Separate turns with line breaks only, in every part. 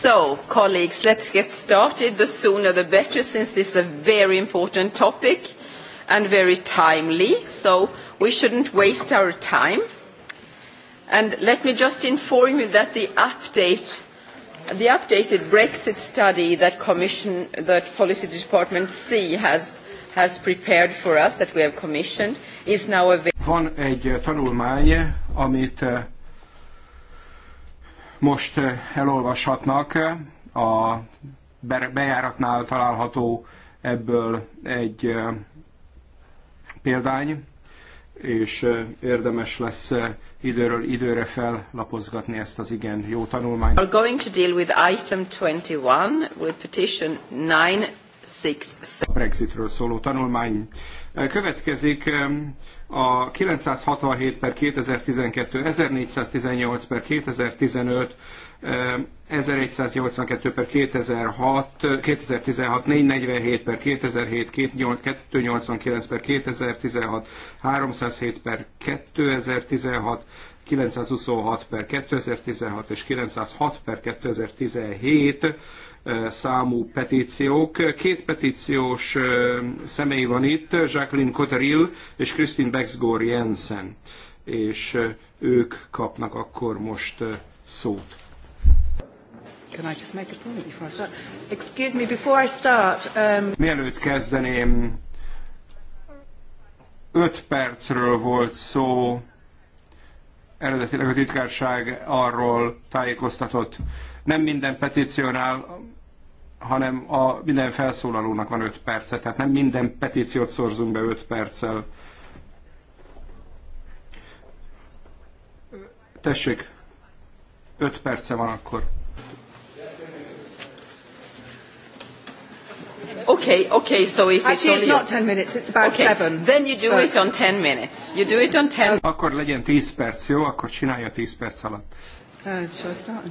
So, colleagues, let's get started. The sooner the better, since this is a very important topic and very timely. So we shouldn't waste our time. And let me just inform you that the update, the updated Brexit study that Commission, that Policy Department C has has prepared for us, that we have commissioned, is now
available. Van egy tanulmány, amit most eh, elolvashatnak a bejáratnál található ebből egy eh, példány, és eh, érdemes lesz időről időre fellapozgatni ezt az igen jó tanulmányt.
We're going to deal with item 21 with petition 9
a Brexitről szóló tanulmány. Következik a 967 per 2012, 1418 per 2015, 1182 per 2006, 2016, 447 per 2007, 289 per 2016, 307 per 2016, 926 per 2016 és 906 per 2017 számú petíciók. Két petíciós személy van itt, Jacqueline Cotterill és Christine Bexgor Jensen, és ők kapnak akkor most szót.
Can I just make a point before I start? Excuse me, before I start...
Um... Mielőtt kezdeném, öt percről volt szó, eredetileg a titkárság arról tájékoztatott, nem minden petíciónál, hanem a minden felszólalónak van 5 perce, tehát nem minden petíciót szorzunk be 5 perccel. Tessék, 5 perce van akkor.
Okay, okay, so if Actually, it's, only... it's not 10 minutes, it's about okay. seven. Then you do but... it on 10 minutes.
You do it on 10. Akkor legyen 10 perc, jó? Akkor csinálja 10 perc alatt.
Uh, shall I start?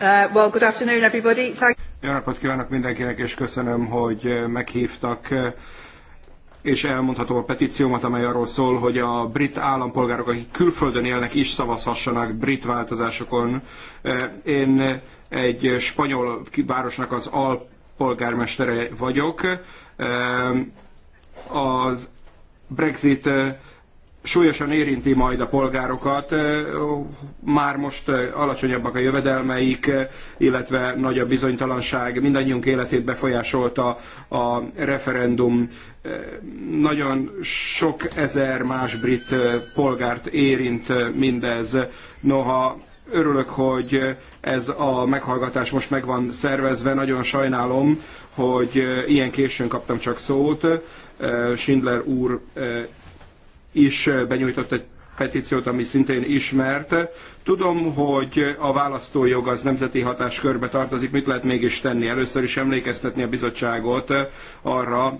Uh,
Jó napot kívánok mindenkinek, és köszönöm, hogy uh, meghívtak uh, és elmondhatom a petíciómat, amely arról szól, hogy a brit állampolgárok, akik külföldön élnek, is szavazhassanak brit változásokon. Én egy spanyol városnak az alpolgármestere vagyok. Az Brexit súlyosan érinti majd a polgárokat. Már most alacsonyabbak a jövedelmeik, illetve nagy a bizonytalanság. Mindannyiunk életét befolyásolta a referendum. Nagyon sok ezer más brit polgárt érint mindez. Noha örülök, hogy ez a meghallgatás most meg van szervezve. Nagyon sajnálom, hogy ilyen későn kaptam csak szót. Schindler úr is eh, benyújtott egy petíciót, ami szintén ismert. Tudom, hogy a választójog az nemzeti hatáskörbe tartozik, mit lehet mégis tenni? Először is emlékeztetni a bizottságot arra,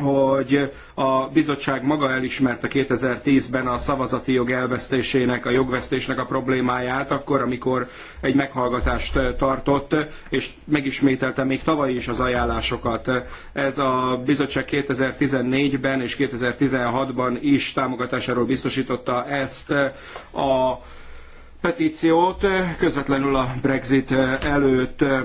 hogy a bizottság maga elismerte 2010-ben a szavazati jog elvesztésének, a jogvesztésnek a problémáját, akkor, amikor egy meghallgatást tartott, és megismételte még tavaly is az ajánlásokat. Ez a bizottság 2014-ben és 2016-ban is támogatásáról biztosította ezt a petíciót közvetlenül a Brexit előtt eh,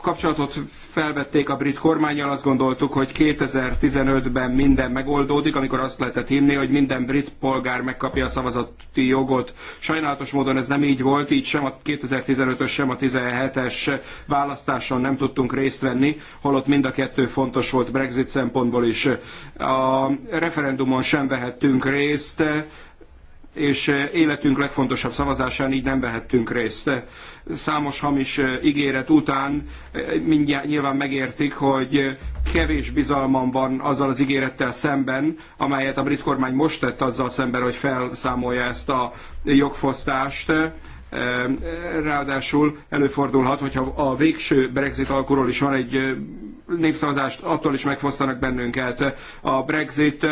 kapcsolatot felvették a brit kormányjal, azt gondoltuk, hogy 2015-ben minden megoldódik, amikor azt lehetett hinni, hogy minden brit polgár megkapja a szavazati jogot. Sajnálatos módon ez nem így volt, így sem a 2015-ös, sem a 17-es választáson nem tudtunk részt venni, holott mind a kettő fontos volt Brexit szempontból is. A referendumon sem vehettünk részt, és eh, életünk legfontosabb szavazásán így nem vehettünk részt. Számos hamis eh, ígéret után eh, mindjárt nyilván megértik, hogy kevés bizalmam van azzal az ígérettel szemben, amelyet a brit kormány most tett azzal szemben, hogy felszámolja ezt a jogfosztást. Ráadásul előfordulhat, hogyha a végső Brexit alkuról is van egy népszavazást, attól is megfosztanak bennünket. A Brexit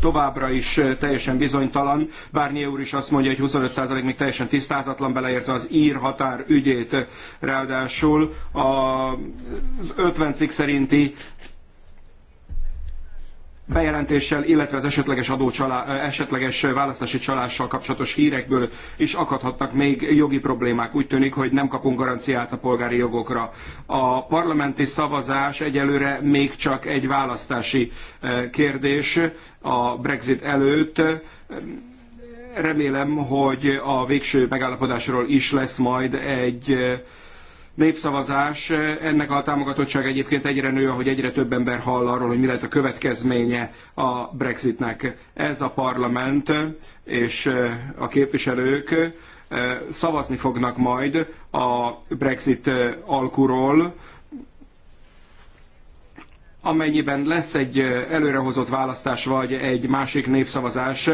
továbbra is teljesen bizonytalan. Bárnyi úr is azt mondja, hogy 25% még teljesen tisztázatlan, beleértve az ír határ ügyét. Ráadásul az 50 cikk szerinti bejelentéssel, illetve az esetleges, adócsalá, esetleges választási csalással kapcsolatos hírekből is akadhatnak még jogi problémák. Úgy tűnik, hogy nem kapunk garanciát a polgári jogokra. A parlamenti szavazás egyelőre még csak egy választási kérdés a Brexit előtt remélem, hogy a végső megállapodásról is lesz majd egy népszavazás. Ennek a támogatottság egyébként egyre nő, ahogy egyre több ember hall arról, hogy mi lehet a következménye a Brexitnek. Ez a parlament és eh, a képviselők eh, szavazni fognak majd a Brexit eh, alkuról, amennyiben lesz egy előrehozott választás vagy egy másik népszavazás,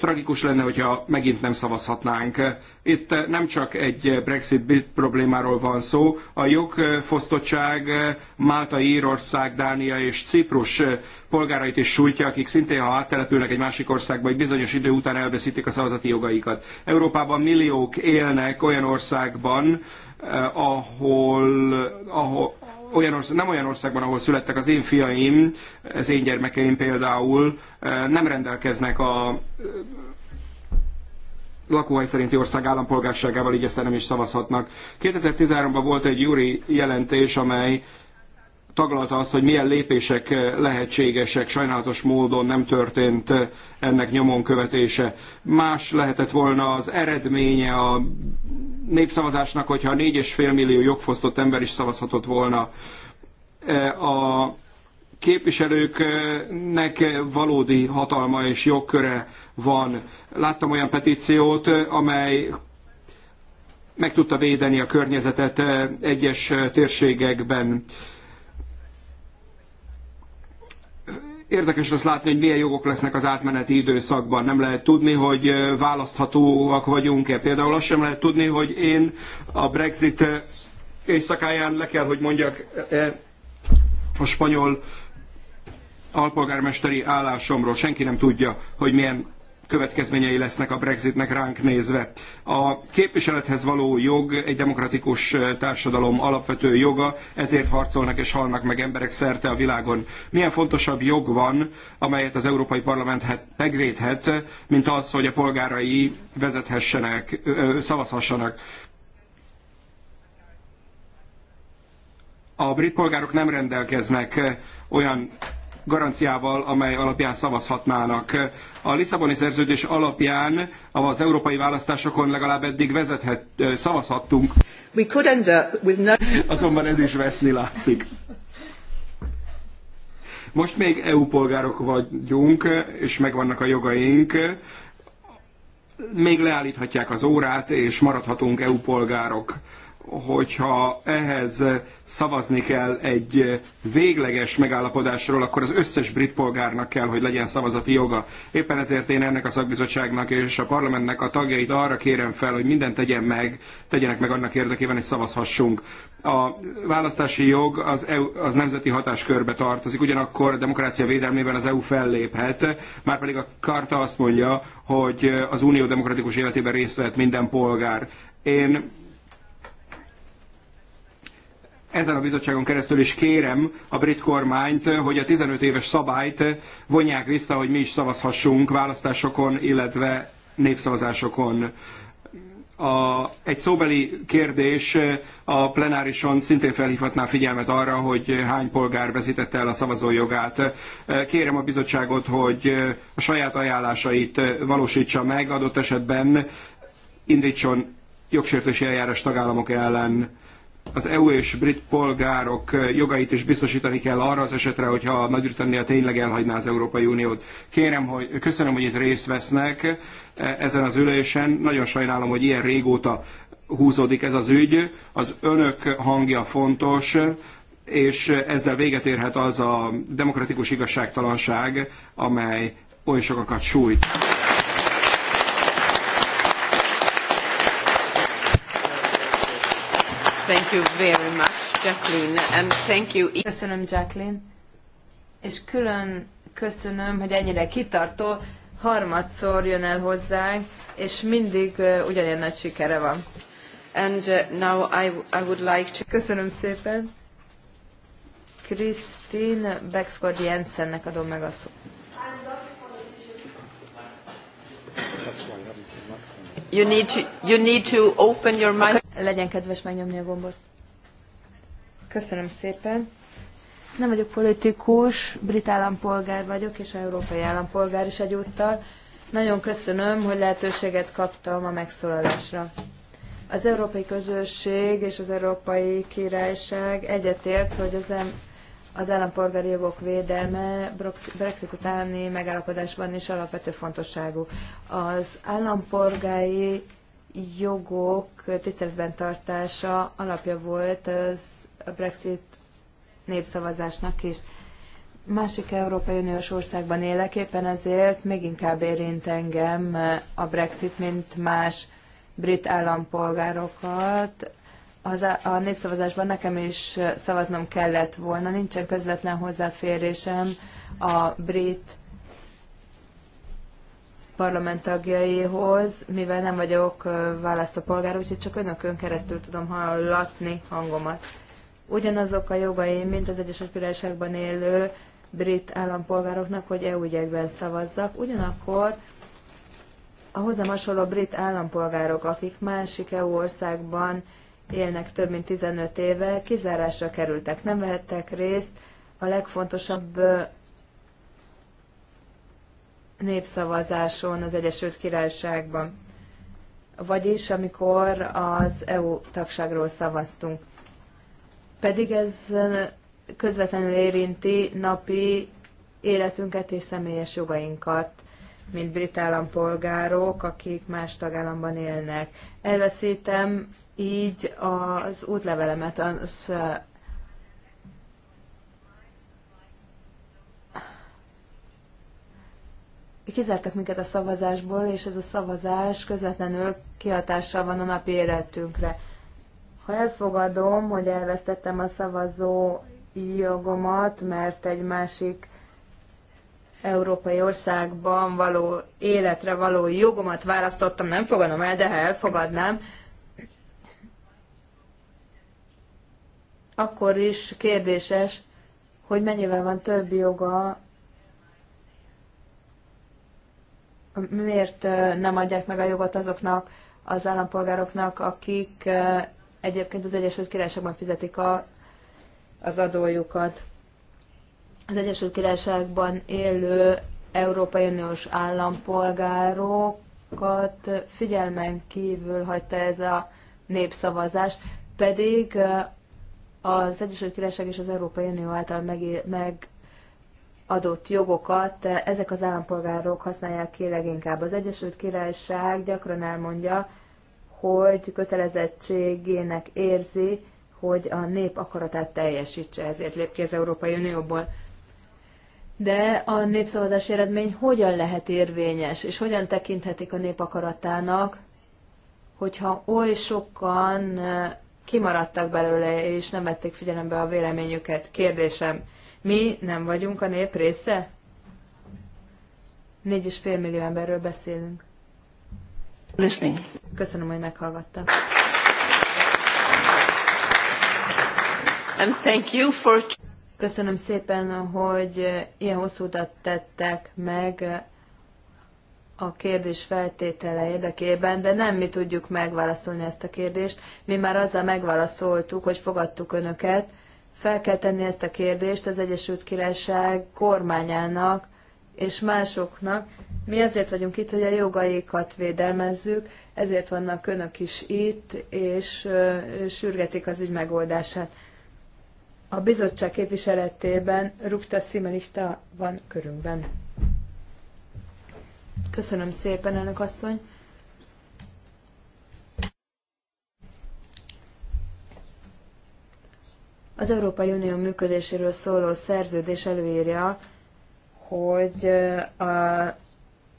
tragikus lenne, hogyha megint nem szavazhatnánk. Itt nem csak egy Brexit problémáról van szó, a jogfosztottság Málta, Írország, Dánia és Ciprus polgárait is sújtja, akik szintén, ha áttelepülnek egy másik országba, egy bizonyos idő után elveszítik a szavazati jogaikat. Európában milliók élnek olyan országban, eh, ahol, ahol olyan ország, nem olyan országban, ahol születtek az én fiaim, az én gyermekeim például, nem rendelkeznek a lakóhely szerinti ország állampolgárságával, így aztán nem is szavazhatnak. 2013-ban volt egy júri jelentés, amely taglalta azt, hogy milyen lépések eh, lehetségesek, sajnálatos módon nem történt eh, ennek nyomon követése. Más lehetett volna az eredménye a népszavazásnak, hogyha 4,5 millió jogfosztott ember is szavazhatott volna. Eh, a képviselőknek valódi hatalma és jogköre van. Láttam olyan petíciót, amely meg tudta védeni a környezetet egyes térségekben. Érdekes lesz látni, hogy milyen jogok lesznek az átmeneti időszakban. Nem lehet tudni, hogy választhatóak vagyunk-e. Például azt sem lehet tudni, hogy én a Brexit éjszakáján le kell, hogy mondjak -e a spanyol alpolgármesteri állásomról. Senki nem tudja, hogy milyen következményei lesznek a Brexitnek ránk nézve. A képviselethez való jog egy demokratikus társadalom alapvető joga, ezért harcolnak és halnak meg emberek szerte a világon. Milyen fontosabb jog van, amelyet az Európai Parlament megvédhet, mint az, hogy a polgárai vezethessenek, szavazhassanak. a brit polgárok nem rendelkeznek olyan garanciával, amely alapján szavazhatnának. A Lisszaboni szerződés alapján az európai választásokon legalább eddig vezethet, szavazhattunk. We could end up with no... Azonban ez is veszni látszik. Most még EU polgárok vagyunk, és megvannak a jogaink. Még leállíthatják az órát, és maradhatunk EU polgárok hogyha ehhez szavazni kell egy végleges megállapodásról, akkor az összes brit polgárnak kell, hogy legyen szavazati joga. Éppen ezért én ennek a szakbizottságnak és a parlamentnek a tagjait arra kérem fel, hogy mindent tegyen meg, tegyenek meg annak érdekében, hogy szavazhassunk. A választási jog az, EU, az nemzeti hatáskörbe tartozik, ugyanakkor a demokrácia védelmében az EU felléphet, márpedig a karta azt mondja, hogy az unió demokratikus életében részt vehet minden polgár. Én ezen a bizottságon keresztül is kérem a brit kormányt, hogy a 15 éves szabályt vonják vissza, hogy mi is szavazhassunk választásokon, illetve népszavazásokon. A, egy szóbeli kérdés a plenárison szintén felhívhatná figyelmet arra, hogy hány polgár veszítette el a szavazójogát. Kérem a bizottságot, hogy a saját ajánlásait valósítsa meg, adott esetben indítson jogsértési eljárás tagállamok ellen az EU és brit polgárok jogait is biztosítani kell arra az esetre, hogyha Nagy-Britannia tényleg elhagyná az Európai Uniót. Kérem, hogy köszönöm, hogy itt részt vesznek e, ezen az ülésen. Nagyon sajnálom, hogy ilyen régóta húzódik ez az ügy. Az önök hangja fontos, és ezzel véget érhet az a demokratikus igazságtalanság, amely oly sokakat sújt.
Thank you very much, Jacqueline, and thank you. Köszönöm, Jacqueline, és külön köszönöm,
hogy ennyire kitartó, harmadszor jön el hozzánk, és mindig uh, ugyanilyen nagy sikere van. And uh, now I, I would like to... Köszönöm szépen. Krisztin Bexford Jensennek adom meg a szót.
You need to, you need to open your
Legyen kedves megnyomni a gombot. Köszönöm szépen. Nem vagyok politikus, brit állampolgár vagyok, és európai állampolgár is egyúttal. Nagyon köszönöm, hogy lehetőséget kaptam a megszólalásra. Az Európai Közösség és az Európai Királyság egyetért, hogy az az állampolgári jogok védelme Brexit utáni megállapodásban is alapvető fontosságú. Az állampolgári jogok tiszteletben tartása alapja volt az a Brexit népszavazásnak is. Másik Európai Uniós országban élek, éppen ezért még inkább érint engem a Brexit, mint más brit állampolgárokat az a népszavazásban nekem is szavaznom kellett volna, nincsen közvetlen hozzáférésem a brit parlament tagjaihoz, mivel nem vagyok választópolgár, úgyhogy csak önökön keresztül tudom hallatni hangomat. Ugyanazok a jogai, mint az Egyesült Királyságban élő brit állampolgároknak, hogy EU ügyekben szavazzak. Ugyanakkor a hozzám hasonló brit állampolgárok, akik másik EU országban élnek több mint 15 éve, kizárásra kerültek, nem vehettek részt a legfontosabb népszavazáson az Egyesült Királyságban. Vagyis amikor az EU tagságról szavaztunk. Pedig ez közvetlenül érinti napi életünket és személyes jogainkat, mint brit állampolgárok, akik más tagállamban élnek. Elveszítem így az útlevelemet az eh, kizártak minket a szavazásból, és ez a szavazás közvetlenül kihatással van a napi életünkre. Ha elfogadom, hogy elvesztettem a szavazó jogomat, mert egy másik európai országban való életre való jogomat választottam, nem fogadom el, de ha elfogadnám, akkor is kérdéses, hogy mennyivel van több joga, miért nem adják meg a jogot azoknak az állampolgároknak, akik egyébként az Egyesült Királyságban fizetik a, az adójukat. Az Egyesült Királyságban élő Európai Uniós állampolgárokat figyelmen kívül hagyta ez a népszavazás, pedig az Egyesült Királyság és az Európai Unió által meg, megadott jogokat ezek az állampolgárok használják ki leginkább. Az Egyesült Királyság gyakran elmondja, hogy kötelezettségének érzi, hogy a nép akaratát teljesítse, ezért lép ki az Európai Unióból. De a népszavazási eredmény hogyan lehet érvényes, és hogyan tekinthetik a nép akaratának, hogyha oly sokan kimaradtak belőle, és nem vették figyelembe a véleményüket. Kérdésem, mi nem vagyunk a nép része? Négy és fél millió emberről beszélünk. Listening. Köszönöm, hogy meghallgattam. And thank you for... Köszönöm szépen, hogy ilyen hosszú utat tettek meg a kérdés feltétele érdekében, de nem mi tudjuk megválaszolni ezt a kérdést. Mi már azzal megválaszoltuk, hogy fogadtuk önöket. Fel kell tenni ezt a kérdést az Egyesült Királyság kormányának és másoknak. Mi azért vagyunk itt, hogy a jogaikat védelmezzük, ezért vannak önök is itt, és sürgetik az ügy megoldását. A bizottság képviseletében Rukta Szimelista van körünkben. Köszönöm szépen, elnök asszony. Az Európai Unió működéséről szóló szerződés előírja, hogy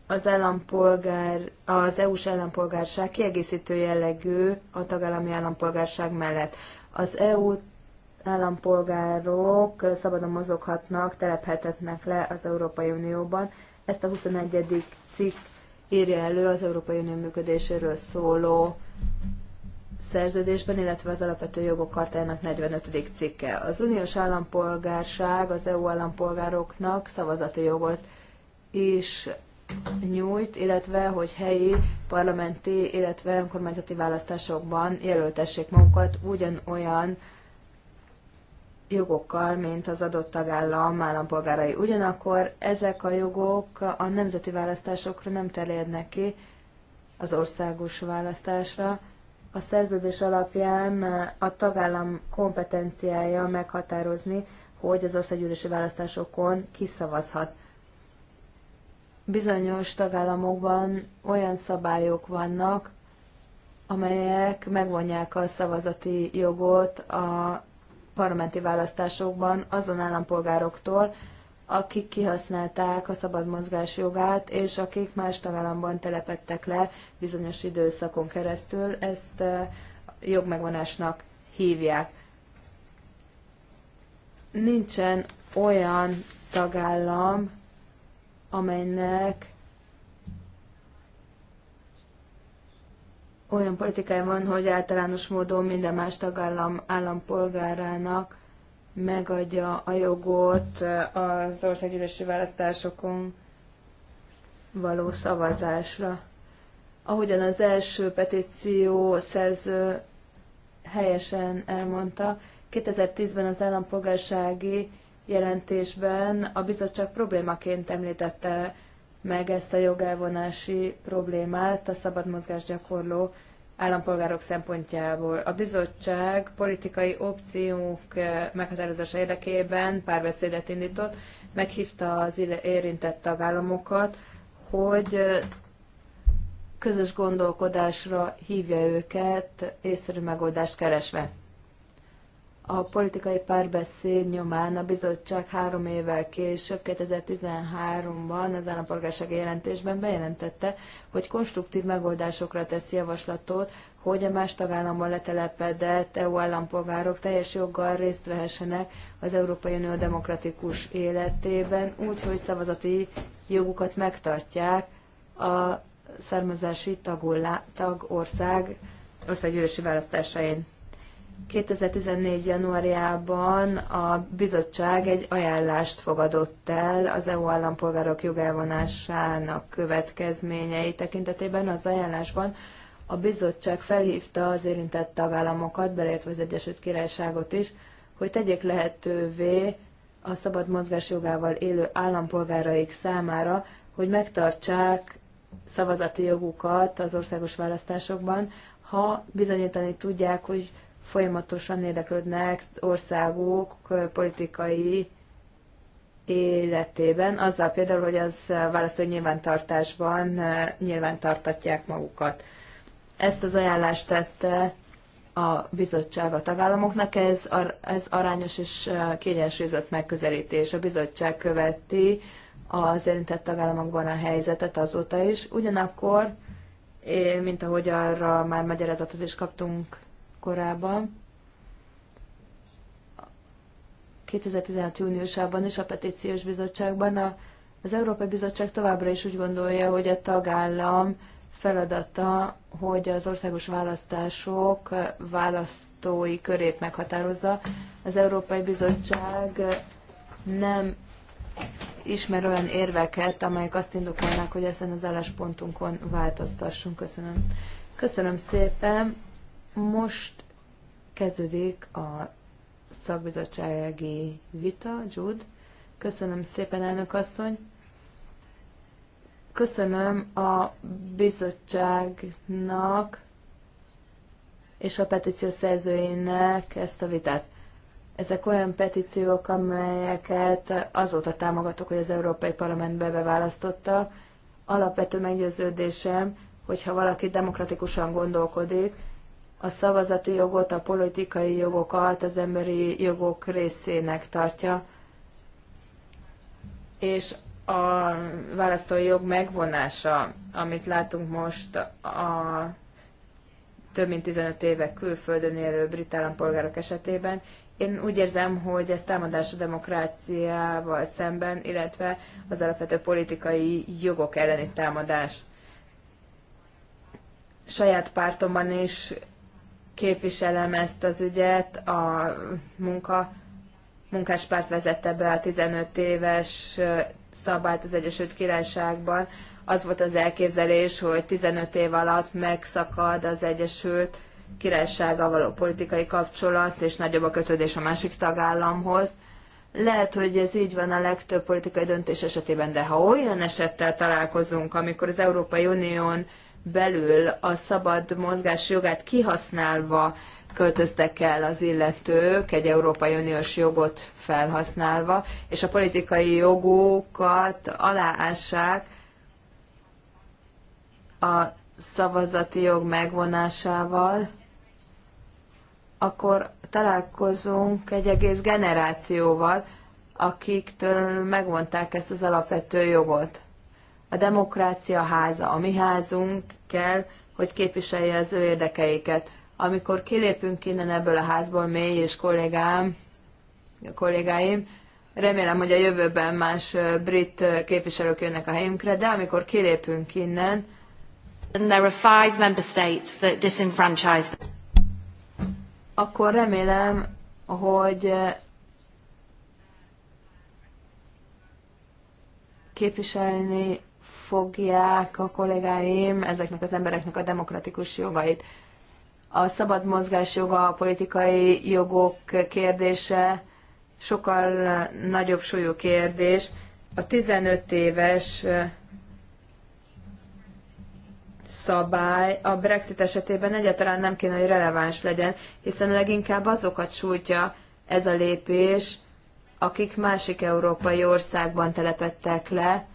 az állampolgár, az EU-s állampolgárság kiegészítő jellegű a tagállami állampolgárság mellett. Az EU állampolgárok szabadon mozoghatnak, telephetetnek le az Európai Unióban, ezt a 21. cikk írja elő az Európai Unió működéséről szóló szerződésben, illetve az alapvető jogok kartájának 45. cikke. Az uniós állampolgárság az EU állampolgároknak szavazati jogot is nyújt, illetve hogy helyi, parlamenti, illetve önkormányzati választásokban jelöltessék magukat ugyanolyan jogokkal, mint az adott tagállam állampolgárai. Ugyanakkor ezek a jogok a nemzeti választásokra nem terjednek ki, az országos választásra. A szerződés alapján a tagállam kompetenciája meghatározni, hogy az országgyűlési választásokon kiszavazhat. Bizonyos tagállamokban olyan szabályok vannak, amelyek megvonják a szavazati jogot a parlamenti választásokban azon állampolgároktól, akik kihasználták a szabad mozgás jogát, és akik más tagállamban telepettek le bizonyos időszakon keresztül, ezt jogmegvonásnak hívják. Nincsen olyan tagállam, amelynek olyan politikája van, hogy általános módon minden más tagállam állampolgárának megadja a jogot az országgyűlési választásokon való szavazásra. Ahogyan az első petíció szerző helyesen elmondta, 2010-ben az állampolgársági jelentésben a bizottság problémaként említette meg ezt a jogelvonási problémát a szabad mozgás gyakorló állampolgárok szempontjából. A bizottság politikai opciók eh, meghatározása érdekében párbeszédet indított, meghívta az érintett tagállamokat, hogy eh, közös gondolkodásra hívja őket észszerű megoldást keresve a politikai párbeszéd nyomán a bizottság három évvel később, 2013-ban az állampolgársági jelentésben bejelentette, hogy konstruktív megoldásokra tesz javaslatot, hogy a más tagállamban letelepedett EU állampolgárok teljes joggal részt vehessenek az Európai Unió demokratikus életében, úgyhogy szavazati jogukat megtartják a származási tagország országgyűlési választásain. 2014. januárjában a bizottság egy ajánlást fogadott el az EU állampolgárok jogelvonásának következményei tekintetében. Az ajánlásban a bizottság felhívta az érintett tagállamokat, beleértve az Egyesült Királyságot is, hogy tegyék lehetővé a szabad mozgás jogával élő állampolgáraik számára, hogy megtartsák szavazati jogukat az országos választásokban, ha bizonyítani tudják, hogy folyamatosan érdeklődnek országok politikai életében, azzal például, hogy az választó nyilvántartásban nyilvántartatják magukat. Ezt az ajánlást tette a bizottság a tagállamoknak, ez, ez arányos és kiegyensúlyozott megközelítés. A bizottság követi az érintett tagállamokban a helyzetet azóta is. Ugyanakkor, mint ahogy arra már magyarázatot is kaptunk korában, 2016 júniusában és a petíciós bizottságban a, az Európai Bizottság továbbra is úgy gondolja, hogy a tagállam feladata, hogy az országos választások választói körét meghatározza. Az Európai Bizottság nem ismer olyan érveket, amelyek azt indokolnák, hogy ezen az álláspontunkon változtassunk. Köszönöm. Köszönöm szépen. Most kezdődik a szakbizottsági vita, Jud. Köszönöm szépen, elnök asszony. Köszönöm a bizottságnak és a petíció szerzőinek ezt a vitát. Ezek olyan petíciók, amelyeket azóta támogatok, hogy az Európai Parlamentbe beválasztottak. Alapvető meggyőződésem, hogyha valaki demokratikusan gondolkodik, a szavazati jogot, a politikai jogokat az emberi jogok részének tartja, és a választói jog megvonása, amit látunk most a több mint 15 éve külföldön élő brit állampolgárok esetében, én úgy érzem, hogy ez támadás a demokráciával szemben, illetve az alapvető politikai jogok elleni támadás. Saját pártomban is képviselem ezt az ügyet, a munka, munkáspárt vezette be a 15 éves szabályt az Egyesült Királyságban. Az volt az elképzelés, hogy 15 év alatt megszakad az Egyesült Királysága való politikai kapcsolat, és nagyobb a kötődés a másik tagállamhoz. Lehet, hogy ez így van a legtöbb politikai döntés esetében, de ha olyan esettel találkozunk, amikor az Európai Unión belül a szabad mozgás jogát kihasználva költöztek el az illetők egy Európai Uniós jogot felhasználva, és a politikai jogokat aláássák a szavazati jog megvonásával, akkor találkozunk egy egész generációval, akiktől megvonták ezt az alapvető jogot. A demokrácia háza, a mi házunk kell, hogy képviselje az ő érdekeiket. Amikor kilépünk innen ebből a házból, mély és kollégám, kollégáim, remélem, hogy a jövőben más brit képviselők jönnek a helyünkre, de amikor kilépünk innen, There are five member states that
disenfranchise
akkor remélem, hogy képviselni fogják a kollégáim ezeknek az embereknek a demokratikus jogait. A szabad mozgás joga, a politikai jogok kérdése sokkal nagyobb súlyú kérdés. A 15 éves szabály a Brexit esetében egyáltalán nem kéne, hogy releváns legyen, hiszen leginkább azokat sújtja ez a lépés, akik másik európai országban telepettek le,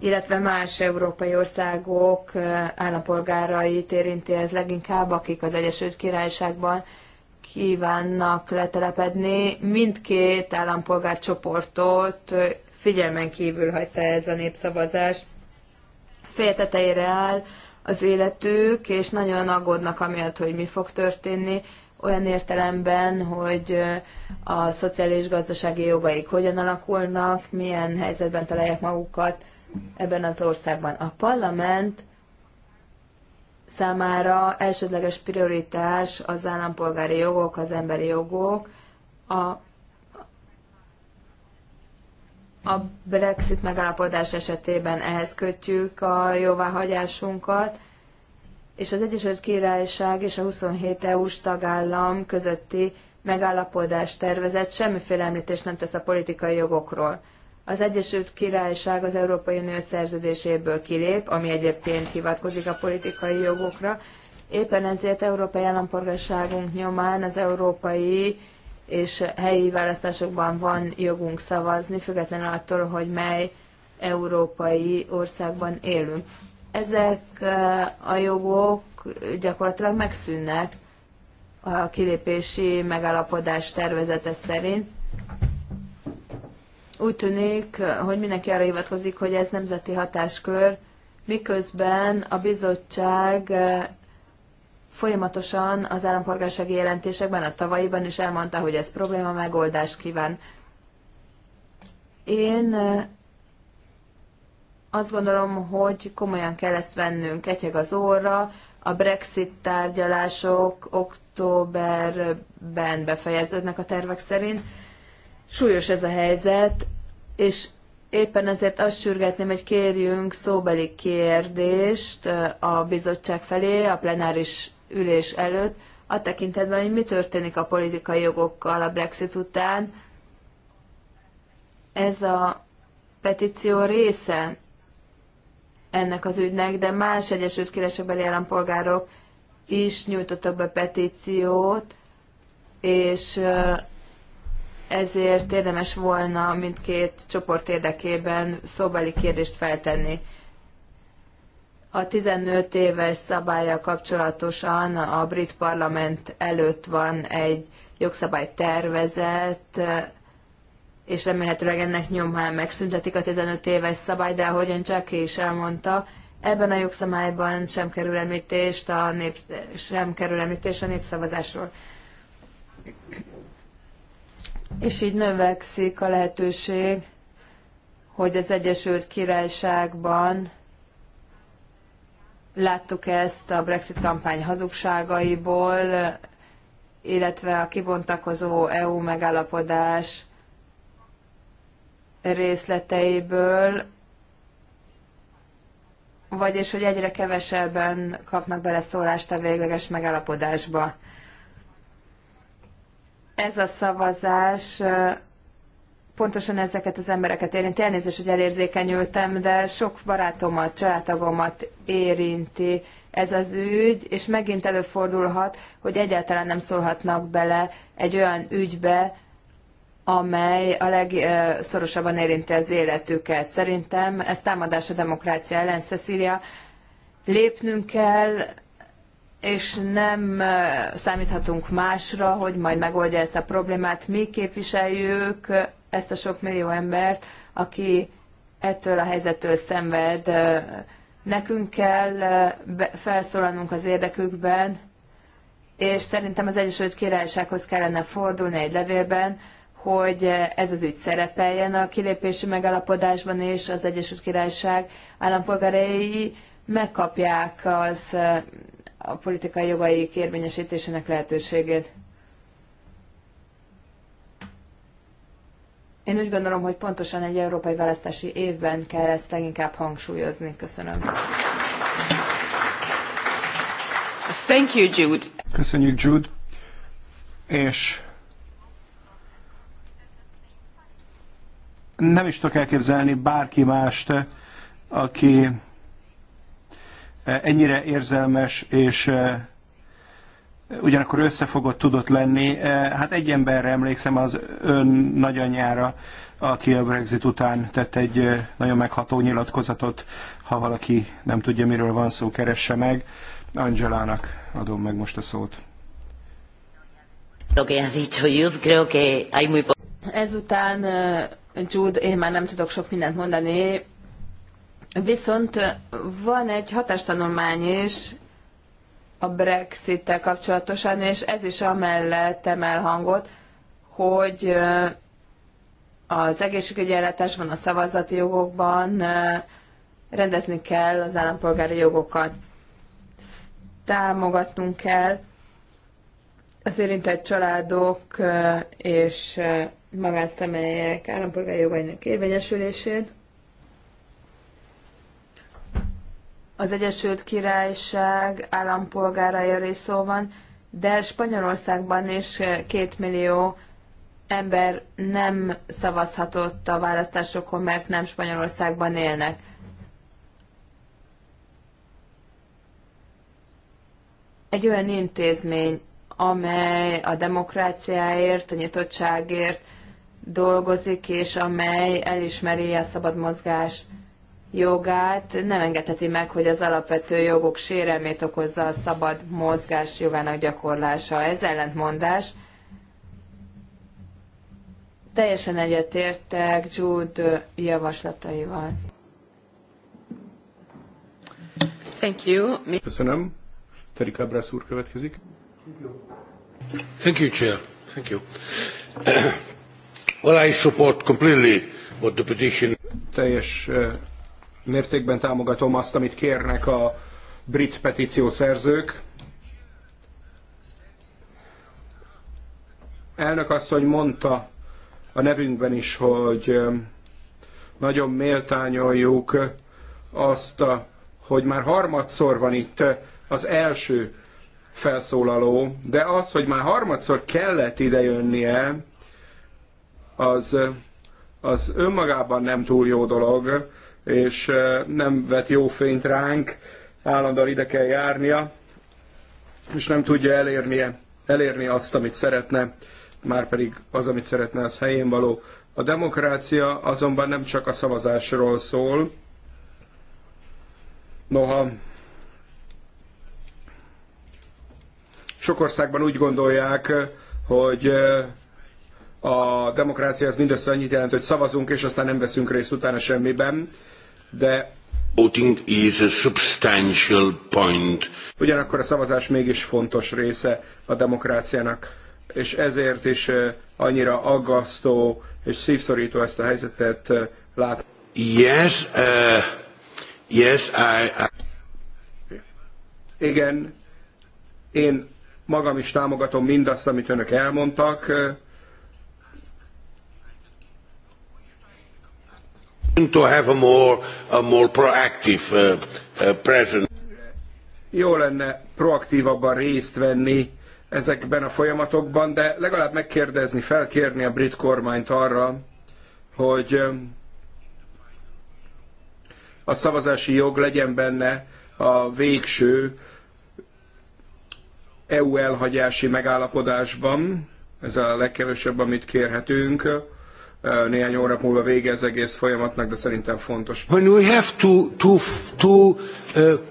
illetve más európai országok állampolgárait érinti ez leginkább, akik az Egyesült Királyságban kívánnak letelepedni. Mindkét állampolgárcsoportot figyelmen kívül hagyta ez a népszavazás. Fél tetejére áll az életük, és nagyon aggódnak amiatt, hogy mi fog történni, olyan értelemben, hogy a szociális gazdasági jogaik hogyan alakulnak, milyen helyzetben találják magukat ebben az országban. A parlament számára elsődleges prioritás az állampolgári jogok, az emberi jogok. A, a Brexit megállapodás esetében ehhez kötjük a jóváhagyásunkat, és az Egyesült Királyság és a 27 EU-s tagállam közötti megállapodás tervezet semmiféle említést nem tesz a politikai jogokról. Az Egyesült Királyság az Európai Unió szerződéséből kilép, ami egyébként hivatkozik a politikai jogokra. Éppen ezért európai állampolgárságunk nyomán az európai és helyi választásokban van jogunk szavazni, függetlenül attól, hogy mely európai országban élünk. Ezek eh, a jogok gyakorlatilag megszűnnek a kilépési megállapodás tervezete szerint, úgy tűnik, hogy mindenki arra hivatkozik, hogy ez nemzeti hatáskör, miközben a bizottság eh, folyamatosan az állampolgársági jelentésekben, a tavalyiban is elmondta, hogy ez probléma megoldást kíván. Én eh, azt gondolom, hogy komolyan kell ezt vennünk. Egyeg az óra, a Brexit tárgyalások októberben befejeződnek a tervek szerint, Súlyos ez a helyzet, és éppen ezért azt sürgetném, hogy kérjünk szóbeli kérdést a bizottság felé, a plenáris ülés előtt, a tekintetben, hogy mi történik a politikai jogokkal a Brexit után. Ez a petíció része ennek az ügynek, de más Egyesült Királyságbeli állampolgárok is nyújtottak be petíciót, és ezért érdemes volna mindkét csoport érdekében szóbeli kérdést feltenni. A 15 éves szabálya kapcsolatosan a brit parlament előtt van egy jogszabálytervezet, és remélhetőleg ennek nyomán megszüntetik a 15 éves szabály, de ahogyan csak is elmondta, ebben a jogszabályban sem kerül említést a, népsz- sem kerül említés a népszavazásról és így növekszik a lehetőség, hogy az Egyesült Királyságban láttuk ezt a Brexit kampány hazugságaiból, illetve a kibontakozó EU megállapodás részleteiből, vagyis hogy egyre kevesebben kapnak beleszólást a végleges megállapodásba ez a szavazás pontosan ezeket az embereket érinti. Elnézést, hogy elérzékenyültem, de sok barátomat, családtagomat érinti ez az ügy, és megint előfordulhat, hogy egyáltalán nem szólhatnak bele egy olyan ügybe, amely a legszorosabban érinti az életüket. Szerintem ez támadás a demokrácia ellen, Cecilia. Lépnünk kell, és nem számíthatunk másra, hogy majd megoldja ezt a problémát. Mi képviseljük ezt a sok millió embert, aki ettől a helyzettől szenved. Nekünk kell felszólalnunk az érdekükben, és szerintem az Egyesült Királysághoz kellene fordulni egy levélben, hogy ez az ügy szerepeljen a kilépési megállapodásban, és az Egyesült Királyság állampolgárai megkapják az a politikai jogaik érvényesítésének lehetőségét. Én úgy gondolom, hogy pontosan egy európai választási évben kell ezt leginkább hangsúlyozni. Köszönöm. Thank you,
Jude.
Köszönjük, Jude. És nem is tudok elképzelni bárki mást, aki ennyire érzelmes és eh, ugyanakkor összefogott tudott lenni. Eh, hát egy emberre emlékszem az ön nagyanyára, aki a Brexit után tett egy eh, nagyon megható nyilatkozatot. Ha valaki nem tudja, miről van szó, keresse meg. Angelának adom meg most a szót.
Ezután, Jude, én már nem tudok sok mindent mondani, Viszont van egy hatástanulmány is a Brexit-tel kapcsolatosan, és ez is amellett emel hangot, hogy az egészségügyi ellátásban, a szavazati jogokban rendezni kell az állampolgári jogokat. Támogatnunk kell az érintett családok és magánszemélyek állampolgári jogainak érvényesülését. az Egyesült Királyság állampolgárai is van, de Spanyolországban is két millió ember nem szavazhatott a választásokon, mert nem Spanyolországban élnek. Egy olyan intézmény, amely a demokráciáért, a nyitottságért dolgozik, és amely elismeri a szabad mozgást jogát nem engedheti meg, hogy az alapvető jogok sérelmét okozza a szabad mozgás jogának gyakorlása. Ez ellentmondás. Teljesen egyetértek Jude javaslataival.
Thank you. Köszönöm. Terik Cabrász úr következik. Thank you, Chair. Thank you. well, I support completely what the petition... Teljes eh, mértékben támogatom azt, amit kérnek a brit petíció szerzők. Elnök asszony mondta a nevünkben is, hogy um, nagyon méltányoljuk azt, hogy már harmadszor van itt az első felszólaló, de az, hogy már harmadszor kellett idejönnie, az, az önmagában nem túl jó dolog, és nem vet jó fényt ránk, állandóan ide kell járnia, és nem tudja elérnie, elérni azt, amit szeretne, már pedig az, amit szeretne, az helyén való. A demokrácia azonban nem csak a szavazásról szól, noha sok országban úgy gondolják, hogy a demokrácia az mindössze annyit jelent, hogy szavazunk, és aztán nem veszünk részt utána semmiben, de Voting is a substantial point. Ugyanakkor a szavazás mégis fontos része a demokráciának, és ezért is annyira aggasztó és szívszorító ezt a helyzetet lát. Yes, uh, yes, I, I... Igen, én magam is támogatom mindazt, amit önök elmondtak, to have a more, a more
proactive uh, uh, presence.
Jó lenne proaktívabban részt venni ezekben a folyamatokban, de legalább megkérdezni, felkérni a brit kormányt arra, hogy um, a szavazási jog legyen benne a végső EU elhagyási megállapodásban, ez a legkevesebb, amit kérhetünk, néhány óra múlva vége az egész folyamatnak, de szerintem fontos. When we have two, two, two uh,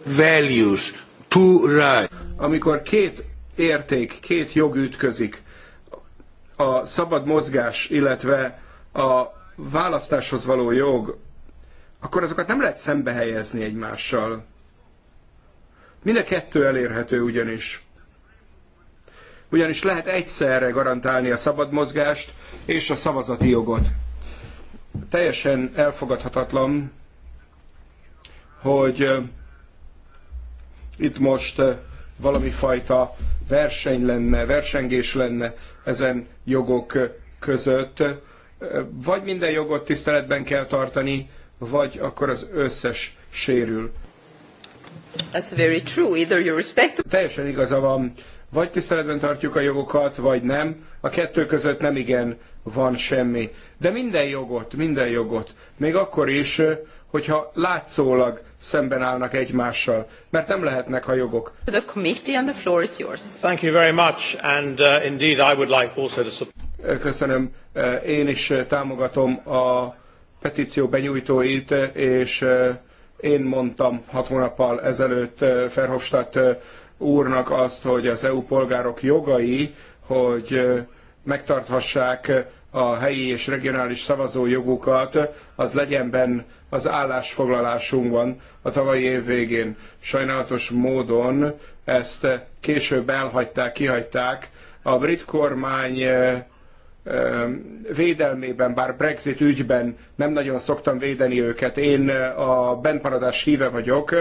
values, two right. Amikor két érték, két jog ütközik, a szabad mozgás, illetve a választáshoz való jog, akkor azokat nem lehet szembehelyezni egymással. Mind a kettő elérhető ugyanis ugyanis lehet egyszerre garantálni a szabad mozgást és a szavazati jogot. Teljesen elfogadhatatlan, hogy itt most valami fajta verseny lenne, versengés lenne ezen jogok között. Vagy minden jogot tiszteletben kell tartani, vagy akkor az összes sérül. That's very true. Either you respect... Teljesen igaza van. Vagy tiszteletben tartjuk a jogokat, vagy nem. A kettő között nem igen van semmi. De minden jogot, minden jogot, még akkor is, hogyha látszólag szemben állnak egymással, mert nem lehetnek a jogok.
The committee and the floor is yours.
Thank you very much, and uh, indeed I would like also to... Köszönöm. Én is támogatom a petíció benyújtóit, és én mondtam hat hónappal ezelőtt Ferhofstadt úrnak azt, hogy az EU polgárok jogai, hogy megtarthassák a helyi és regionális szavazójogukat, az legyen benn az állásfoglalásunkban a tavalyi év végén. Sajnálatos módon ezt később elhagyták, kihagyták. A brit kormány védelmében, bár Brexit ügyben nem nagyon szoktam védeni őket, én a bentmaradás híve vagyok,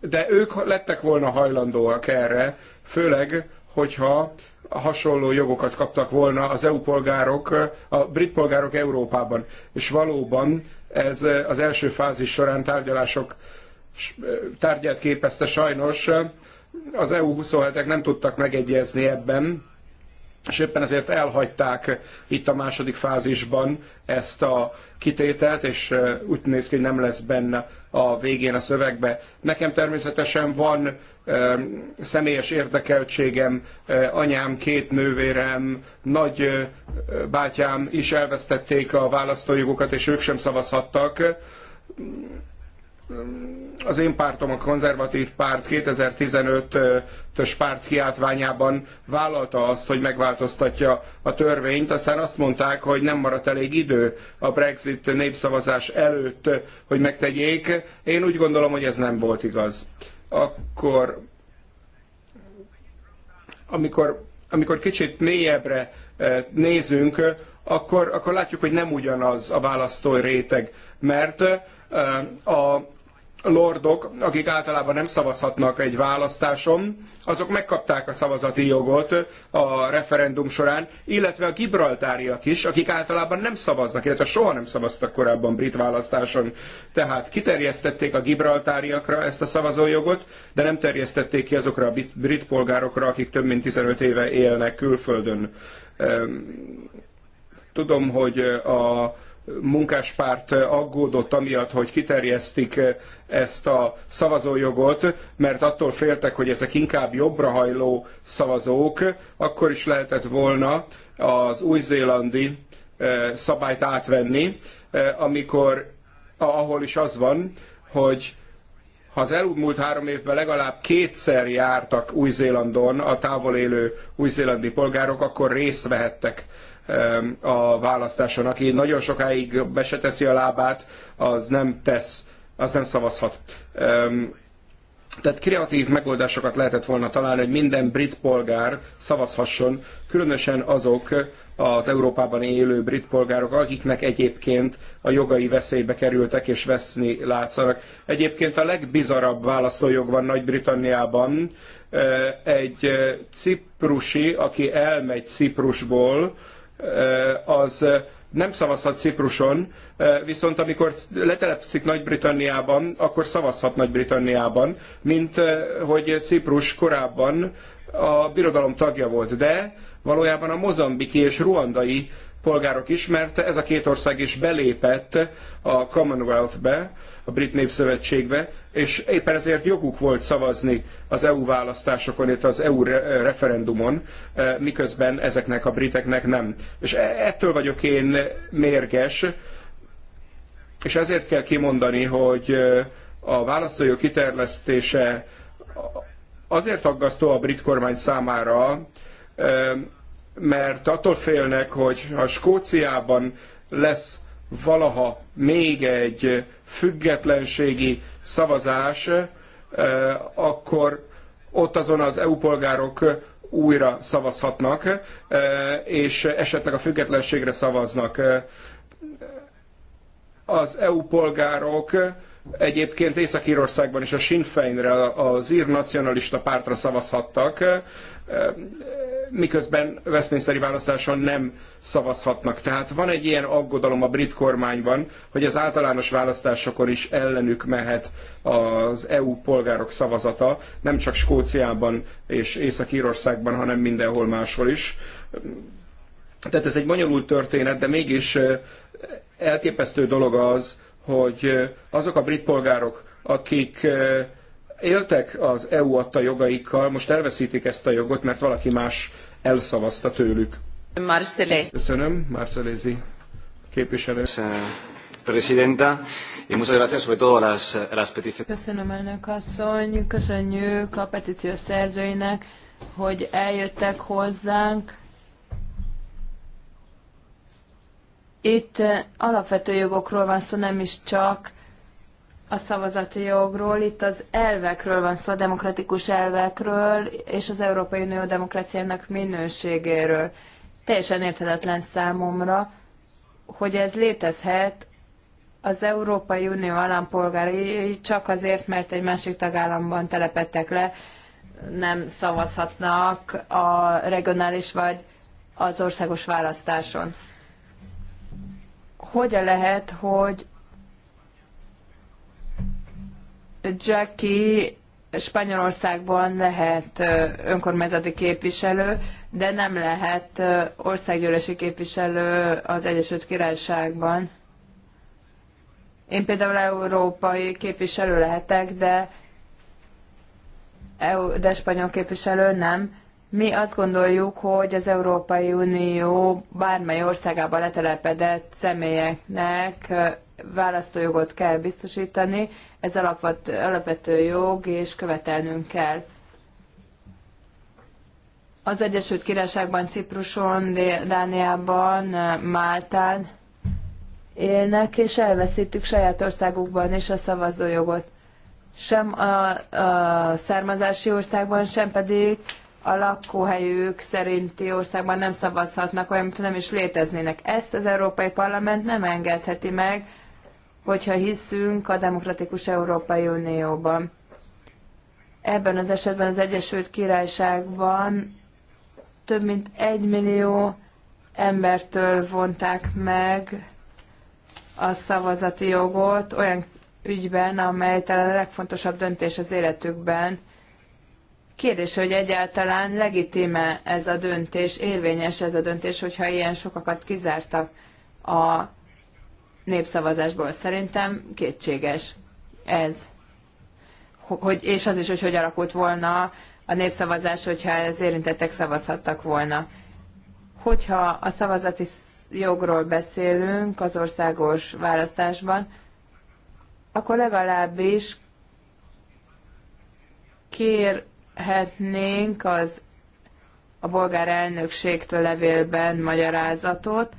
de ők lettek volna hajlandóak erre, főleg, hogyha hasonló jogokat kaptak volna az EU polgárok, a brit polgárok Európában. És valóban ez eh, az első fázis során tárgyalások eh, tárgyát képezte sajnos. Az EU 27-ek nem tudtak megegyezni ebben, és éppen ezért elhagyták itt a második fázisban ezt a kitételt, és úgy néz ki, hogy nem lesz benne a végén a szövegbe. Nekem természetesen van ö, személyes érdekeltségem, ö, anyám, két nővérem, nagy ö, bátyám is elvesztették a választójogokat, és ők sem szavazhattak az én pártom, a konzervatív párt 2015-ös párt kiáltványában vállalta azt, hogy megváltoztatja a törvényt, aztán azt mondták, hogy nem maradt elég idő a Brexit népszavazás előtt, hogy megtegyék. Én úgy gondolom, hogy ez nem volt igaz. Akkor, amikor, amikor kicsit mélyebbre eh, nézünk, akkor, akkor látjuk, hogy nem ugyanaz a választói réteg, mert eh, a lordok, akik általában nem szavazhatnak egy választáson, azok megkapták a szavazati jogot a referendum során, illetve a gibraltáriak is, akik általában nem szavaznak, illetve soha nem szavaztak korábban brit választáson. Tehát kiterjesztették a gibraltáriakra ezt a szavazójogot, de nem terjesztették ki azokra a brit polgárokra, akik több mint 15 éve élnek külföldön. Tudom, hogy a munkáspárt aggódott amiatt, hogy kiterjesztik ezt a szavazójogot, mert attól féltek, hogy ezek inkább jobbrahajló szavazók, akkor is lehetett volna az új-zélandi eh, szabályt átvenni, eh, amikor ahol is az van, hogy ha az elmúlt három évben legalább kétszer jártak Új-Zélandon a távol élő új-zélandi polgárok, akkor részt vehettek a választáson. Aki nagyon sokáig beseteszi a lábát, az nem tesz, az nem szavazhat. Tehát kreatív megoldásokat lehetett volna találni, hogy minden brit polgár szavazhasson, különösen azok az Európában élő brit polgárok, akiknek egyébként a jogai veszélybe kerültek és veszni látszanak. Egyébként a legbizarabb választójog van Nagy-Britanniában. Egy ciprusi, aki elmegy Ciprusból, az nem szavazhat Cipruson, viszont amikor letelepszik Nagy-Britanniában, akkor szavazhat Nagy-Britanniában, mint hogy Ciprus korábban a birodalom tagja volt, de valójában a mozambiki és ruandai polgárok is, mert ez a két ország is belépett a Commonwealth-be, a Brit Népszövetségbe, és éppen ezért joguk volt szavazni az EU választásokon, illetve az EU referendumon, eh, miközben ezeknek a briteknek nem. És e-, ettől vagyok én mérges, és ezért kell kimondani, hogy eh, a választójog kiterlesztése azért aggasztó a brit kormány számára, eh, mert attól félnek, hogy ha Skóciában lesz valaha még egy függetlenségi szavazás, akkor ott azon az EU polgárok újra szavazhatnak, és esetleg a függetlenségre szavaznak. Az EU polgárok Egyébként Észak-Írországban is a Sinn Féinre, az ír nacionalista pártra szavazhattak, miközben Westminsteri választáson nem szavazhatnak. Tehát van egy ilyen aggodalom a brit kormányban, hogy az általános választásokon is ellenük mehet az EU polgárok szavazata, nem csak Skóciában és Észak-Írországban, hanem mindenhol máshol is. Tehát ez egy bonyolult történet, de mégis elképesztő dolog az, hogy azok a brit polgárok, akik éltek az EU adta jogaikkal, most elveszítik ezt a jogot, mert valaki más elszavazta tőlük. Marceléz. Köszönöm, Marcelézi képviselő. Presidenta, y muchas gracias sobre todo a las, a las peticiones.
Köszönöm, elnök asszony, köszönjük a petíció szerzőinek, hogy eljöttek hozzánk Itt eh, alapvető jogokról van szó, nem is csak a szavazati jogról, itt az elvekről van szó, a demokratikus elvekről, és az Európai Unió demokráciának minőségéről. Teljesen érthetetlen számomra, hogy ez létezhet az Európai Unió állampolgárai csak azért, mert egy másik tagállamban telepettek le, nem szavazhatnak a regionális vagy az országos választáson. Hogy lehet, hogy Jackie Spanyolországban lehet önkormányzati képviselő, de nem lehet országgyűlési képviselő az Egyesült Királyságban. Én például európai képviselő lehetek, de, de spanyol képviselő nem. Mi azt gondoljuk, hogy az Európai Unió bármely országába letelepedett személyeknek választójogot kell biztosítani, ez alapvető jog, és követelnünk kell. Az Egyesült Királyságban, Cipruson, Dániában, Máltán élnek, és elveszítük saját országukban is a szavazójogot. Sem a, a származási országban, sem pedig a lakóhelyük szerinti országban nem szavazhatnak, olyan, mint nem is léteznének. Ezt az Európai Parlament nem engedheti meg, hogyha hiszünk a demokratikus Európai Unióban. Ebben az esetben az Egyesült Királyságban több mint egy millió embertől vonták meg a szavazati jogot olyan ügyben, amely talán a legfontosabb döntés az életükben – Kérdés, hogy egyáltalán legitime ez a döntés, érvényes ez a döntés, hogyha ilyen sokakat kizártak a népszavazásból. Szerintem kétséges ez. Hogy, és az is, hogy hogy alakult volna a népszavazás, hogyha az érintettek szavazhattak volna. Hogyha a szavazati jogról beszélünk az országos választásban, akkor legalábbis kér kérhetnénk az a bolgár elnökségtől levélben magyarázatot,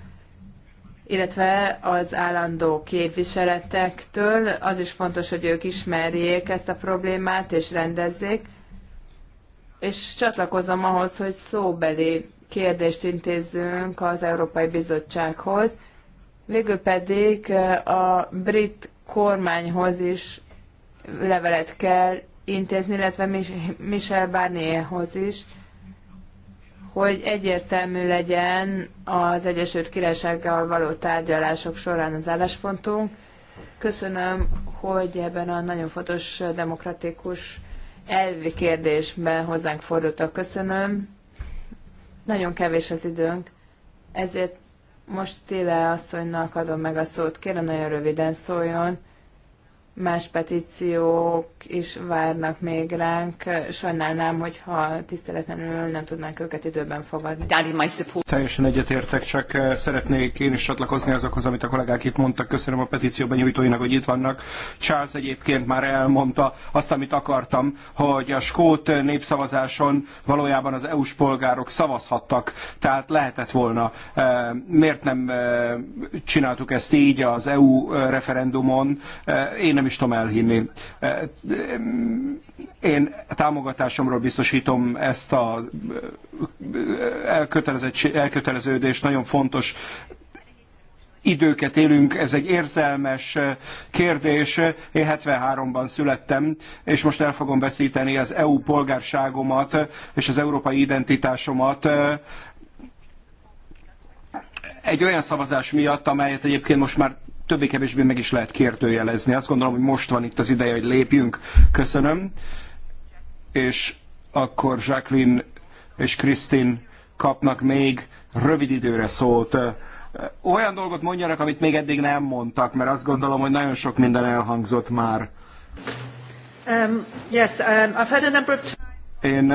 illetve az állandó képviseletektől. Az is fontos, hogy ők ismerjék ezt a problémát és rendezzék. És csatlakozom ahhoz, hogy szóbeli kérdést intézzünk az Európai Bizottsághoz. Végül pedig eh, a brit kormányhoz is levelet kell intézni, illetve Michel Barnierhoz is, hogy egyértelmű legyen az Egyesült Királysággal való tárgyalások során az álláspontunk. Köszönöm, hogy ebben a nagyon fontos demokratikus elvi kérdésben hozzánk fordultak. Köszönöm. Nagyon kevés az időnk, ezért most Széle asszonynak adom meg a szót. Kérem, nagyon röviden szóljon más petíciók is várnak még ránk. Sajnálnám, hogyha tiszteletlenül nem tudnánk őket időben fogadni.
Teljesen egyetértek, csak eh, szeretnék én is csatlakozni azokhoz, amit a kollégák itt mondtak. Köszönöm a petícióban nyújtóinak, hogy itt vannak. Charles egyébként már elmondta azt, amit akartam, hogy a skót népszavazáson valójában az EU-s polgárok szavazhattak, tehát lehetett volna. Eh, miért nem eh, csináltuk ezt így az EU referendumon? Én nem is tudom elhinni. E, én támogatásomról biztosítom ezt a e, elköteleződést, nagyon fontos időket élünk, ez egy érzelmes kérdés. Én 73-ban születtem, és most el fogom veszíteni az EU polgárságomat és az európai identitásomat egy olyan szavazás miatt, amelyet egyébként most már többé-kevésbé meg is lehet kérdőjelezni. Azt gondolom, hogy most van itt az ideje, hogy lépjünk. Köszönöm. És akkor Jacqueline és Krisztin kapnak még rövid időre szót. Olyan dolgot mondjanak, amit még eddig nem mondtak, mert azt gondolom, hogy nagyon sok minden elhangzott már.
Um, yes, um, I've had a number of...
Én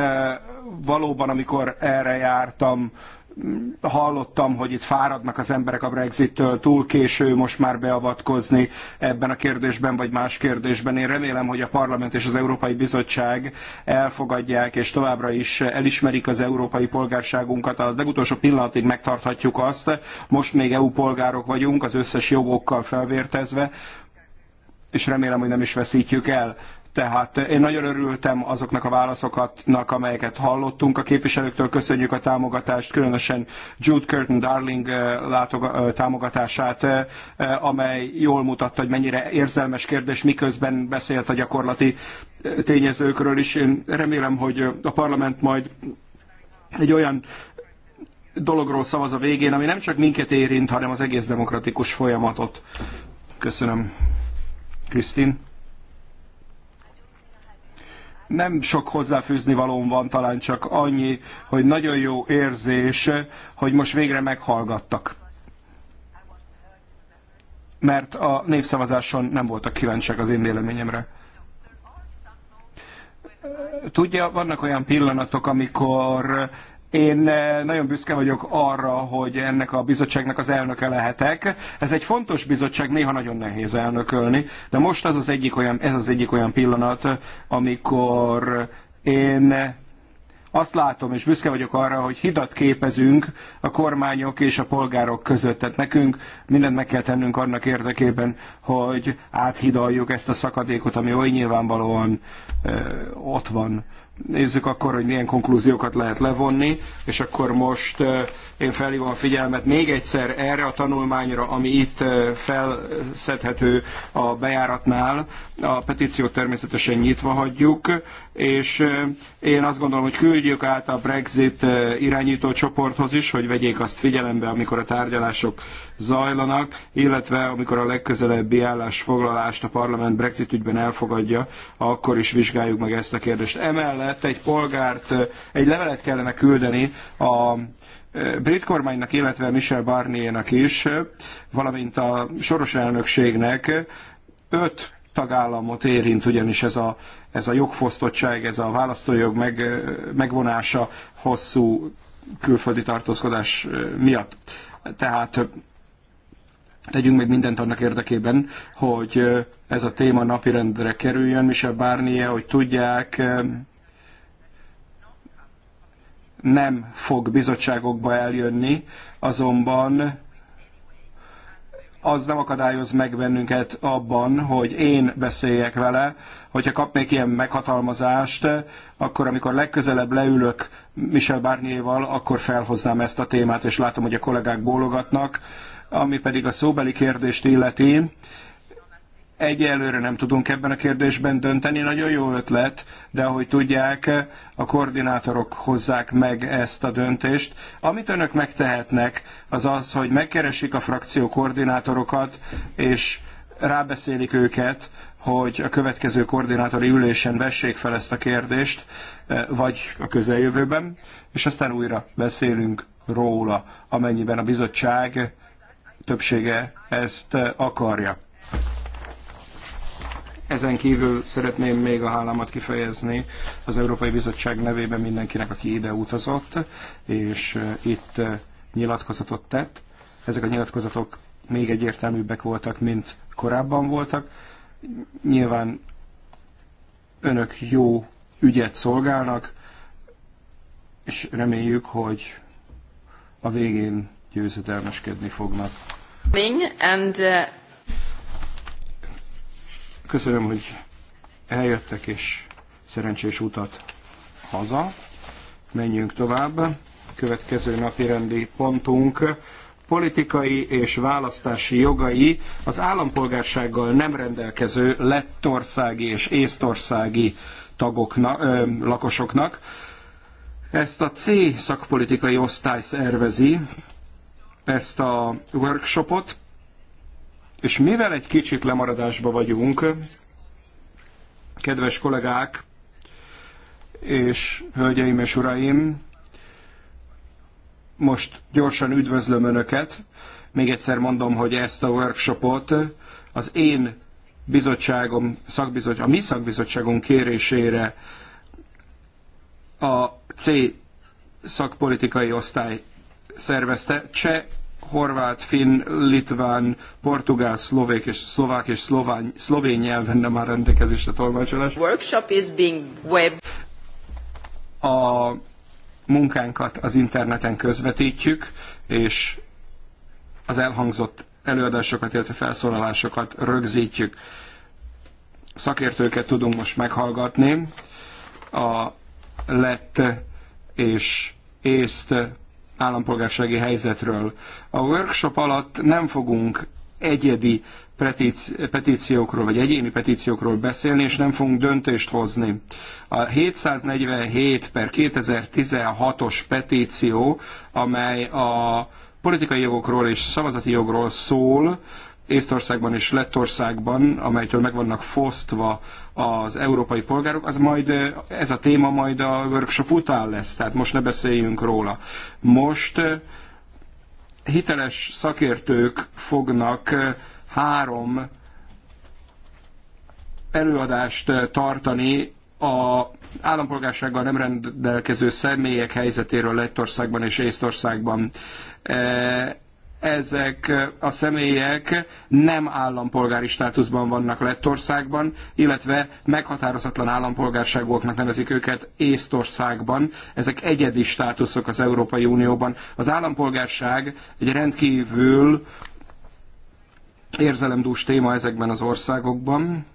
valóban, amikor erre jártam, hallottam, hogy itt fáradnak az emberek a Brexit-től, túl késő most már beavatkozni ebben a kérdésben, vagy más kérdésben. Én remélem, hogy a Parlament és az Európai Bizottság elfogadják, és továbbra is elismerik az európai polgárságunkat. A legutolsó pillanatig megtarthatjuk azt, most még EU polgárok vagyunk, az összes jogokkal felvértezve, és remélem, hogy nem is veszítjük el. Tehát én nagyon örültem azoknak a válaszoknak, amelyeket hallottunk a képviselőktől. Köszönjük a támogatást, különösen Jude Curtin Darling eh, eh, támogatását, eh, amely jól mutatta, hogy mennyire érzelmes kérdés, miközben beszélt a gyakorlati tényezőkről is. Én remélem, hogy a parlament majd egy olyan dologról szavaz a végén, ami nem csak minket érint, hanem az egész demokratikus folyamatot. Köszönöm. Krisztin. Nem sok hozzáfűzni valóm van, talán csak annyi, hogy nagyon jó érzés, hogy most végre meghallgattak. Mert a népszavazáson nem voltak kíváncsiak az én véleményemre tudja, vannak olyan pillanatok, amikor én eh, nagyon büszke vagyok arra, hogy ennek a bizottságnak az elnöke lehetek. Ez egy fontos bizottság, néha nagyon nehéz elnökölni, de most az az egyik olyan, ez az egyik olyan pillanat, amikor én azt látom, és büszke vagyok arra, hogy hidat képezünk a kormányok és a polgárok között. Tehát nekünk mindent meg kell tennünk annak érdekében, hogy áthidaljuk ezt a szakadékot, ami oly nyilvánvalóan ö, ott van nézzük akkor, hogy milyen konklúziókat lehet levonni, és akkor most eh, én felhívom a figyelmet még egyszer erre a tanulmányra, ami itt felszedhető a bejáratnál. A petíciót természetesen nyitva hagyjuk, és én azt gondolom, hogy küldjük át a Brexit irányító csoporthoz is, hogy vegyék azt figyelembe, amikor a tárgyalások zajlanak, illetve amikor a legközelebbi állásfoglalást a parlament Brexit ügyben elfogadja, akkor is vizsgáljuk meg ezt a kérdést. Emellett egy polgárt, egy levelet kellene küldeni a brit kormánynak, illetve Michel Barniernak is, valamint a soros elnökségnek öt tagállamot érint, ugyanis ez a, ez a jogfosztottság, ez a választójog meg, megvonása hosszú külföldi tartózkodás miatt. Tehát tegyünk meg mindent annak érdekében, hogy ez a téma napirendre kerüljön, Michel Barnier, hogy tudják, nem fog bizottságokba eljönni, azonban az nem akadályoz meg bennünket abban, hogy én beszéljek vele, hogyha kapnék ilyen meghatalmazást, akkor amikor legközelebb leülök Michel barnier akkor felhoznám ezt a témát, és látom, hogy a kollégák bólogatnak, ami pedig a szóbeli kérdést illeti, Egyelőre nem tudunk ebben a kérdésben dönteni, nagyon jó ötlet, de ahogy tudják, a koordinátorok hozzák meg ezt a döntést. Amit önök megtehetnek, az az, hogy megkeresik a frakció koordinátorokat, és rábeszélik őket, hogy a következő koordinátori ülésen vessék fel ezt a kérdést, vagy a közeljövőben, és aztán újra beszélünk róla, amennyiben a bizottság többsége ezt akarja. Ezen kívül szeretném még a hálámat kifejezni az Európai Bizottság nevében mindenkinek, aki ide utazott, és itt nyilatkozatot tett. Ezek a nyilatkozatok még egyértelműbbek voltak, mint korábban voltak. Nyilván önök jó ügyet szolgálnak, és reméljük, hogy a végén győzedelmeskedni fognak.
And, uh...
Köszönöm, hogy eljöttek, és szerencsés utat haza. Menjünk tovább. Következő napi rendi pontunk politikai és választási jogai az állampolgársággal nem rendelkező lettországi és észtországi tagoknak, ö, lakosoknak. Ezt a C szakpolitikai osztály szervezi, ezt a workshopot. És mivel egy kicsit lemaradásba vagyunk, kedves kollégák és hölgyeim és uraim, most gyorsan üdvözlöm Önöket. Még egyszer mondom, hogy ezt a workshopot az én bizottságom, szakbizottság, a mi szakbizottságunk kérésére a C szakpolitikai osztály szervezte. Cseh horvát, finn, litván, portugál, szlovék és szlovák és szlovány, szlovén nyelven nem áll rendelkezésre tolmácsolás.
Workshop is being web.
A munkánkat az interneten közvetítjük, és az elhangzott előadásokat, illetve felszólalásokat rögzítjük. Szakértőket tudunk most meghallgatni. A lett és észt állampolgársági helyzetről. A workshop alatt nem fogunk egyedi petíciókról, vagy egyéni petíciókról beszélni, és nem fogunk döntést hozni. A 747 per 2016-os petíció, amely a politikai jogokról és szavazati jogról szól, Észtországban és Lettországban, amelytől meg vannak fosztva az európai polgárok, az majd ez a téma majd a workshop után lesz, tehát most ne beszéljünk róla. Most eh, hiteles szakértők fognak eh, három előadást eh, tartani a állampolgársággal nem rendelkező személyek helyzetéről Lettországban és Észtországban ezek a személyek nem állampolgári státuszban vannak Lettországban, illetve meghatározatlan állampolgárságúaknak nevezik őket Észtországban. Ezek egyedi státuszok az Európai Unióban. Az állampolgárság egy rendkívül érzelemdús téma ezekben az országokban.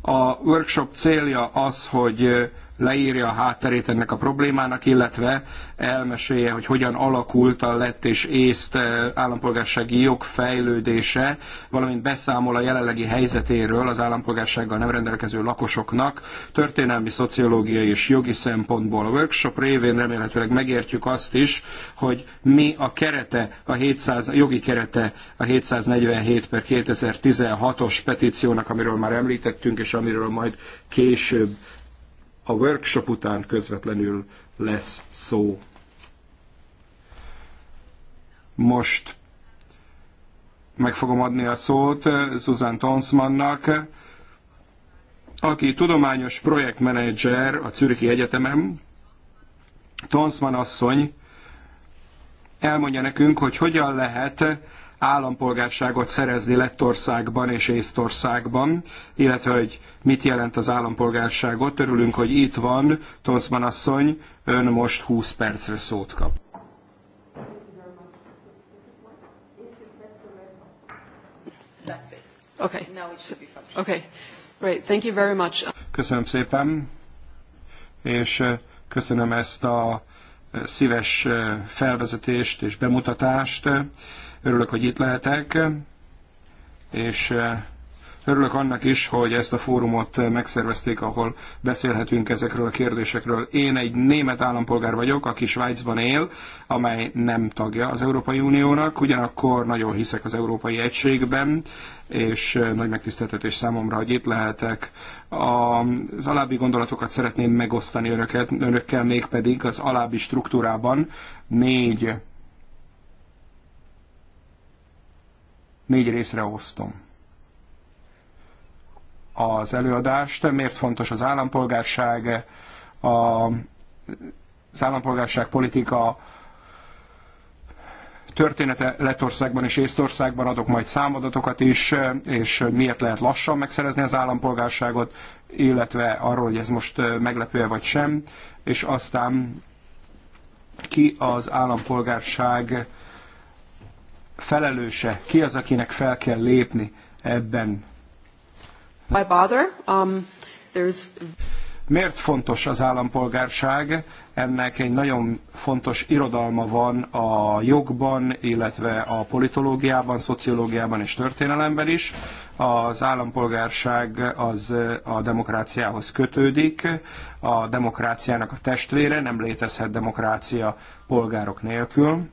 A workshop célja az, hogy leírja a hátterét ennek a problémának, illetve elmesélje, hogy hogyan alakult a lett és észt eh, állampolgársági jog fejlődése, valamint beszámol a jelenlegi helyzetéről az állampolgársággal nem rendelkező lakosoknak történelmi, szociológiai és jogi szempontból. A workshop révén remélhetőleg megértjük azt is, hogy mi a kerete, a 700, a jogi kerete a 747 per 2016-os petíciónak, amiről már említettünk, és amiről majd később a workshop után közvetlenül lesz szó. Most meg fogom adni a szót Susan Tonsmannak, aki tudományos projektmenedzser a Czüriki Egyetemen. Tonsman asszony elmondja nekünk, hogy hogyan lehet állampolgárságot szerezni Lettországban és Észtországban, illetve hogy mit jelent az állampolgárságot. Örülünk, hogy itt van Tonszman asszony, ön most 20 percre szót kap.
Great. Thank you very much.
Köszönöm szépen, és eh, köszönöm ezt a eh, szíves eh, felvezetést és bemutatást. Örülök, hogy itt lehetek, és eh, örülök annak is, hogy ezt a fórumot eh, megszervezték, ahol beszélhetünk ezekről a kérdésekről. Én egy német állampolgár vagyok, aki Svájcban él, amely nem tagja az Európai Uniónak, ugyanakkor nagyon hiszek az Európai Egységben, és eh, nagy megtiszteltetés számomra, hogy itt lehetek. Az alábbi gondolatokat szeretném megosztani önöket, önökkel, mégpedig az alábbi struktúrában négy négy részre osztom az előadást. Miért fontos az állampolgárság, a, az állampolgárság politika története Lettországban és Észtországban, adok majd számadatokat is, és miért lehet lassan megszerezni az állampolgárságot, illetve arról, hogy ez most meglepő-e vagy sem, és aztán ki az állampolgárság felelőse, ki az, akinek fel kell lépni ebben. My bother? Um, there's... Miért fontos az állampolgárság? Ennek egy nagyon fontos irodalma van a jogban, illetve a politológiában, szociológiában és történelemben is. Az állampolgárság az a demokráciához kötődik, a demokráciának a testvére, nem létezhet demokrácia polgárok nélkül,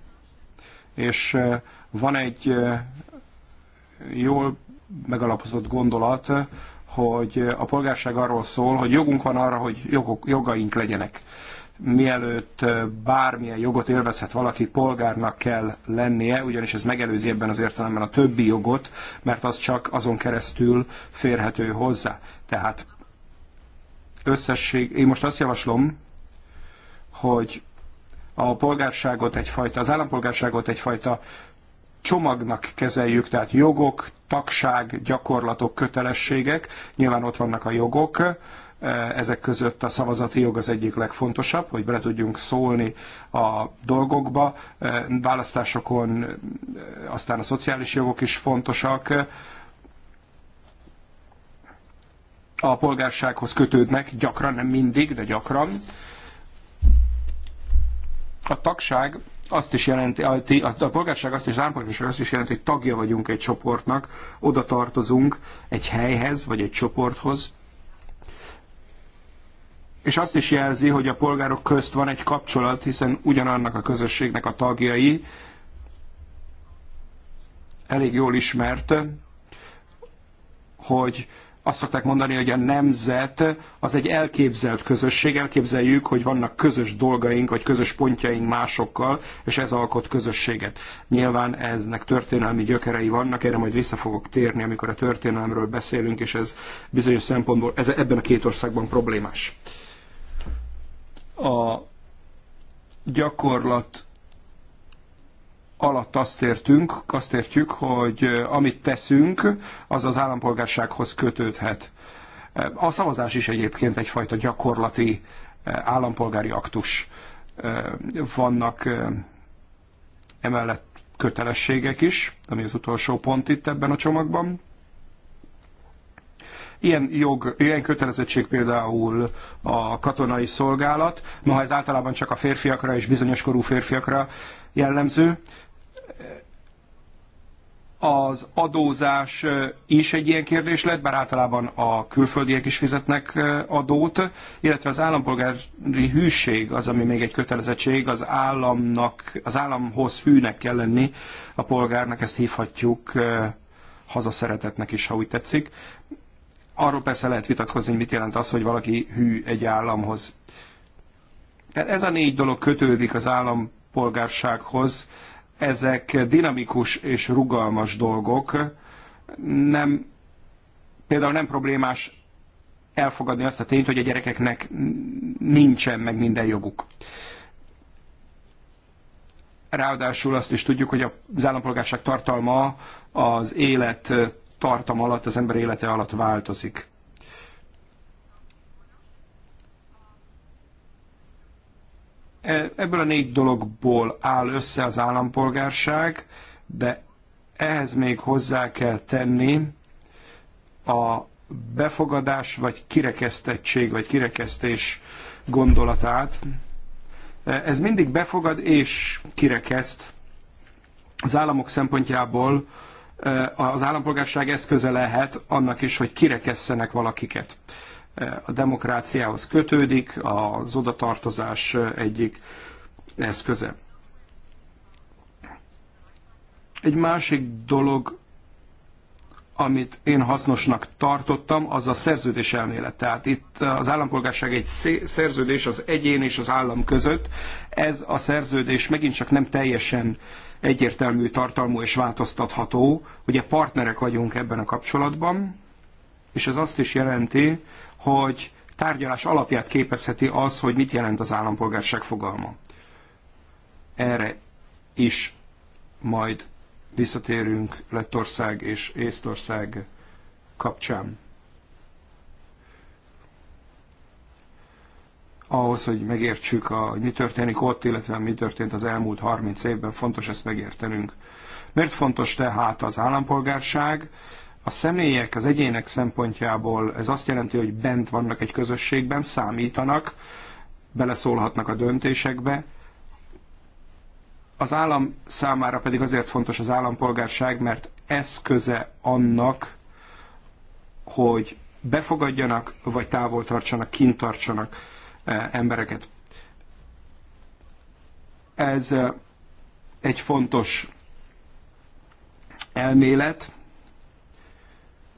és van egy jól megalapozott gondolat, hogy a polgárság arról szól, hogy jogunk van arra, hogy jogok, jogaink legyenek. Mielőtt bármilyen jogot élvezhet valaki, polgárnak kell lennie, ugyanis ez megelőzi ebben az értelemben a többi jogot, mert az csak azon keresztül férhető hozzá. Tehát összesség, én most azt javaslom, hogy a polgárságot egyfajta, az állampolgárságot egyfajta csomagnak kezeljük, tehát jogok, tagság, gyakorlatok, kötelességek. Nyilván ott vannak a jogok, e, ezek között a szavazati jog az egyik legfontosabb, hogy bele tudjunk szólni a dolgokba. E, választásokon e, aztán a szociális jogok is fontosak, a polgársághoz kötődnek, gyakran, nem mindig, de gyakran. A tagság azt is jelenti, a, a polgárság azt is, az állampolgárság azt is jelenti, hogy tagja vagyunk egy csoportnak, oda tartozunk egy helyhez, vagy egy csoporthoz. És azt is jelzi, hogy a polgárok közt van egy kapcsolat, hiszen ugyanannak a közösségnek a tagjai, elég jól ismert, hogy azt szokták mondani, hogy a nemzet az egy elképzelt közösség, elképzeljük, hogy vannak közös dolgaink, vagy közös pontjaink másokkal, és ez alkot közösséget. Nyilván eznek történelmi gyökerei vannak, erre majd vissza fogok térni, amikor a történelemről beszélünk, és ez bizonyos szempontból ez, ebben a két országban problémás. A gyakorlat alatt azt értünk, azt értjük, hogy eh, amit teszünk, az az állampolgársághoz kötődhet. Eh, a szavazás is egyébként egyfajta gyakorlati eh, állampolgári aktus. Vannak emellett kötelességek is, ami az utolsó pont itt ebben a csomagban. Ilyen, jog, ilyen kötelezettség például a katonai szolgálat, noha ez általában csak a férfiakra és bizonyos korú férfiakra jellemző, az adózás is egy ilyen kérdés lett, bár általában a külföldiek is fizetnek adót, illetve az állampolgári hűség az, ami még egy kötelezettség, az államnak, az államhoz hűnek kell lenni a polgárnak, ezt hívhatjuk hazaszeretetnek is, ha úgy tetszik. Arról persze lehet vitatkozni, mit jelent az, hogy valaki hű egy államhoz. Tehát ez a négy dolog kötődik az állampolgársághoz, ezek dinamikus és rugalmas dolgok. Nem, például nem problémás elfogadni azt a tényt, hogy a gyerekeknek nincsen meg minden joguk. Ráadásul azt is tudjuk, hogy az állampolgárság tartalma az élet tartam alatt, az ember élete alatt változik. E, ebből a négy dologból áll össze az állampolgárság, de ehhez még hozzá kell tenni a befogadás, vagy kirekesztettség, vagy kirekesztés gondolatát. E, ez mindig befogad és kirekeszt. Az államok szempontjából e, az állampolgárság eszköze lehet annak is, hogy kirekesszenek valakiket a demokráciához kötődik, az odatartozás egyik eszköze. Egy másik dolog, amit én hasznosnak tartottam, az a szerződés elmélet. Tehát itt az állampolgárság egy szerződés az egyén és az állam között. Ez a szerződés megint csak nem teljesen egyértelmű, tartalmú és változtatható. Ugye partnerek vagyunk ebben a kapcsolatban, és ez azt is jelenti, hogy tárgyalás alapját képezheti az, hogy mit jelent az állampolgárság fogalma. Erre is majd visszatérünk Lettország és Észtország kapcsán. Ahhoz, hogy megértsük, a, hogy mi történik ott, illetve mi történt az elmúlt 30 évben, fontos ezt megértenünk. Miért fontos tehát az állampolgárság? A személyek, az egyének szempontjából ez azt jelenti, hogy bent vannak egy közösségben, számítanak, beleszólhatnak a döntésekbe. Az állam számára pedig azért fontos az állampolgárság, mert eszköze annak, hogy befogadjanak, vagy távol tartsanak, kint tartsanak e, embereket. Ez e, egy fontos elmélet,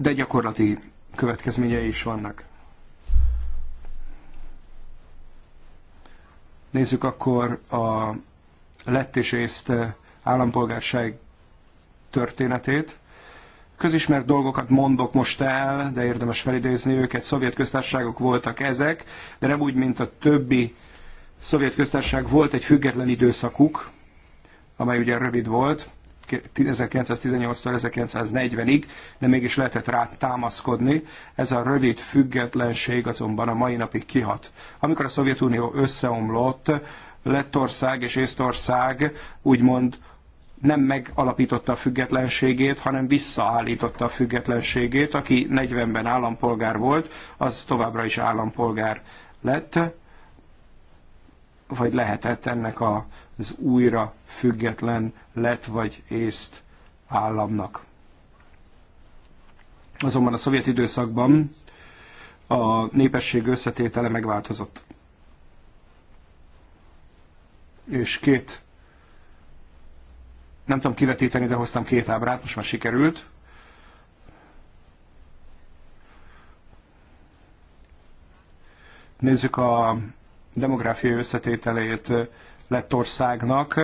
de gyakorlati következményei is vannak. Nézzük akkor a lett és észt eh, állampolgárság történetét. Közismert dolgokat mondok most el, de érdemes felidézni őket. Szovjet köztársaságok voltak ezek, de nem úgy, mint a többi szovjet köztársaság. Volt egy független időszakuk, amely ugye rövid volt, 1918-tól 1940-ig, de mégis lehetett rá támaszkodni. Ez a rövid függetlenség azonban a mai napig kihat. Amikor a Szovjetunió összeomlott, Lettország és Észtország úgymond nem megalapította a függetlenségét, hanem visszaállította a függetlenségét. Aki 40-ben állampolgár volt, az továbbra is állampolgár lett vagy lehetett ennek az újra független lett vagy észt államnak. Azonban a szovjet időszakban a népesség összetétele megváltozott. És két, nem tudom kivetíteni, de hoztam két ábrát, most már sikerült. Nézzük a demográfiai összetételét Lettországnak,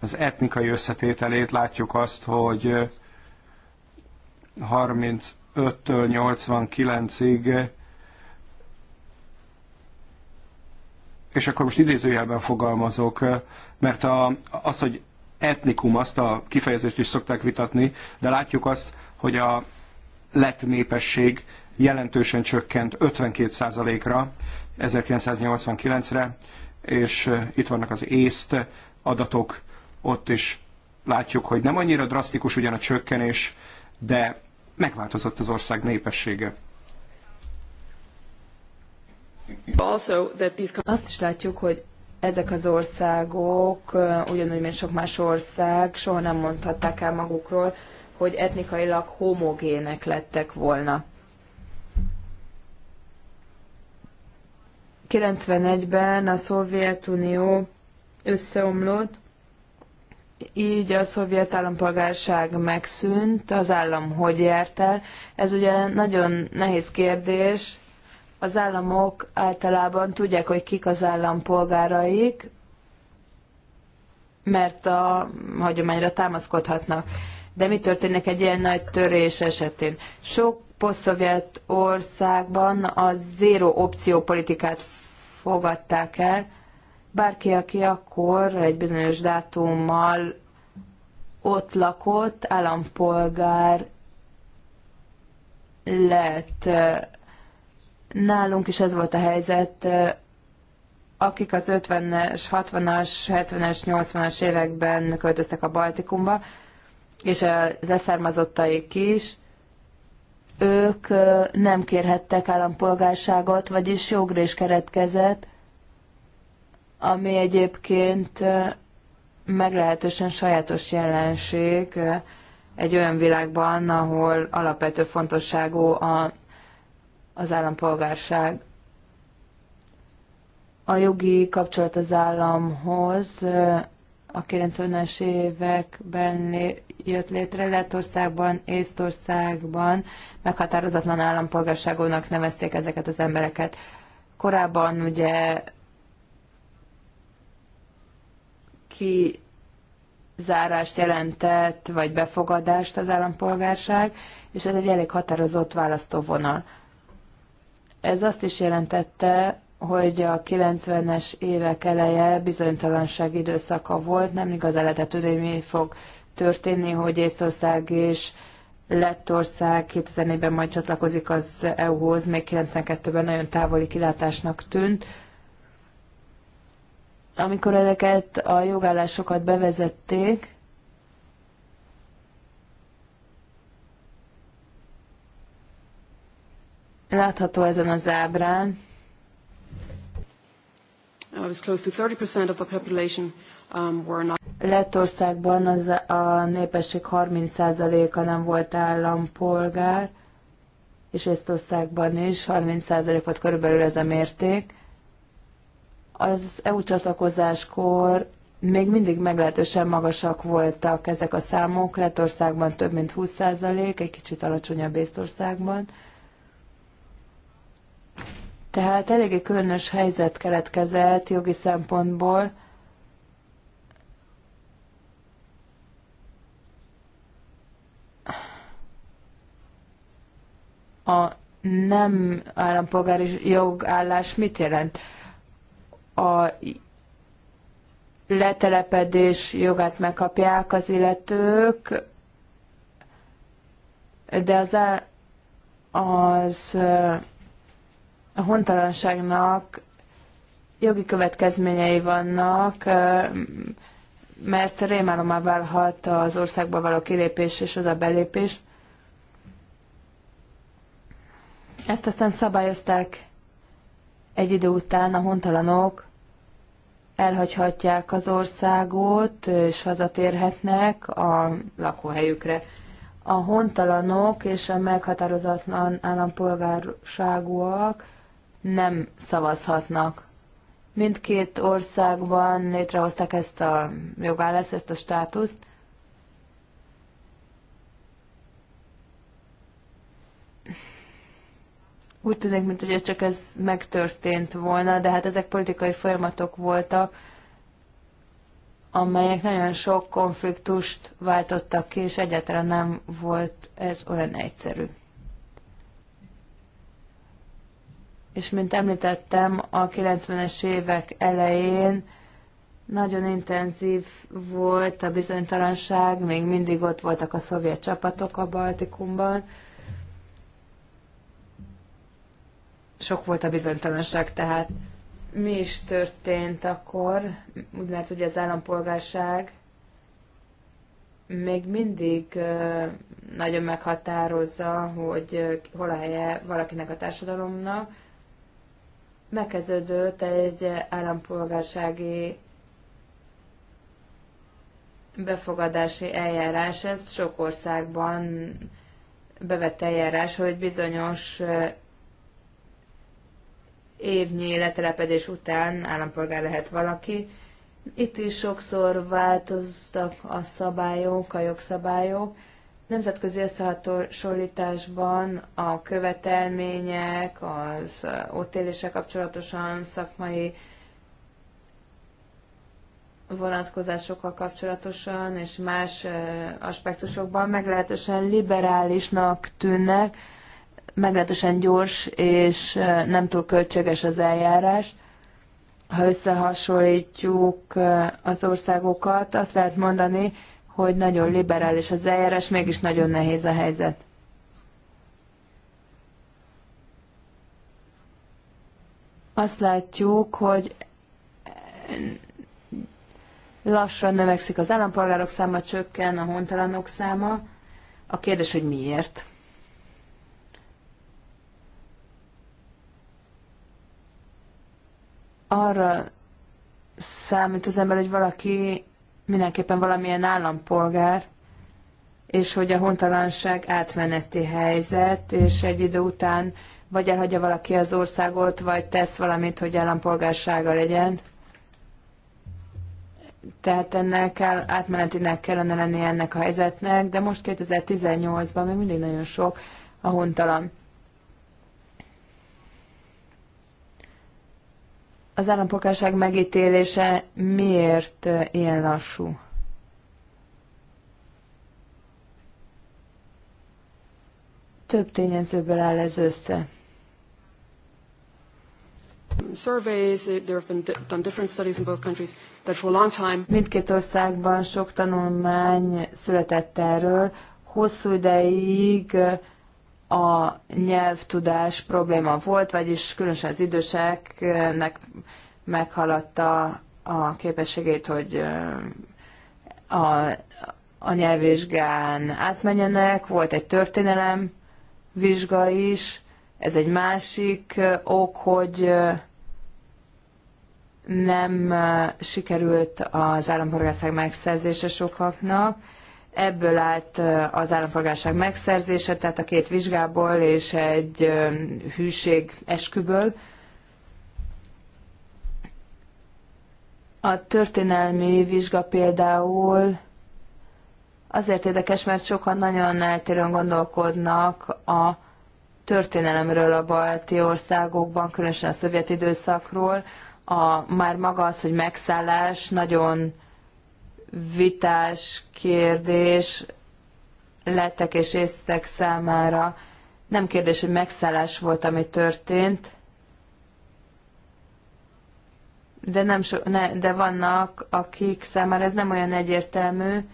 az etnikai összetételét látjuk azt, hogy 35-től 89-ig, és akkor most idézőjelben fogalmazok, mert a, az, hogy etnikum, azt a kifejezést is szokták vitatni, de látjuk azt, hogy a lett népesség jelentősen csökkent 52%-ra 1989-re, és itt vannak az észt adatok, ott is látjuk, hogy nem annyira drasztikus ugyan a csökkenés, de megváltozott az ország népessége.
Azt is látjuk, hogy ezek az országok, ugyanúgy, mint sok más ország, soha nem mondhatták el magukról, hogy etnikailag homogének lettek volna. 91-ben a Szovjetunió összeomlott, így a szovjet állampolgárság megszűnt, az állam hogy járt el? Ez ugye nagyon nehéz kérdés. Az államok általában tudják, hogy kik az állampolgáraik, mert a hagyományra támaszkodhatnak. De mi történik egy ilyen nagy törés esetén? Sok posztszovjet országban a zéro opció politikát fogadták el. Bárki, aki akkor egy bizonyos dátummal ott lakott, állampolgár lett. Nálunk is ez volt a helyzet, akik az 50-es, 60-as, 70-es, 80-as években költöztek a Baltikumba, és az leszármazottaik is, ők nem kérhettek állampolgárságot, vagyis jogra is keretkezett, ami egyébként meglehetősen sajátos jelenség egy olyan világban, ahol alapvető fontosságú a, az állampolgárság. A jogi kapcsolat az államhoz a 90-es években jött létre Lettországban, Észtországban, meghatározatlan állampolgárságonak nevezték ezeket az embereket. Korábban ugye ki zárást jelentett, vagy befogadást az állampolgárság, és ez egy elég határozott választóvonal. Ez azt is jelentette, hogy a 90-es évek eleje bizonytalanság időszaka volt, nem igazán lehetett tudni, mi fog történni, hogy Észtország és Lettország 2004-ben majd csatlakozik az EU-hoz, még 92-ben nagyon távoli kilátásnak tűnt. Amikor ezeket a jogállásokat bevezették, látható ezen az ábrán, Um, Lettországban az a népesség 30%-a nem volt állampolgár, és Észtországban is 30% volt körülbelül ez a mérték. Az EU csatlakozáskor még mindig meglehetősen magasak voltak ezek a számok, Lettországban több mint 20%, egy kicsit alacsonyabb Észtországban. Tehát eléggé különös helyzet keletkezett jogi szempontból, a nem állampolgári jogállás mit jelent? A letelepedés jogát megkapják az illetők, de az, az a hontalanságnak jogi következményei vannak, mert rémálomá válhat az országba való kilépés és oda belépés. Ezt aztán szabályozták egy idő után a hontalanok elhagyhatják az országot, és hazatérhetnek a lakóhelyükre. A hontalanok és a meghatározatlan állampolgárságúak nem szavazhatnak. Mindkét országban létrehozták ezt a jogállást, ezt a státuszt, Úgy tűnik, mint hogy csak ez megtörtént volna, de hát ezek politikai folyamatok voltak, amelyek nagyon sok konfliktust váltottak ki, és egyáltalán nem volt ez olyan egyszerű. És mint említettem, a 90-es évek elején nagyon intenzív volt a bizonytalanság, még mindig ott voltak a szovjet csapatok a Baltikumban, sok volt a bizonytalanság, tehát mi is történt akkor, mert ugye az állampolgárság még mindig nagyon meghatározza, hogy hol a helye valakinek a társadalomnak. Megkezdődött egy állampolgársági befogadási eljárás, ez sok országban bevett eljárás, hogy bizonyos évnyi letelepedés után állampolgár lehet valaki. Itt is sokszor változtak a szabályok, a jogszabályok. Nemzetközi összehasonlításban a követelmények, az ott élése kapcsolatosan szakmai vonatkozásokkal kapcsolatosan és más aspektusokban meglehetősen liberálisnak tűnnek, meglehetősen gyors és nem túl költséges az eljárás. Ha összehasonlítjuk az országokat, azt lehet mondani, hogy nagyon liberális az eljárás, mégis nagyon nehéz a helyzet. Azt látjuk, hogy lassan növekszik az állampolgárok száma, csökken a hontalanok száma. A kérdés, hogy miért? arra számít az ember, hogy valaki mindenképpen valamilyen állampolgár, és hogy a hontalanság átmeneti helyzet, és egy idő után vagy elhagyja valaki az országot, vagy tesz valamit, hogy állampolgársága legyen. Tehát ennek kell átmenetinek kellene lennie ennek a helyzetnek, de most 2018-ban még mindig nagyon sok a hontalan. az állampolgárság megítélése miért ilyen lassú? Több tényezőből áll ez össze.
Eh,
Mindkét országban sok tanulmány született erről. Hosszú ideig a nyelvtudás probléma volt, vagyis különösen az időseknek meghaladta a képességét, hogy a, a nyelvvizsgán átmenjenek, volt egy történelem vizsga is, ez egy másik ok, hogy nem sikerült az állampolgárság megszerzése sokaknak. Ebből állt az állampolgárság megszerzése, tehát a két vizsgából és egy hűség esküből. A történelmi vizsga például azért érdekes, mert sokan nagyon eltérően gondolkodnak a történelemről a balti országokban, különösen a szovjet időszakról. A, már maga az, hogy megszállás nagyon vitás kérdés lettek és észtek számára. Nem kérdés, hogy megszállás volt, ami történt, de, nem so, ne, de vannak, akik számára ez nem olyan egyértelmű,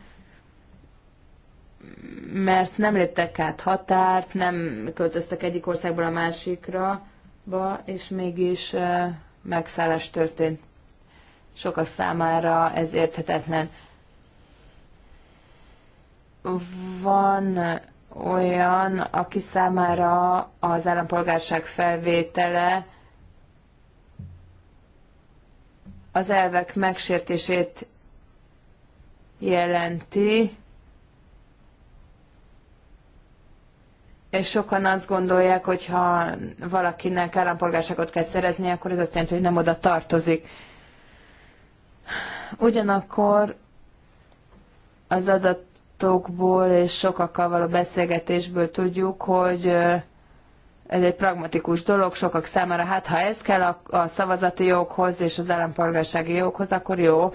mert nem léptek át határt, nem költöztek egyik országból a másikra, ba, és mégis megszállás történt. Sokak számára ez érthetetlen van olyan, aki számára az állampolgárság felvétele az elvek megsértését jelenti, és sokan azt gondolják, hogy ha valakinek állampolgárságot kell szerezni, akkor ez azt jelenti, hogy nem oda tartozik. Ugyanakkor az adat tapasztalatokból és sokakkal való beszélgetésből tudjuk, hogy ez egy pragmatikus dolog sokak számára. Hát ha ez kell a, a szavazati joghoz és az állampolgársági joghoz, akkor jó,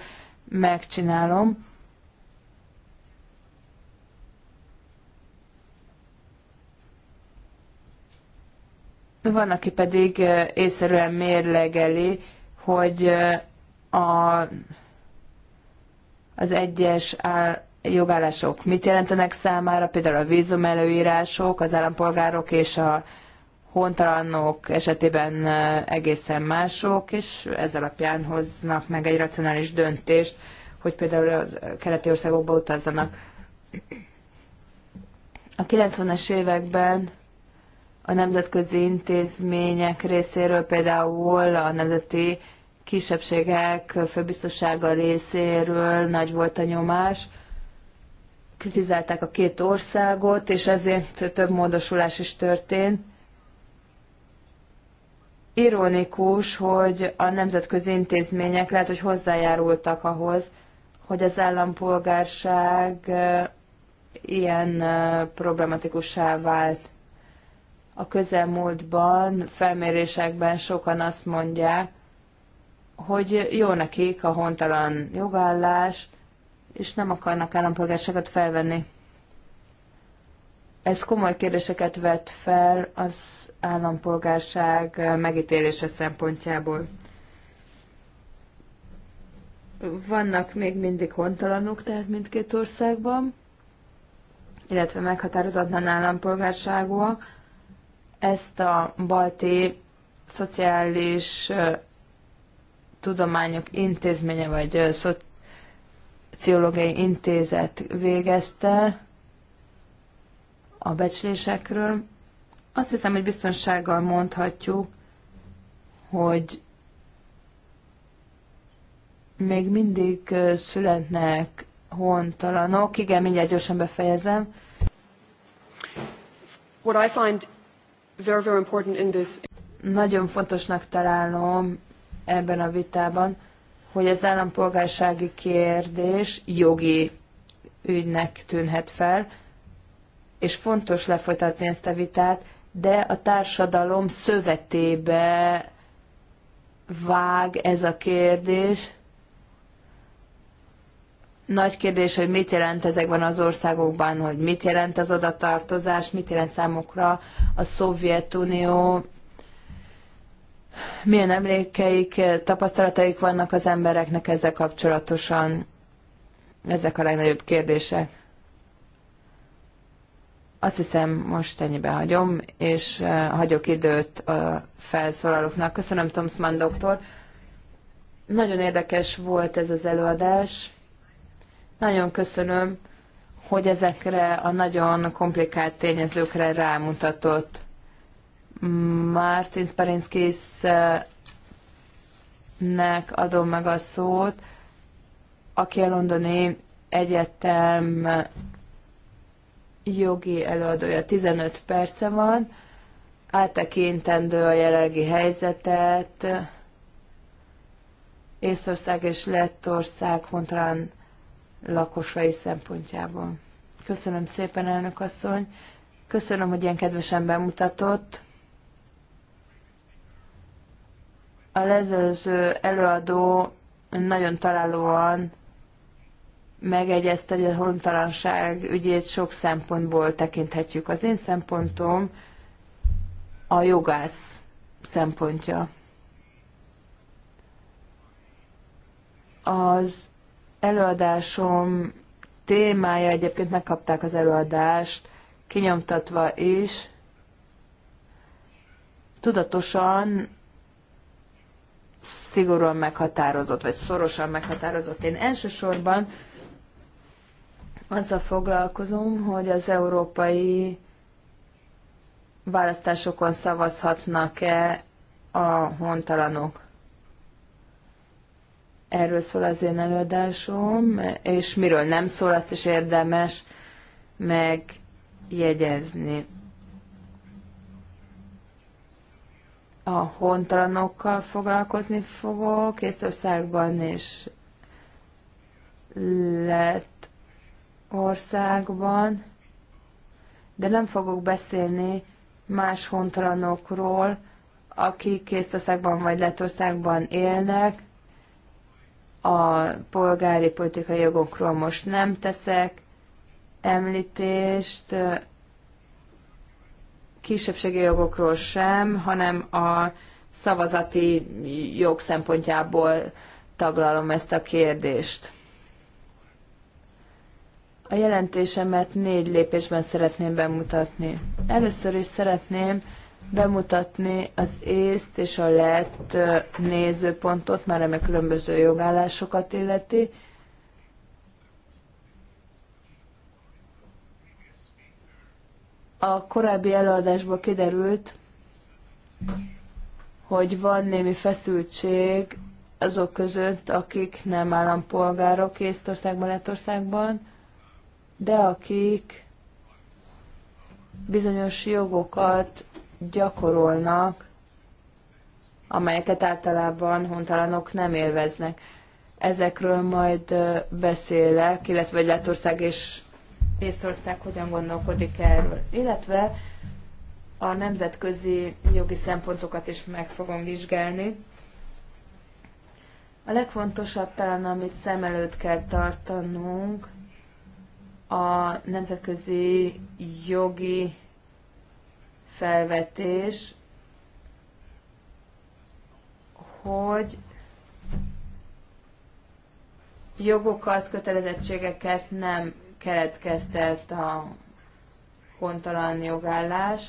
megcsinálom. Van, aki pedig észszerűen mérlegeli, hogy a, az egyes áll, jogállások mit jelentenek számára, például a vízum előírások, az állampolgárok és a hontalanok esetében egészen mások, és ez alapján hoznak meg egy racionális döntést, hogy például a keleti országokba utazzanak. A 90-es években a nemzetközi intézmények részéről, például a Nemzeti Kisebbségek Főbiztossága részéről nagy volt a nyomás, kritizálták a két országot, és ezért több módosulás is történt. Ironikus, hogy a nemzetközi intézmények lehet, hogy hozzájárultak ahhoz, hogy az állampolgárság ilyen problematikussá vált. A közelmúltban felmérésekben sokan azt mondják, hogy jó nekik a hontalan jogállás, és nem akarnak állampolgárságot felvenni. Ez komoly kérdéseket vet fel az állampolgárság megítélése szempontjából. Vannak még mindig hontalanok, tehát mindkét országban, illetve meghatározatlan állampolgárságúak. Ezt a balti szociális tudományok intézménye vagy Pszichológiai Intézet végezte a becslésekről. Azt hiszem, hogy biztonsággal mondhatjuk, hogy még mindig születnek hontalanok. Igen, mindjárt gyorsan befejezem.
What I find very, very important in
this... Nagyon fontosnak találom ebben a vitában, hogy az állampolgársági kérdés jogi ügynek tűnhet fel, és fontos lefolytatni ezt a vitát, de a társadalom szövetébe vág ez a kérdés. Nagy kérdés, hogy mit jelent ezekben az országokban, hogy mit jelent az odatartozás, mit jelent számukra a Szovjetunió milyen emlékeik, tapasztalataik vannak az embereknek ezzel kapcsolatosan. Ezek a legnagyobb kérdések. Azt hiszem, most ennyibe hagyom, és hagyok időt a felszólalóknak. Köszönöm, Tomszman doktor. Nagyon érdekes volt ez az előadás. Nagyon köszönöm, hogy ezekre a nagyon komplikált tényezőkre rámutatott Martin Sparensky-nek adom meg a szót, aki a londoni egyetem jogi előadója. 15 perce van, áttekintendő a jelenlegi helyzetet, Észország és Lettország hontalan lakosai szempontjából. Köszönöm szépen, elnök asszony. Köszönöm, hogy ilyen kedvesen bemutatott. A lezőző előadó nagyon találóan megegyezte, hogy a holmtalanság ügyét sok szempontból tekinthetjük. Az én szempontom a jogász szempontja. Az előadásom témája, egyébként megkapták az előadást, kinyomtatva is, tudatosan szigorúan meghatározott, vagy szorosan meghatározott. Én elsősorban azzal foglalkozom, hogy az európai választásokon szavazhatnak-e a hontalanok. Erről szól az én előadásom, és miről nem szól, azt is érdemes megjegyezni. a hontalanokkal foglalkozni fogok, Észtországban és lett országban, de nem fogok beszélni más hontalanokról, akik Észtországban vagy Lettországban élnek, a polgári politikai jogokról most nem teszek említést, kisebbségi jogokról sem, hanem a szavazati jog szempontjából taglalom ezt a kérdést. A jelentésemet négy lépésben szeretném bemutatni. Először is szeretném bemutatni az észt és a lett nézőpontot, már ami különböző jogállásokat illeti, A korábbi előadásból kiderült, hogy van némi feszültség azok között, akik nem állampolgárok Észtországban, Lettországban, de akik bizonyos jogokat gyakorolnak, amelyeket általában hontalanok nem élveznek. Ezekről majd beszélek, illetve hogy Lettország és Észtország hogyan gondolkodik erről, illetve a nemzetközi jogi szempontokat is meg fogom vizsgálni. A legfontosabb talán, amit szem előtt kell tartanunk, a nemzetközi jogi felvetés, hogy jogokat, kötelezettségeket nem keletkeztet a hontalan jogállás.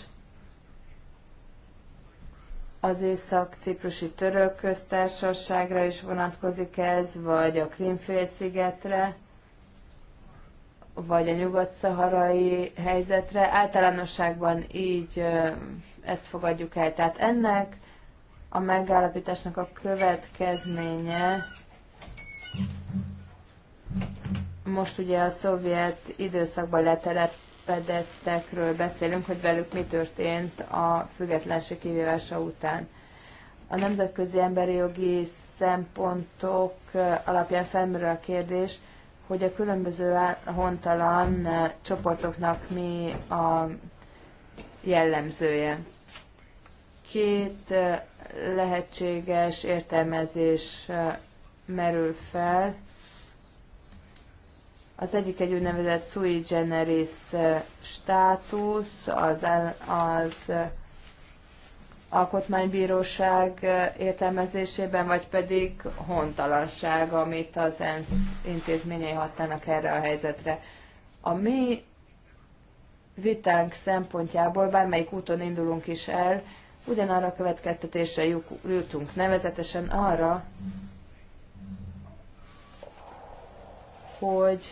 Az észak-ciprusi török köztársaságra is vonatkozik ez, vagy a Krimfélszigetre, vagy a nyugat-szaharai helyzetre. Általánosságban így ezt fogadjuk el. Tehát ennek a megállapításnak a következménye most ugye a szovjet időszakban letelepedettekről beszélünk, hogy velük mi történt a függetlenség kivívása után. A nemzetközi emberi jogi szempontok alapján felmerül a kérdés, hogy a különböző hontalan csoportoknak mi a jellemzője. Két lehetséges értelmezés merül fel az egyik egy úgynevezett sui generis státusz, az, az alkotmánybíróság értelmezésében, vagy pedig hontalanság, amit az ENSZ intézményei használnak erre a helyzetre. A mi vitánk szempontjából, bármelyik úton indulunk is el, ugyanarra a következtetésre jutunk, nevezetesen arra, hogy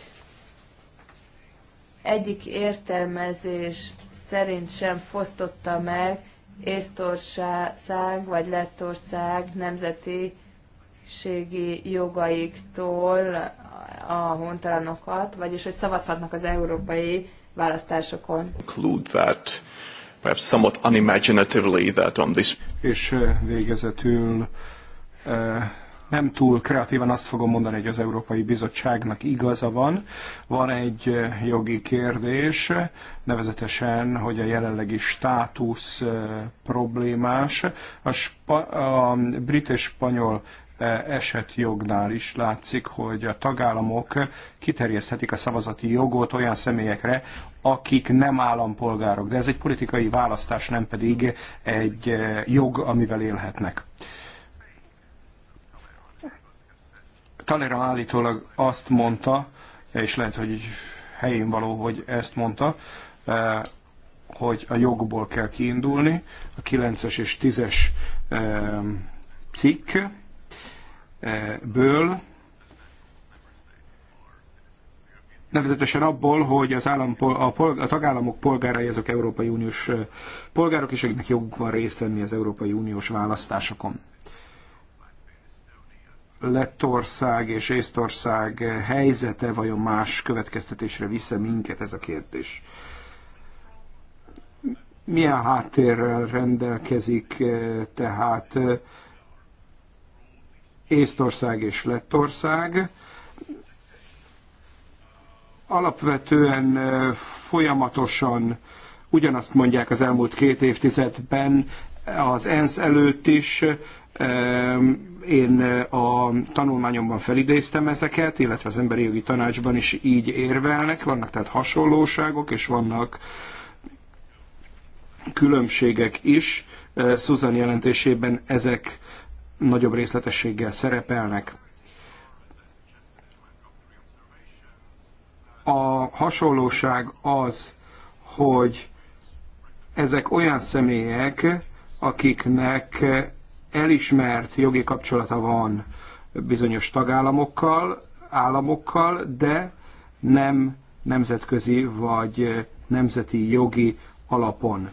egyik értelmezés szerint sem fosztotta meg Észtország vagy Lettország nemzetiségi jogaiktól a hontalanokat, vagyis hogy szavazhatnak az európai
választásokon. That, perhaps somewhat unimaginatively that on this... És eh, végezetül eh, nem túl kreatívan azt fogom mondani, hogy az Európai Bizottságnak igaza van. Van egy eh, jogi kérdés, nevezetesen, hogy a jelenlegi státusz eh, problémás. A, spa- a brit és spanyol eh, esetjognál is látszik, hogy a tagállamok kiterjeszthetik a szavazati jogot olyan személyekre, akik nem állampolgárok. De ez egy politikai választás, nem pedig egy jog, amivel élhetnek. Talera állítólag azt mondta, és lehet, hogy helyén való, hogy ezt mondta, eh, hogy a jogból kell kiindulni, a 9-es és 10-es eh, cikkből, eh, nevezetesen abból, hogy az állam, a, polg, a tagállamok polgárai azok Európai Uniós polgárok, és akiknek joguk van részt venni az Európai Uniós választásokon. Lettország és Észtország helyzete vajon más következtetésre vissza minket ez a kérdés? Milyen háttérrel rendelkezik eh, tehát eh, Észtország és Lettország? Alapvetően eh, folyamatosan ugyanazt mondják az elmúlt két évtizedben, az ENSZ előtt is, én a tanulmányomban felidéztem ezeket, illetve az emberi jogi tanácsban is így érvelnek, vannak tehát hasonlóságok, és vannak különbségek is. Susan jelentésében ezek nagyobb részletességgel szerepelnek. A hasonlóság az, hogy ezek olyan személyek, akiknek elismert jogi kapcsolata van bizonyos tagállamokkal, államokkal, de nem nemzetközi vagy nemzeti jogi alapon.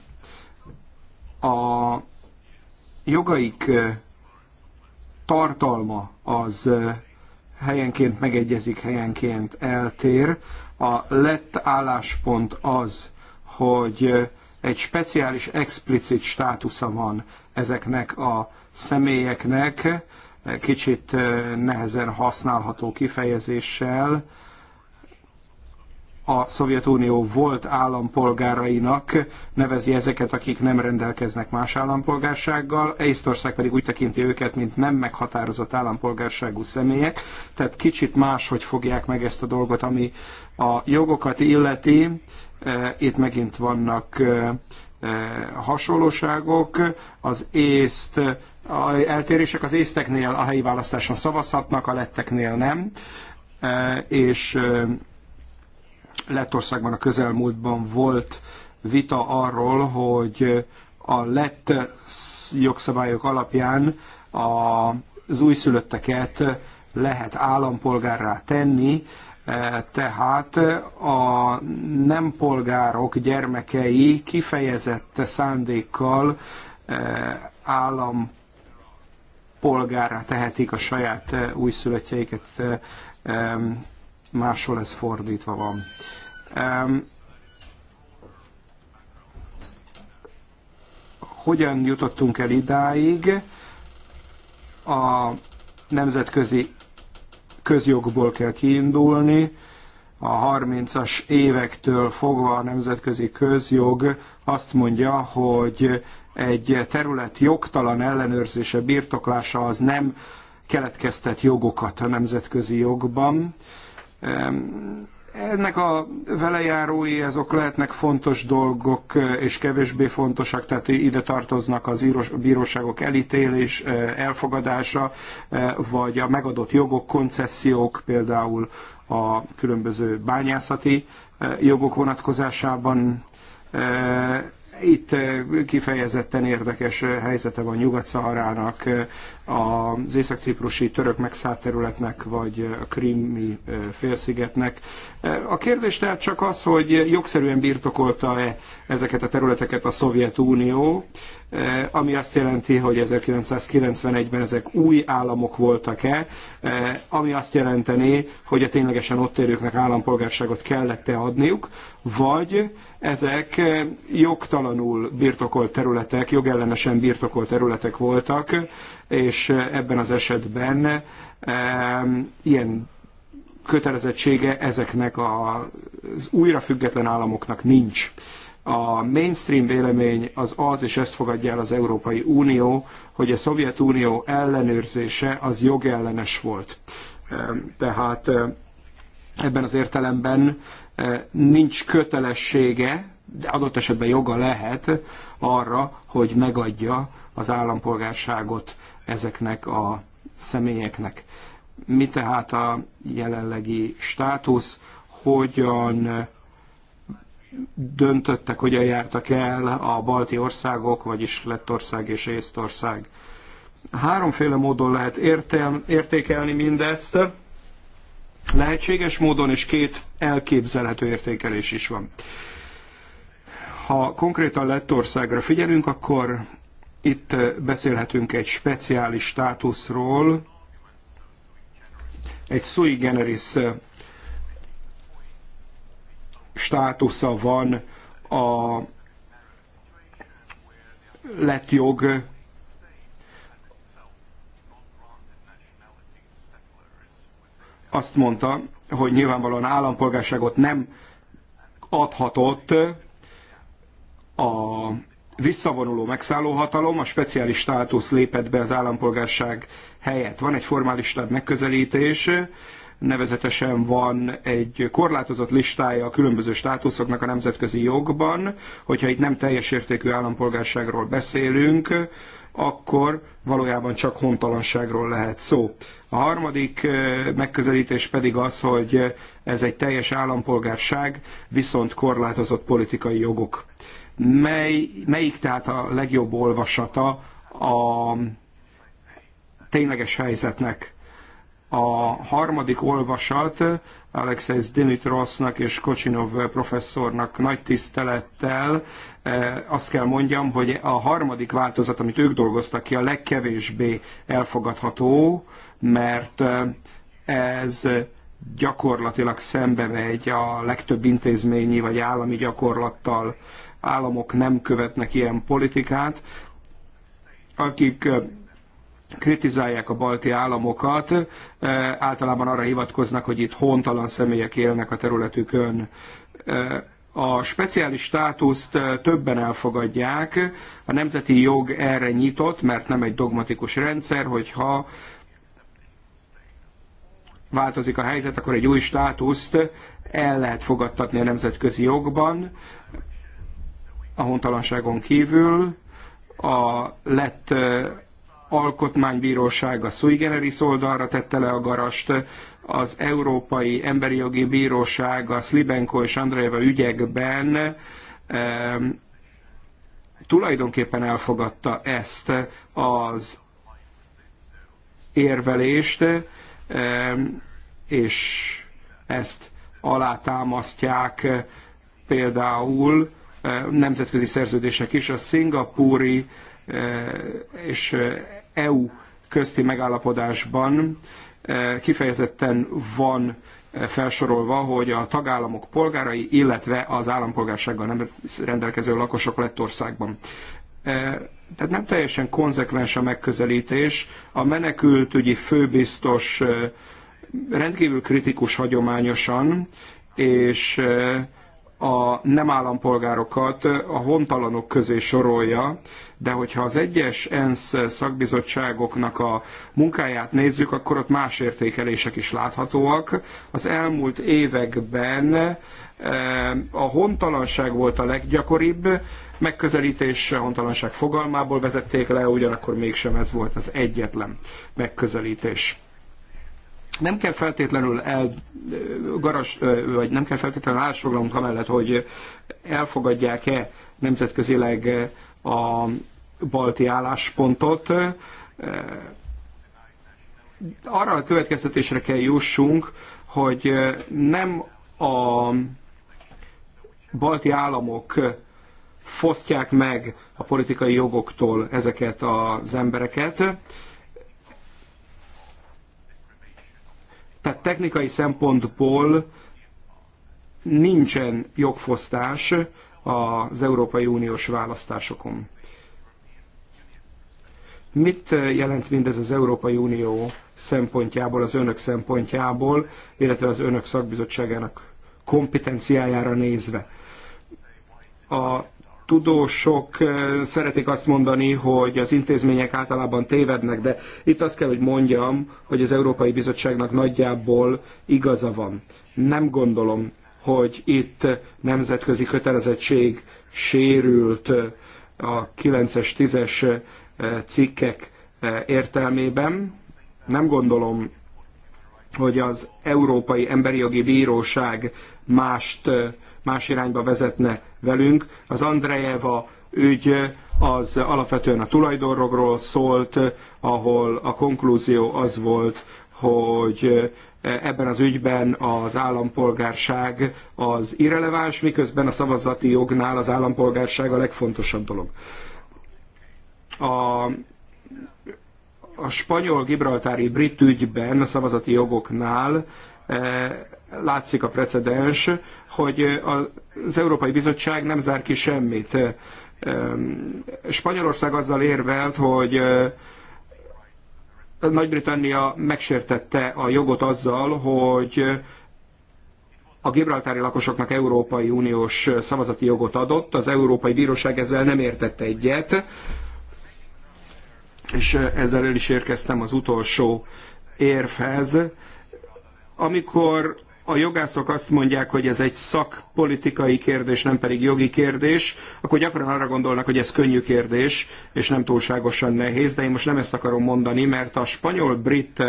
A jogaik tartalma az helyenként megegyezik, helyenként eltér. A lett álláspont az, hogy egy speciális, explicit státusza van ezeknek a személyeknek, kicsit nehezen használható kifejezéssel a Szovjetunió volt állampolgárainak nevezi ezeket, akik nem rendelkeznek más állampolgársággal. Észtország pedig úgy tekinti őket, mint nem meghatározott állampolgárságú személyek, tehát kicsit máshogy fogják meg ezt a dolgot, ami a jogokat illeti. Eh, itt megint vannak eh, eh, hasonlóságok. Az észt a eltérések az észteknél a helyi választáson szavazhatnak, a letteknél nem, és Lettországban a közelmúltban volt vita arról, hogy a lett jogszabályok alapján az újszülötteket lehet állampolgárrá tenni, E, tehát a nem polgárok gyermekei kifejezett szándékkal e, állampolgárra tehetik a saját e, újszülöttjeiket, máshol ez fordítva van. Hogyan jutottunk el idáig? A nemzetközi közjogból kell kiindulni. A 30-as évektől fogva a nemzetközi közjog azt mondja, hogy egy terület jogtalan ellenőrzése, birtoklása az nem keletkeztet jogokat a nemzetközi jogban ehm, ennek a velejárói azok lehetnek fontos dolgok és kevésbé fontosak, tehát ide tartoznak az íros, bíróságok elítélés, elfogadása, vagy a megadott jogok, koncesziók, például a különböző bányászati jogok vonatkozásában itt eh, kifejezetten érdekes eh, helyzete van Nyugat-Szaharának, eh, az észak-ciprusi török megszállt területnek, vagy a krimi félszigetnek. A kérdés tehát csak az, hogy jogszerűen birtokolta-e ezeket a területeket a Szovjetunió, ami azt jelenti, hogy 1991-ben ezek új államok voltak-e, ami azt jelenteni, hogy a ténylegesen ott élőknek állampolgárságot kellett-e adniuk, vagy ezek eh, jogtalanul birtokolt területek, jogellenesen birtokolt területek voltak, és eh, ebben az esetben eh, ilyen kötelezettsége ezeknek az újra független államoknak nincs. A mainstream vélemény az az, és ezt fogadja el az Európai Unió, hogy a Szovjetunió ellenőrzése az jogellenes volt. Tehát ebben az értelemben eh, nincs kötelessége, de adott esetben joga lehet arra, hogy megadja az állampolgárságot ezeknek a személyeknek. Mi tehát a jelenlegi státusz, hogyan eh, döntöttek, hogyan jártak el a balti országok, vagyis Lettország és Észtország. Háromféle módon lehet értelm, értékelni mindezt lehetséges módon, és két elképzelhető értékelés is van. Ha konkrétan Lettországra figyelünk, akkor itt beszélhetünk egy speciális státuszról, egy sui generis státusza van a lett jog azt mondta, hogy nyilvánvalóan állampolgárságot nem adhatott a visszavonuló megszállóhatalom, a speciális státusz lépett be az állampolgárság helyett. Van egy formálistabb megközelítés, nevezetesen van egy korlátozott listája a különböző státuszoknak a nemzetközi jogban, hogyha itt nem teljes értékű állampolgárságról beszélünk, akkor valójában csak hontalanságról lehet szó. A harmadik megközelítés pedig az, hogy ez egy teljes állampolgárság, viszont korlátozott politikai jogok. Mely, melyik tehát a legjobb olvasata a tényleges helyzetnek? a harmadik olvasat Alexei Dimitrosznak és Kocsinov professzornak nagy tisztelettel Eh, azt kell mondjam, hogy a harmadik változat, amit ők dolgoztak ki, a legkevésbé elfogadható, mert eh, ez gyakorlatilag szembe megy a legtöbb intézményi vagy állami gyakorlattal. Államok nem követnek ilyen politikát. Akik eh, kritizálják a balti államokat, általában arra hivatkoznak, hogy itt hontalan személyek élnek a területükön a speciális státuszt többen elfogadják, a nemzeti jog erre nyitott, mert nem egy dogmatikus rendszer, hogyha változik a helyzet, akkor egy új státuszt el lehet fogadtatni a nemzetközi jogban, a hontalanságon kívül, a lett alkotmánybíróság a sui generis oldalra tette le a garast, az Európai Emberi Jogi Bíróság a Slibenko és Andrejeva ügyekben tulajdonképpen elfogadta ezt az érvelést, és ezt alátámasztják például nemzetközi szerződések is, a szingapúri és EU közti megállapodásban Eh, kifejezetten van eh, felsorolva, hogy a tagállamok polgárai, illetve az állampolgársággal nem rendelkező lakosok lett országban. Eh, tehát nem teljesen konzekvens a megközelítés. A menekültügyi főbiztos rendkívül kritikus hagyományosan, és a nem állampolgárokat a hontalanok közé sorolja, de hogyha az egyes ENSZ szakbizottságoknak a munkáját nézzük, akkor ott más értékelések is láthatóak. Az elmúlt években eh, a hontalanság volt a leggyakoribb megközelítés, a hontalanság fogalmából vezették le, ugyanakkor mégsem ez volt az egyetlen megközelítés. Nem kell feltétlenül el, garas, vagy nem kell feltétlenül állásfoglalunk amellett, hogy elfogadják-e nemzetközileg a balti álláspontot. Arra a következtetésre kell jussunk, hogy nem a balti államok fosztják meg a politikai jogoktól ezeket az embereket, Tehát technikai szempontból nincsen jogfosztás az Európai Uniós választásokon. Mit jelent mindez az Európai Unió szempontjából, az önök szempontjából, illetve az önök szakbizottságának kompetenciájára nézve? A tudósok eh, szeretik azt mondani, hogy az intézmények általában tévednek, de itt azt kell, hogy mondjam, hogy az Európai Bizottságnak nagyjából igaza van. Nem gondolom, hogy itt nemzetközi kötelezettség sérült eh, a 9-es, 10-es eh, cikkek értelmében. Nem gondolom, hogy az Európai Emberi Jogi Bíróság mást, más irányba vezetne velünk. Az Andrejeva ügy az alapvetően a tulajdonrogról szólt, ahol a konklúzió az volt, hogy ebben az ügyben az állampolgárság az irreleváns, miközben a szavazati jognál az állampolgárság a legfontosabb dolog. A, a spanyol-gibraltári brit ügyben a szavazati jogoknál e, látszik a precedens, hogy a az Európai Bizottság nem zár ki semmit. Spanyolország azzal érvelt, hogy nagy-Britannia megsértette a jogot azzal, hogy a gibraltári lakosoknak Európai Uniós szavazati jogot adott, az Európai Bíróság ezzel nem értett egyet, és ezzel el is érkeztem az utolsó érvhez. Amikor a jogászok azt mondják, hogy ez egy szakpolitikai kérdés, nem pedig jogi kérdés, akkor gyakran arra gondolnak, hogy ez könnyű kérdés, és nem túlságosan nehéz, de én most nem ezt akarom mondani, mert a spanyol-brit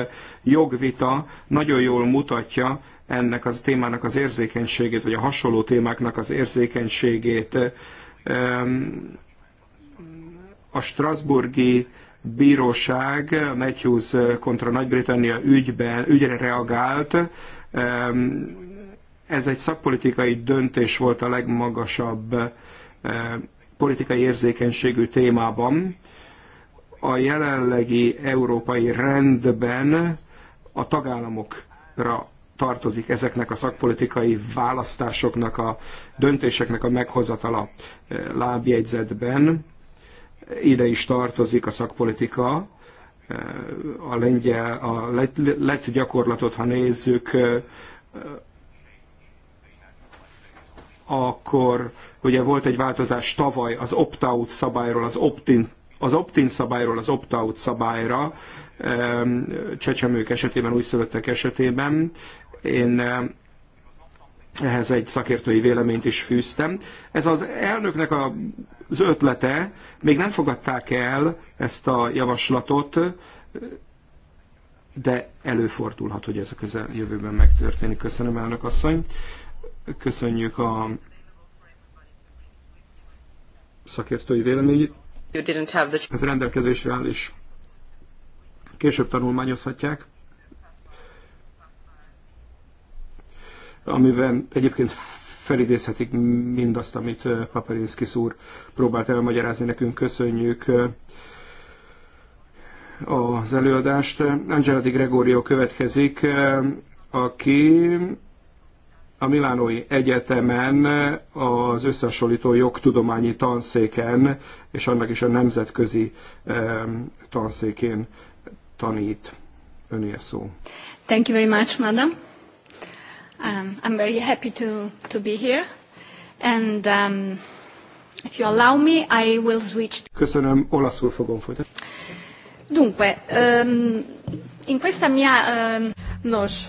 jogvita nagyon jól mutatja ennek a témának az érzékenységét, vagy a hasonló témáknak az érzékenységét. A Strasburgi bíróság a Matthews kontra Nagy-Britannia ügyben, ügyre reagált, ez egy szakpolitikai döntés volt a legmagasabb politikai érzékenységű témában. A jelenlegi európai rendben a tagállamokra tartozik ezeknek a szakpolitikai választásoknak, a döntéseknek a meghozatala lábjegyzetben. Ide is tartozik a szakpolitika, a, lengyel, a lett, lett gyakorlatot, ha nézzük, akkor ugye volt egy változás tavaly az opt-out szabályról, az opt-in az opt-in szabályról az opt-out szabályra, csecsemők esetében, újszülöttek esetében. Én ehhez egy szakértői véleményt is fűztem. Ez az elnöknek a, az ötlete, még nem fogadták el ezt a javaslatot, de előfordulhat, hogy ez a közeljövőben megtörténik. Köszönöm, elnök asszony. Köszönjük a szakértői véleményét. Ez rendelkezésre áll, és később tanulmányozhatják. amiben egyébként felidézhetik mindazt, amit Paperinski úr próbált elmagyarázni nekünk. Köszönjük az előadást. Angela Di Gregorio következik, aki a Milánói Egyetemen az összehasonlító jogtudományi tanszéken, és annak is a nemzetközi tanszékén tanít. Önél szó.
Thank you very much, madam. Um, I'm very happy to, to be here. And um, if you allow me, I will switch.
Köszönöm, olaszul fogom folytatni.
Dunque, um, in questa mia... Um... Nos,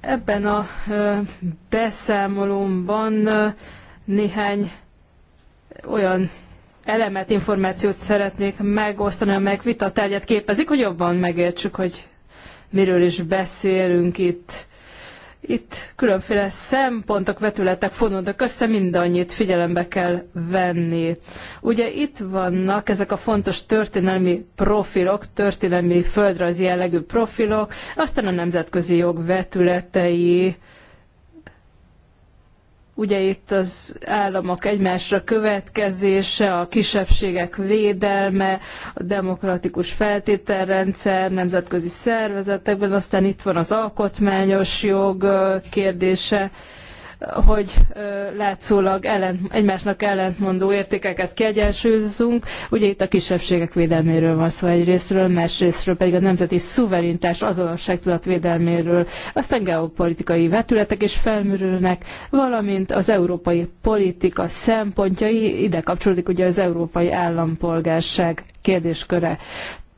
ebben a uh, beszámolomban uh, néhány olyan elemet, információt szeretnék megosztani, amelyek vita terjed képezik, hogy jobban megértsük, hogy miről is beszélünk itt. Itt különféle szempontok, vetületek fonódnak össze, mindannyit figyelembe kell venni. Ugye itt vannak ezek a fontos történelmi profilok, történelmi földrajzi jellegű profilok, aztán a nemzetközi jog vetületei, Ugye itt az államok egymásra következése, a kisebbségek védelme, a demokratikus feltételrendszer, nemzetközi szervezetekben, aztán itt van az alkotmányos jog kérdése hogy látszólag ellen, egymásnak ellentmondó értékeket kiegyensúlyozzunk. Ugye itt a kisebbségek védelméről van szó egyrésztről, másrésztről pedig a nemzeti szuverenitás azonosságtudat védelméről, aztán geopolitikai vetületek is felmerülnek, valamint az európai politika szempontjai, ide kapcsolódik ugye az európai állampolgárság kérdésköre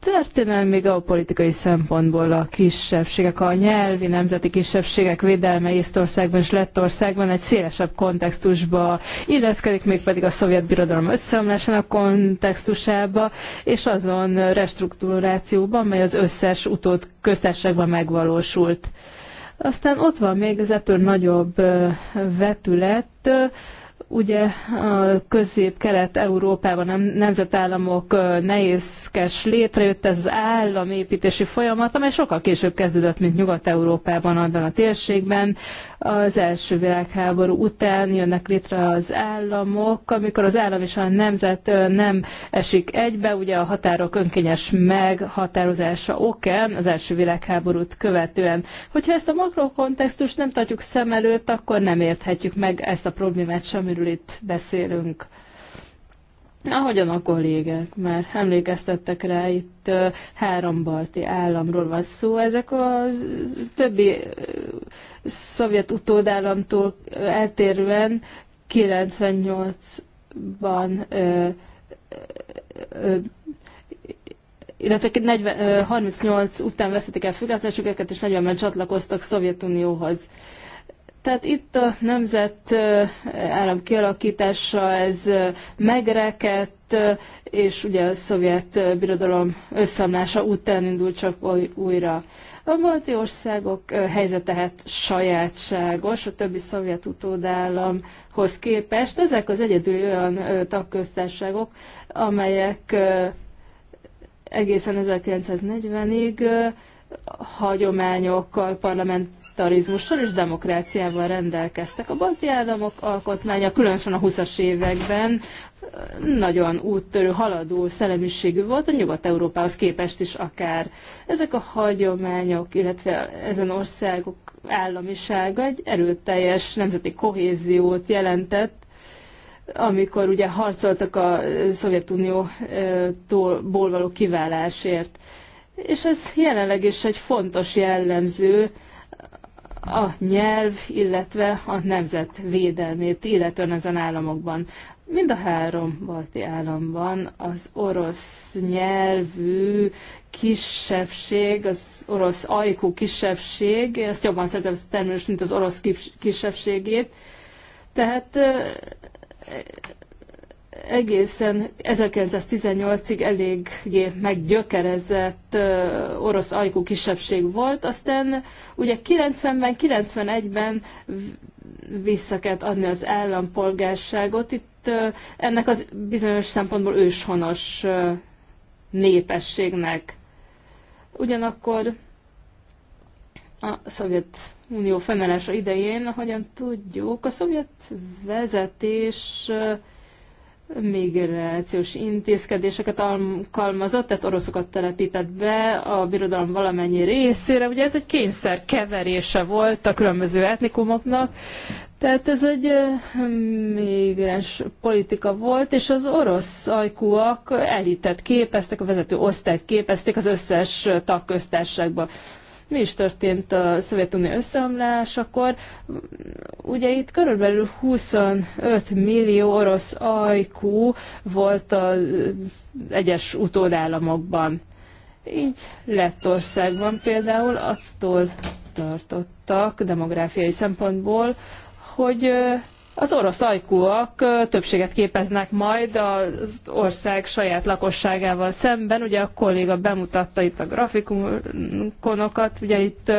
történelmi geopolitikai szempontból a kisebbségek, a nyelvi nemzeti kisebbségek védelme Észtországban és Lettországban egy szélesebb kontextusba illeszkedik, mégpedig a szovjet birodalom összeomlásának kontextusába, és azon restrukturációban, mely az összes utód köztársaságban megvalósult. Aztán ott van még az ettől nagyobb vetület, Ugye a közép-kelet-európában nemzetállamok nehézkes létrejött ez az államépítési folyamat, amely sokkal később kezdődött, mint Nyugat-Európában, abban a térségben. Az első világháború után jönnek létre az államok, amikor az állam és a nemzet nem esik egybe, ugye a határok önkényes meghatározása okán az első világháborút követően. Hogyha ezt a makrokontextust nem tartjuk szem előtt, akkor nem érthetjük meg ezt a problémát, sem amiről itt beszélünk. Ahogyan a kollégák már emlékeztettek rá, itt három balti államról van szó. Ezek a többi szovjet utódállamtól eltérően 98-ban illetve 40, 38 után veszítik el függetlenségeket, és 40-ben csatlakoztak Szovjetunióhoz. Tehát itt a nemzet állam kialakítása, ez megrekedt, és ugye a szovjet birodalom összeomlása után indul csak újra. A balti országok helyzete hát sajátságos, a többi szovjet utódállamhoz képest. Ezek az egyedül olyan tagköztárságok, amelyek egészen 1940-ig hagyományokkal, parlament parlamentarizmussal és demokráciával rendelkeztek. A balti államok alkotmánya különösen a 20-as években nagyon úttörő, haladó szellemiségű volt, a Nyugat-Európához képest is akár. Ezek a hagyományok, illetve ezen országok államisága egy erőteljes nemzeti kohéziót jelentett, amikor ugye harcoltak a Szovjetuniótól való kiválásért. És ez jelenleg is egy fontos jellemző a nyelv, illetve a nemzet védelmét, illetően ezen államokban. Mind a három balti államban az orosz nyelvű kisebbség, az orosz ajkú kisebbség, ezt jobban szeretem természetesen, mint az orosz kisebbségét, tehát egészen 1918-ig eléggé meggyökerezett orosz ajkú kisebbség volt, aztán ugye 90-ben, 91-ben vissza kellett adni az állampolgárságot. Itt ennek az bizonyos szempontból őshonos népességnek. Ugyanakkor a szovjet Unió fennállása idején, ahogyan tudjuk, a szovjet vezetés migrációs intézkedéseket alkalmazott, tehát oroszokat telepített be a birodalom valamennyi részére. Ugye ez egy kényszer keverése volt a különböző etnikumoknak, tehát ez egy migráns politika volt, és az orosz ajkúak elitet képeztek, a vezető osztályt képezték az összes tagköztársaságban. Mi is történt a Szovjetunió összeomlásakor? Ugye itt körülbelül 25 millió orosz ajkú volt az egyes utódállamokban. Így Lettországban például attól tartottak demográfiai szempontból, hogy az orosz ajkúak többséget képeznek majd az ország saját lakosságával szemben. Ugye a kolléga bemutatta itt a grafikonokat, ugye itt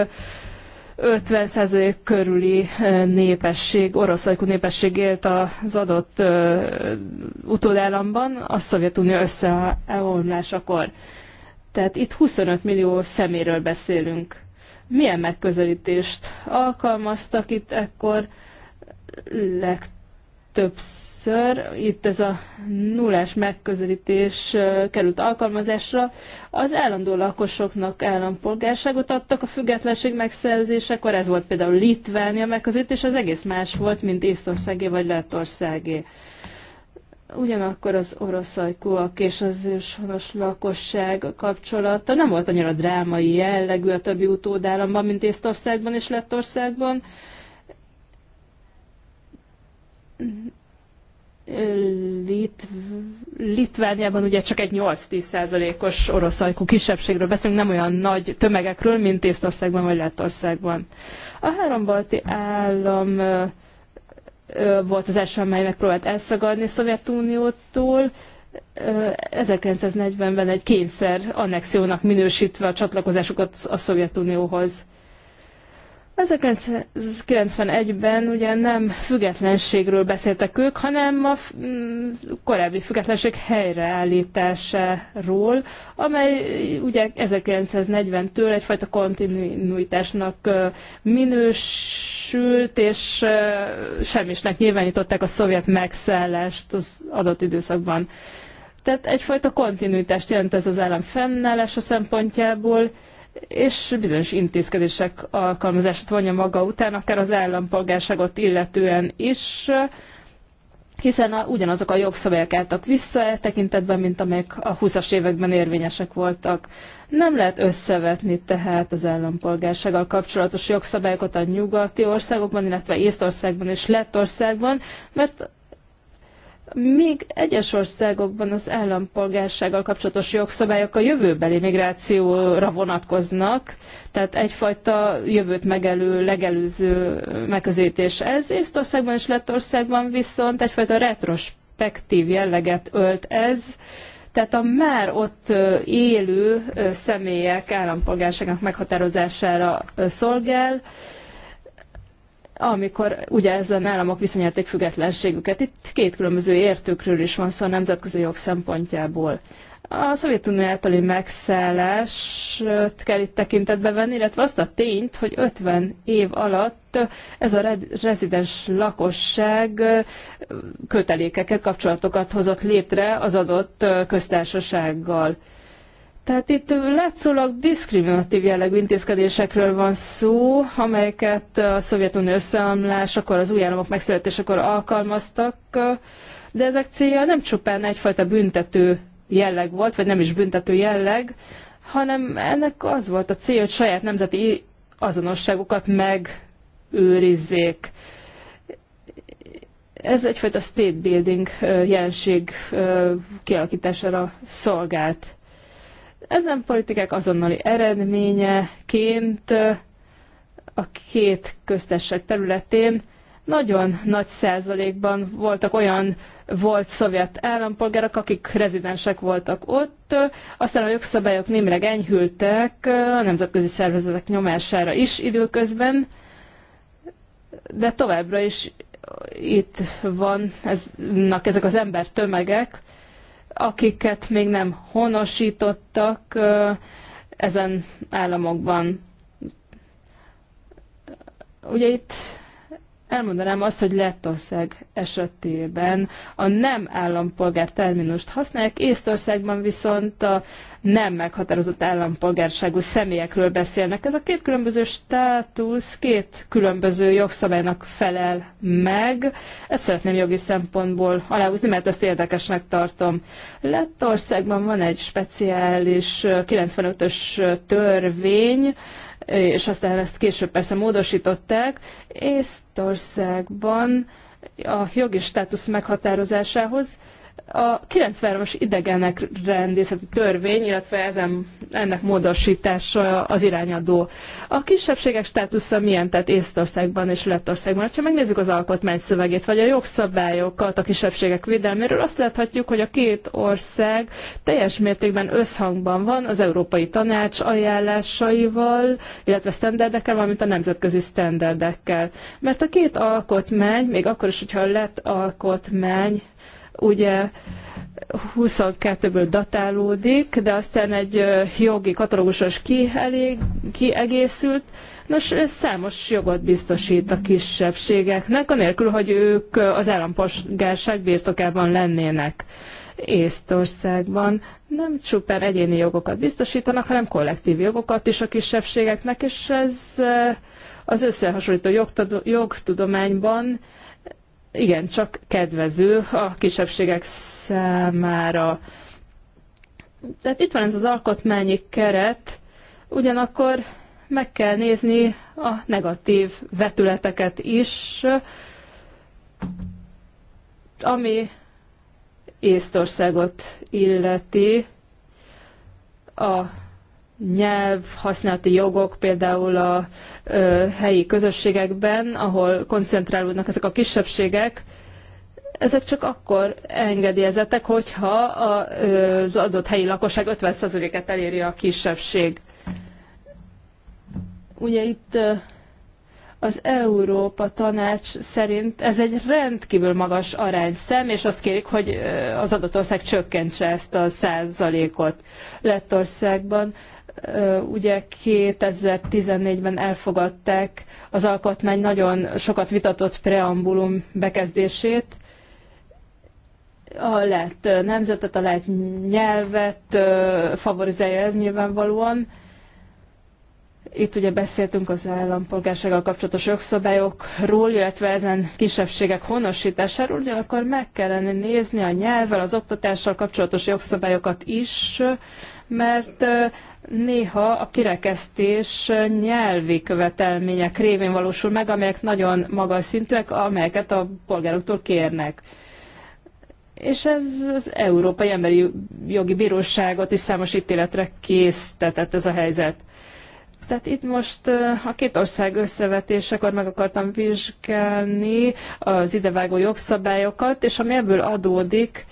50% körüli népesség, orosz ajkú népesség élt az adott utódállamban a Szovjetunió összeomlásakor. Tehát itt 25 millió szeméről beszélünk. Milyen megközelítést alkalmaztak itt ekkor? legtöbbször. Itt ez a nullás megközelítés került alkalmazásra. Az állandó lakosoknak állampolgárságot adtak a függetlenség megszerzésekor, ez volt például Litvánia megközelítés, az egész más volt, mint Észtországé vagy Lettországé. Ugyanakkor az oroszajkúak és az őshonos lakosság kapcsolata nem volt annyira drámai jellegű a többi utódállamban, mint Észtországban és Lettországban. Lit- Litvániában ugye csak egy 8-10 százalékos orosz ajkú kisebbségről beszélünk, nem olyan nagy tömegekről, mint Észtországban vagy Lettországban. A három balti állam volt az első, amely megpróbált elszagadni a Szovjetuniótól. 1940-ben egy kényszer annexiónak minősítve a csatlakozásukat a Szovjetunióhoz. 1991-ben ugye nem függetlenségről beszéltek ők, hanem a korábbi függetlenség helyreállításáról, amely ugye 1940-től egyfajta kontinuitásnak minősült, és semmisnek nyilvánították a szovjet megszállást az adott időszakban. Tehát egyfajta kontinuitást jelent ez az állam fennállása szempontjából, és bizonyos intézkedések alkalmazását vonja maga után, akár az állampolgárságot illetően is, hiszen a, ugyanazok a jogszabályok álltak vissza e tekintetben, mint amelyek a 20-as években érvényesek voltak. Nem lehet összevetni tehát az állampolgársággal kapcsolatos jogszabályokat a nyugati országokban, illetve Észtországban és Lettországban, mert még egyes országokban az állampolgársággal kapcsolatos jogszabályok a jövőbeli migrációra vonatkoznak, tehát egyfajta jövőt megelő, legelőző megközelítés ez. Észtországban és Lettországban viszont egyfajta retrospektív jelleget ölt ez, tehát a már ott élő személyek állampolgárságnak meghatározására szolgál, amikor ugye ezen államok visszanyerték függetlenségüket. Itt két különböző értőkről is van szó a nemzetközi jog szempontjából. A Szovjetunió általi megszállást kell itt tekintetbe venni, illetve azt a tényt, hogy 50 év alatt ez a rezidens lakosság kötelékeket, kapcsolatokat hozott létre az adott köztársasággal. Tehát itt látszólag diszkriminatív jellegű intézkedésekről van szó, amelyeket a Szovjetunió összeomlásakor, az új államok megszületésekor alkalmaztak, de ezek célja nem csupán egyfajta büntető jelleg volt, vagy nem is büntető jelleg, hanem ennek az volt a célja, hogy saját nemzeti azonosságukat megőrizzék. Ez egyfajta state building jelenség kialakítására szolgált. Ezen politikák azonnali eredményeként a két köztesek területén nagyon nagy százalékban voltak olyan volt szovjet állampolgárok, akik rezidensek voltak ott, aztán a jogszabályok némileg enyhültek a nemzetközi szervezetek nyomására is időközben, de továbbra is itt vannak ezek az ember tömegek, akiket még nem honosítottak ezen államokban. Ugye itt elmondanám azt, hogy Lettország esetében a nem állampolgár terminust használják, Észtországban viszont a nem meghatározott állampolgárságú személyekről beszélnek. Ez a két különböző státusz két különböző jogszabálynak felel meg. Ezt szeretném jogi szempontból aláhúzni, mert ezt érdekesnek tartom. Lettországban van egy speciális 95-ös törvény, és aztán ezt később persze módosították. Észtországban a jogi státusz meghatározásához a 93-as idegenek rendészeti törvény, illetve ezen, ennek módosítása az irányadó. A kisebbségek státusza milyen, tehát Észtországban és Lettországban? Ha megnézzük az alkotmány szövegét, vagy a jogszabályokat a kisebbségek védelméről, azt láthatjuk, hogy a két ország teljes mértékben összhangban van az Európai Tanács ajánlásaival, illetve sztenderdekkel, valamint a nemzetközi sztenderdekkel. Mert a két alkotmány, még akkor is, hogyha a lett alkotmány ugye 22-ből datálódik, de aztán egy jogi katalógusos kiegészült. Nos, számos jogot biztosít a kisebbségeknek, anélkül, hogy ők az állampolgárság birtokában lennének. Észtországban nem csupán egyéni jogokat biztosítanak, hanem kollektív jogokat is a kisebbségeknek, és ez az összehasonlító jogtudományban igen, csak kedvező a kisebbségek számára. Tehát itt van ez az alkotmányi keret, ugyanakkor meg kell nézni a negatív vetületeket is, ami Észtországot illeti a nyelvhasználati jogok, például a ö, helyi közösségekben, ahol koncentrálódnak ezek a kisebbségek, ezek csak akkor engedélyezettek, hogyha a, ö, az adott helyi lakosság 50%-et eléri a kisebbség. Ugye itt ö, az Európa Tanács szerint ez egy rendkívül magas arányszem, és azt kérik, hogy az adott ország csökkentse ezt a százalékot. Lettországban ugye 2014-ben elfogadták az alkotmány nagyon sokat vitatott preambulum bekezdését, a lett nemzetet, a lett nyelvet favorizálja ez nyilvánvalóan. Itt ugye beszéltünk az állampolgársággal kapcsolatos jogszabályokról, illetve ezen kisebbségek honosításáról, ugyanakkor meg kellene nézni a nyelvvel, az oktatással kapcsolatos jogszabályokat is, mert néha a kirekesztés nyelvi követelmények révén valósul meg, amelyek nagyon magas szintűek, amelyeket a polgároktól kérnek. És ez az Európai Emberi Jogi Bíróságot is számos ítéletre késztetett ez a helyzet. Tehát itt most a két ország összevetésekor meg akartam vizsgálni az idevágó jogszabályokat, és ami ebből adódik,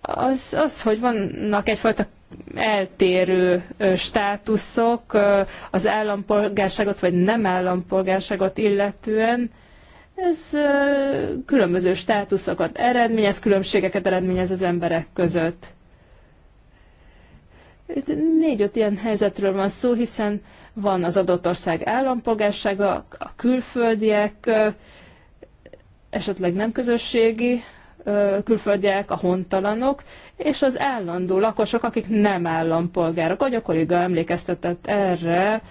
az, az hogy vannak egyfajta eltérő státuszok az állampolgárságot vagy nem állampolgárságot illetően. Ez különböző státuszokat eredményez, különbségeket eredményez az emberek között. négy-öt ilyen helyzetről van szó, hiszen van az adott ország állampolgársága, a külföldiek, esetleg nem közösségi külföldiek, a hontalanok, és az állandó lakosok, akik nem állampolgárok. A gyakoriga emlékeztetett erre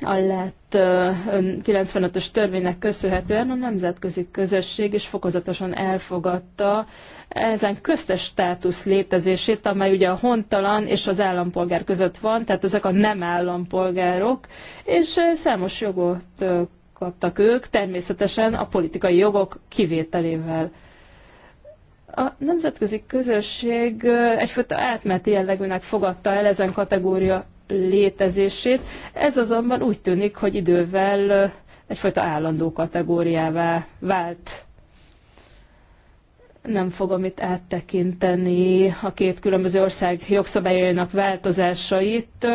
a lett 95-ös törvénynek köszönhetően a nemzetközi közösség is fokozatosan elfogadta ezen köztes státusz létezését, amely ugye a hontalan és az állampolgár között van, tehát ezek a nem állampolgárok, és számos jogot kaptak ők, természetesen a politikai jogok kivételével. A nemzetközi közösség egyfajta átmeti jellegűnek fogadta el ezen kategória létezését. Ez azonban úgy tűnik, hogy idővel egyfajta állandó kategóriává vált. Nem fogom itt áttekinteni a két különböző ország jogszabályainak változásait.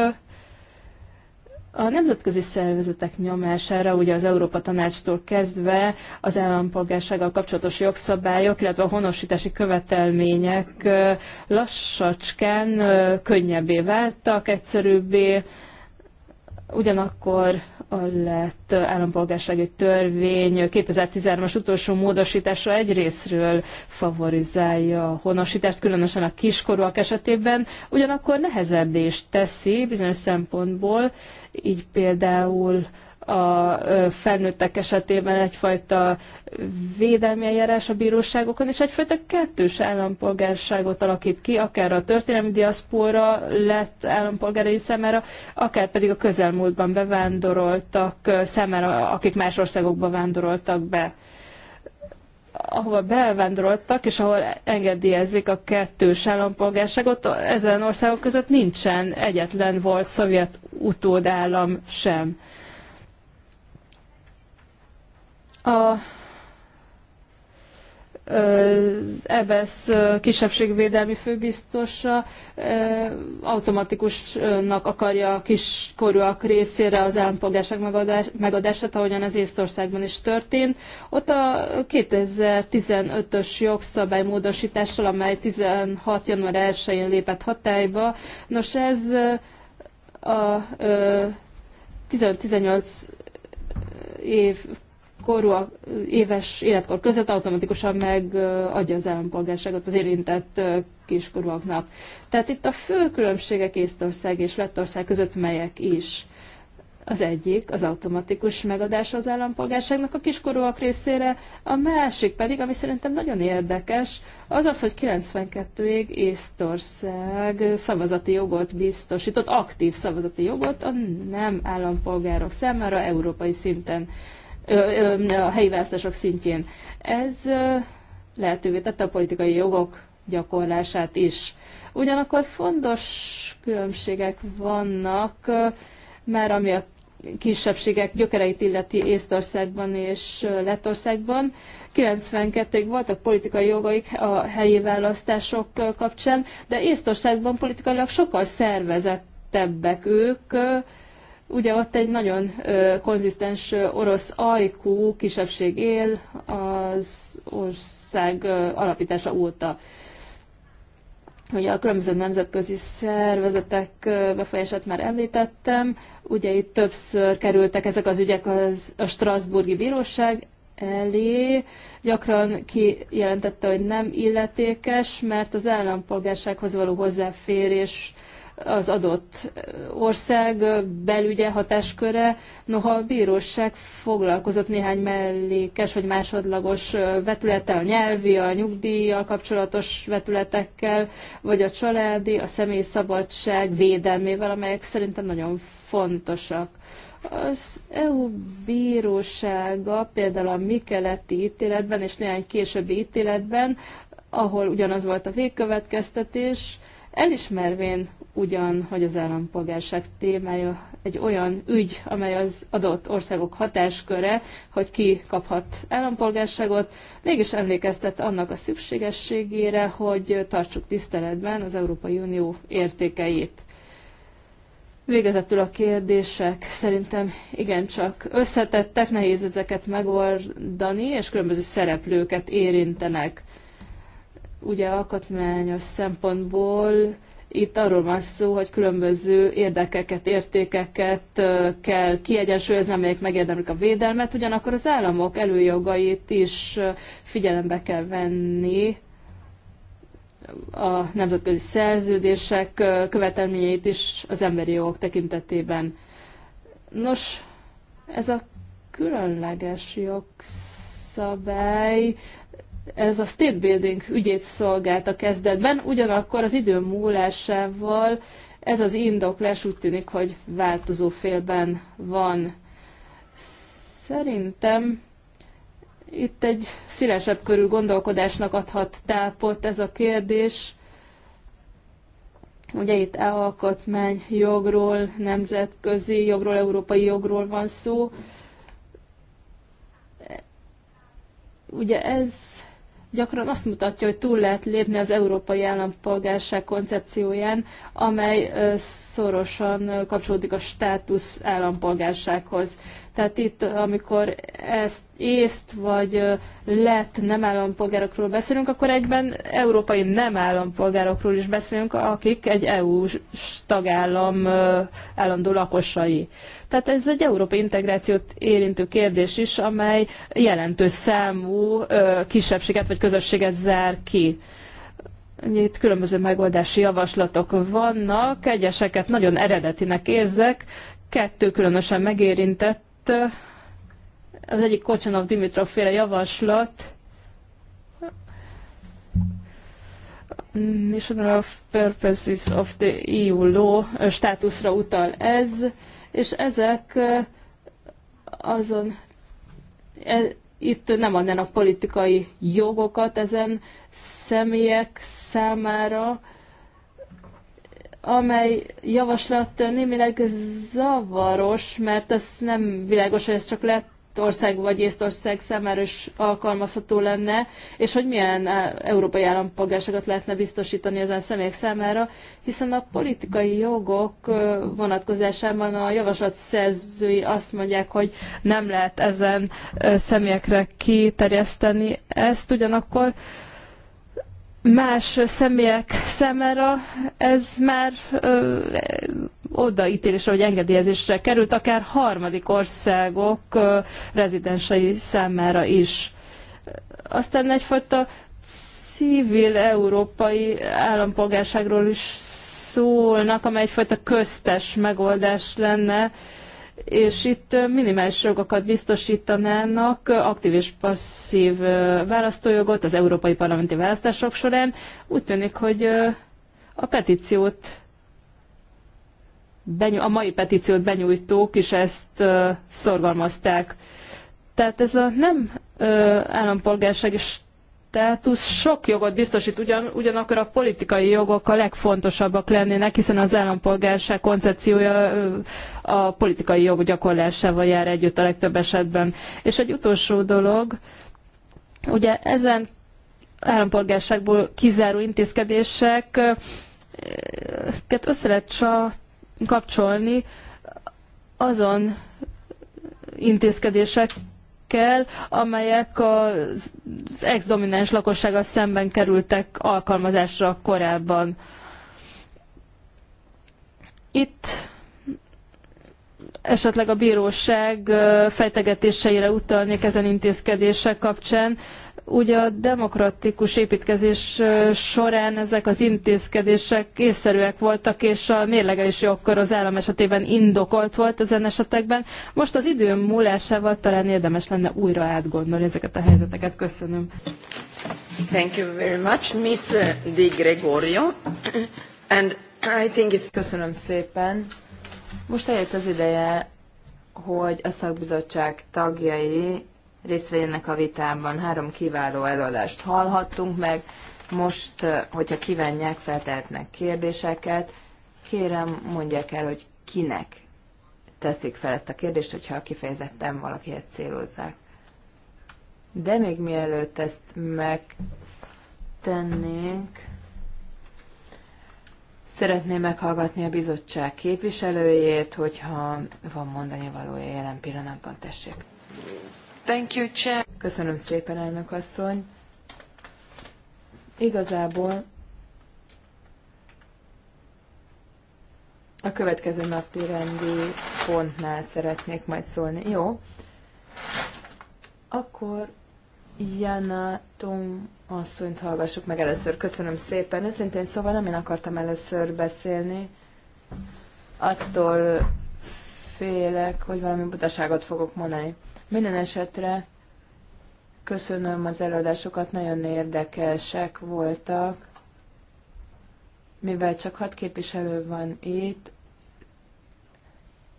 A nemzetközi szervezetek nyomására, ugye az Európa Tanácstól kezdve az állampolgársággal kapcsolatos jogszabályok, illetve a honosítási követelmények lassacskán könnyebbé váltak, egyszerűbbé, ugyanakkor a lett állampolgársági törvény 2013-as utolsó módosítása egyrésztről favorizálja a honosítást, különösen a kiskorúak esetében, ugyanakkor nehezebbé is teszi bizonyos szempontból, így például a felnőttek esetében egyfajta védelmi eljárás a bíróságokon, és egyfajta kettős állampolgárságot alakít ki, akár a történelmi diaszpóra lett állampolgárai számára, akár pedig a közelmúltban bevándoroltak számára, akik más országokba vándoroltak be ahova bevándoroltak, és ahol engedélyezik a kettős állampolgárságot, ezen országok között nincsen egyetlen volt szovjet utódállam sem. A az EBSZ e kisebbségvédelmi főbiztosa automatikusnak akarja a kiskorúak részére az állampolgárság megadását, ahogyan az Észtországban is történt. Ott a 2015-ös jogszabály módosítással, amely 16. január 1-én lépett hatályba. Nos, ez a 15-18 év korú éves életkor között automatikusan megadja az állampolgárságot az érintett kiskorúaknak. Tehát itt a fő különbségek Észtország és Lettország között melyek is? Az egyik az automatikus megadás az állampolgárságnak a kiskorúak részére, a másik pedig, ami szerintem nagyon érdekes, az az, hogy 92-ig Észtország szavazati jogot biztosított, aktív szavazati jogot a nem állampolgárok számára európai szinten a helyi választások szintjén. Ez lehetővé tette a politikai jogok gyakorlását is. Ugyanakkor fontos különbségek vannak, mert ami a kisebbségek gyökereit illeti Észtországban és Lettországban. 92-ig voltak politikai jogaik a helyi választások kapcsán, de Észtországban politikailag sokkal szervezettebbek ők, Ugye ott egy nagyon ö, konzisztens ö, orosz ajkú kisebbség él az ország ö, alapítása óta. Ugye a különböző nemzetközi szervezetek befolyását már említettem, ugye itt többször kerültek ezek az ügyek az, a Strasburgi Bíróság elé, gyakran kijelentette, hogy nem illetékes, mert az állampolgársághoz való hozzáférés az adott ország belügye hatásköre, noha a bíróság foglalkozott néhány mellékes vagy másodlagos vetülettel, a nyelvi, a nyugdíjjal kapcsolatos vetületekkel, vagy a családi, a személyi szabadság védelmével, amelyek szerintem nagyon fontosak. Az EU bírósága például a mi keleti ítéletben és néhány későbbi ítéletben, ahol ugyanaz volt a végkövetkeztetés, elismervén ugyan, hogy az állampolgárság témája egy olyan ügy, amely az adott országok hatásköre, hogy ki kaphat állampolgárságot, mégis emlékeztet annak a szükségességére, hogy tartsuk tiszteletben az Európai Unió értékeit. Végezetül a kérdések szerintem igencsak összetettek, nehéz ezeket megoldani, és különböző szereplőket érintenek. Ugye alkotmányos szempontból itt arról van szó, hogy különböző érdekeket, értékeket kell kiegyensúlyozni, amelyek megérdemlik a védelmet, ugyanakkor az államok előjogait is figyelembe kell venni, a nemzetközi szerződések követelményeit is az emberi jogok tekintetében. Nos, ez a különleges jogszabály ez a state building ügyét szolgálta kezdetben, ugyanakkor az idő múlásával ez az indoklás úgy tűnik, hogy változó félben van. Szerintem itt egy szélesebb körű gondolkodásnak adhat tápot ez a kérdés. Ugye itt alkotmány jogról, nemzetközi jogról, európai jogról van szó. Ugye ez gyakran azt mutatja, hogy túl lehet lépni az európai állampolgárság koncepcióján, amely szorosan kapcsolódik a státusz állampolgársághoz. Tehát itt, amikor ezt észt vagy lett nem állampolgárokról beszélünk, akkor egyben európai nem állampolgárokról is beszélünk, akik egy EU-s tagállam állandó lakosai. Tehát ez egy európai integrációt érintő kérdés is, amely jelentős számú kisebbséget vagy közösséget zár ki itt különböző megoldási javaslatok vannak, egyeseket nagyon eredetinek érzek, kettő különösen megérintett, itt az egyik Kocsanov Dimitrov féle javaslat, National mm, of Purposes of the EU Law státuszra utal ez, és ezek azon e, itt nem adnának politikai jogokat ezen személyek számára, amely javaslat némileg zavaros, mert ez nem világos, hogy ez csak lett Lettország vagy Észtország számára is alkalmazható lenne, és hogy milyen eh, európai állampolgárságot lehetne biztosítani ezen személyek számára, hiszen a politikai jogok eh, vonatkozásában a javaslat szerzői azt mondják, hogy nem lehet ezen eh, személyekre kiterjeszteni ezt, ugyanakkor más személyek számára ez már odaítélésre vagy engedélyezésre került, akár harmadik országok ö, rezidensei számára is. Aztán egyfajta civil európai állampolgárságról is szólnak, amely egyfajta köztes megoldás lenne. Ö, és itt minimális jogokat biztosítanának, aktív és passzív választójogot az európai parlamenti választások során. Úgy tűnik, hogy a petíciót a mai petíciót benyújtók is ezt szorgalmazták. Tehát ez a nem állampolgárság és státusz sok jogot biztosít, ugyan, ugyanakkor a politikai jogok a legfontosabbak lennének, hiszen az állampolgárság koncepciója a politikai jog gyakorlásával jár együtt a legtöbb esetben. És egy utolsó dolog, ugye ezen állampolgárságból kizáró intézkedéseket össze lehet kapcsolni azon intézkedések elvekkel, amelyek az ex-domináns lakossággal szemben kerültek alkalmazásra korábban. Itt esetleg a bíróság fejtegetéseire utalnék ezen intézkedések kapcsán, Ugye a demokratikus építkezés során ezek az intézkedések észszerűek voltak, és a mérlegelési jogkör az állam esetében indokolt volt ezen esetekben. Most az idő múlásával talán érdemes lenne újra átgondolni ezeket a helyzeteket. Köszönöm. Thank
you very much, Miss uh, Di Gregorio. And I think it's... Köszönöm szépen. Most eljött az ideje, hogy a szakbizottság
tagjai részt vegyenek a vitában. Három kiváló előadást hallhattunk meg. Most, hogyha kívánják, feltehetnek kérdéseket. Kérem, mondják el, hogy kinek teszik fel ezt a kérdést, hogyha kifejezetten valakihez célozzák. De még mielőtt ezt megtennénk, szeretném meghallgatni a bizottság képviselőjét, hogyha van mondani valója jelen pillanatban, tessék. Thank you, Chair. Köszönöm szépen, elnök asszony. Igazából a következő napi rendi pontnál szeretnék majd szólni. Jó. Akkor Jana Tom asszonyt hallgassuk meg először. Köszönöm szépen. Őszintén szóval nem én akartam először beszélni. Attól félek, hogy valami butaságot fogok mondani. Minden esetre köszönöm az előadásokat, nagyon érdekesek voltak. Mivel csak hat képviselő van itt,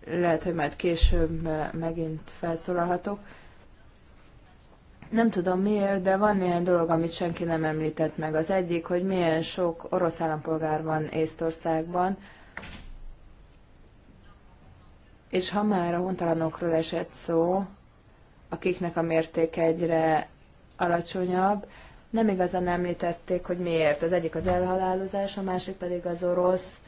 lehet, hogy majd később megint felszólalhatok. Nem tudom miért, de van néhány dolog, amit senki nem említett meg. Az egyik, hogy milyen sok orosz állampolgár van Észtországban, és ha már a hontalanokról esett szó, akiknek a mértéke egyre alacsonyabb. Nem igazán említették, hogy miért. Az egyik az elhalálozás, a másik pedig az orosz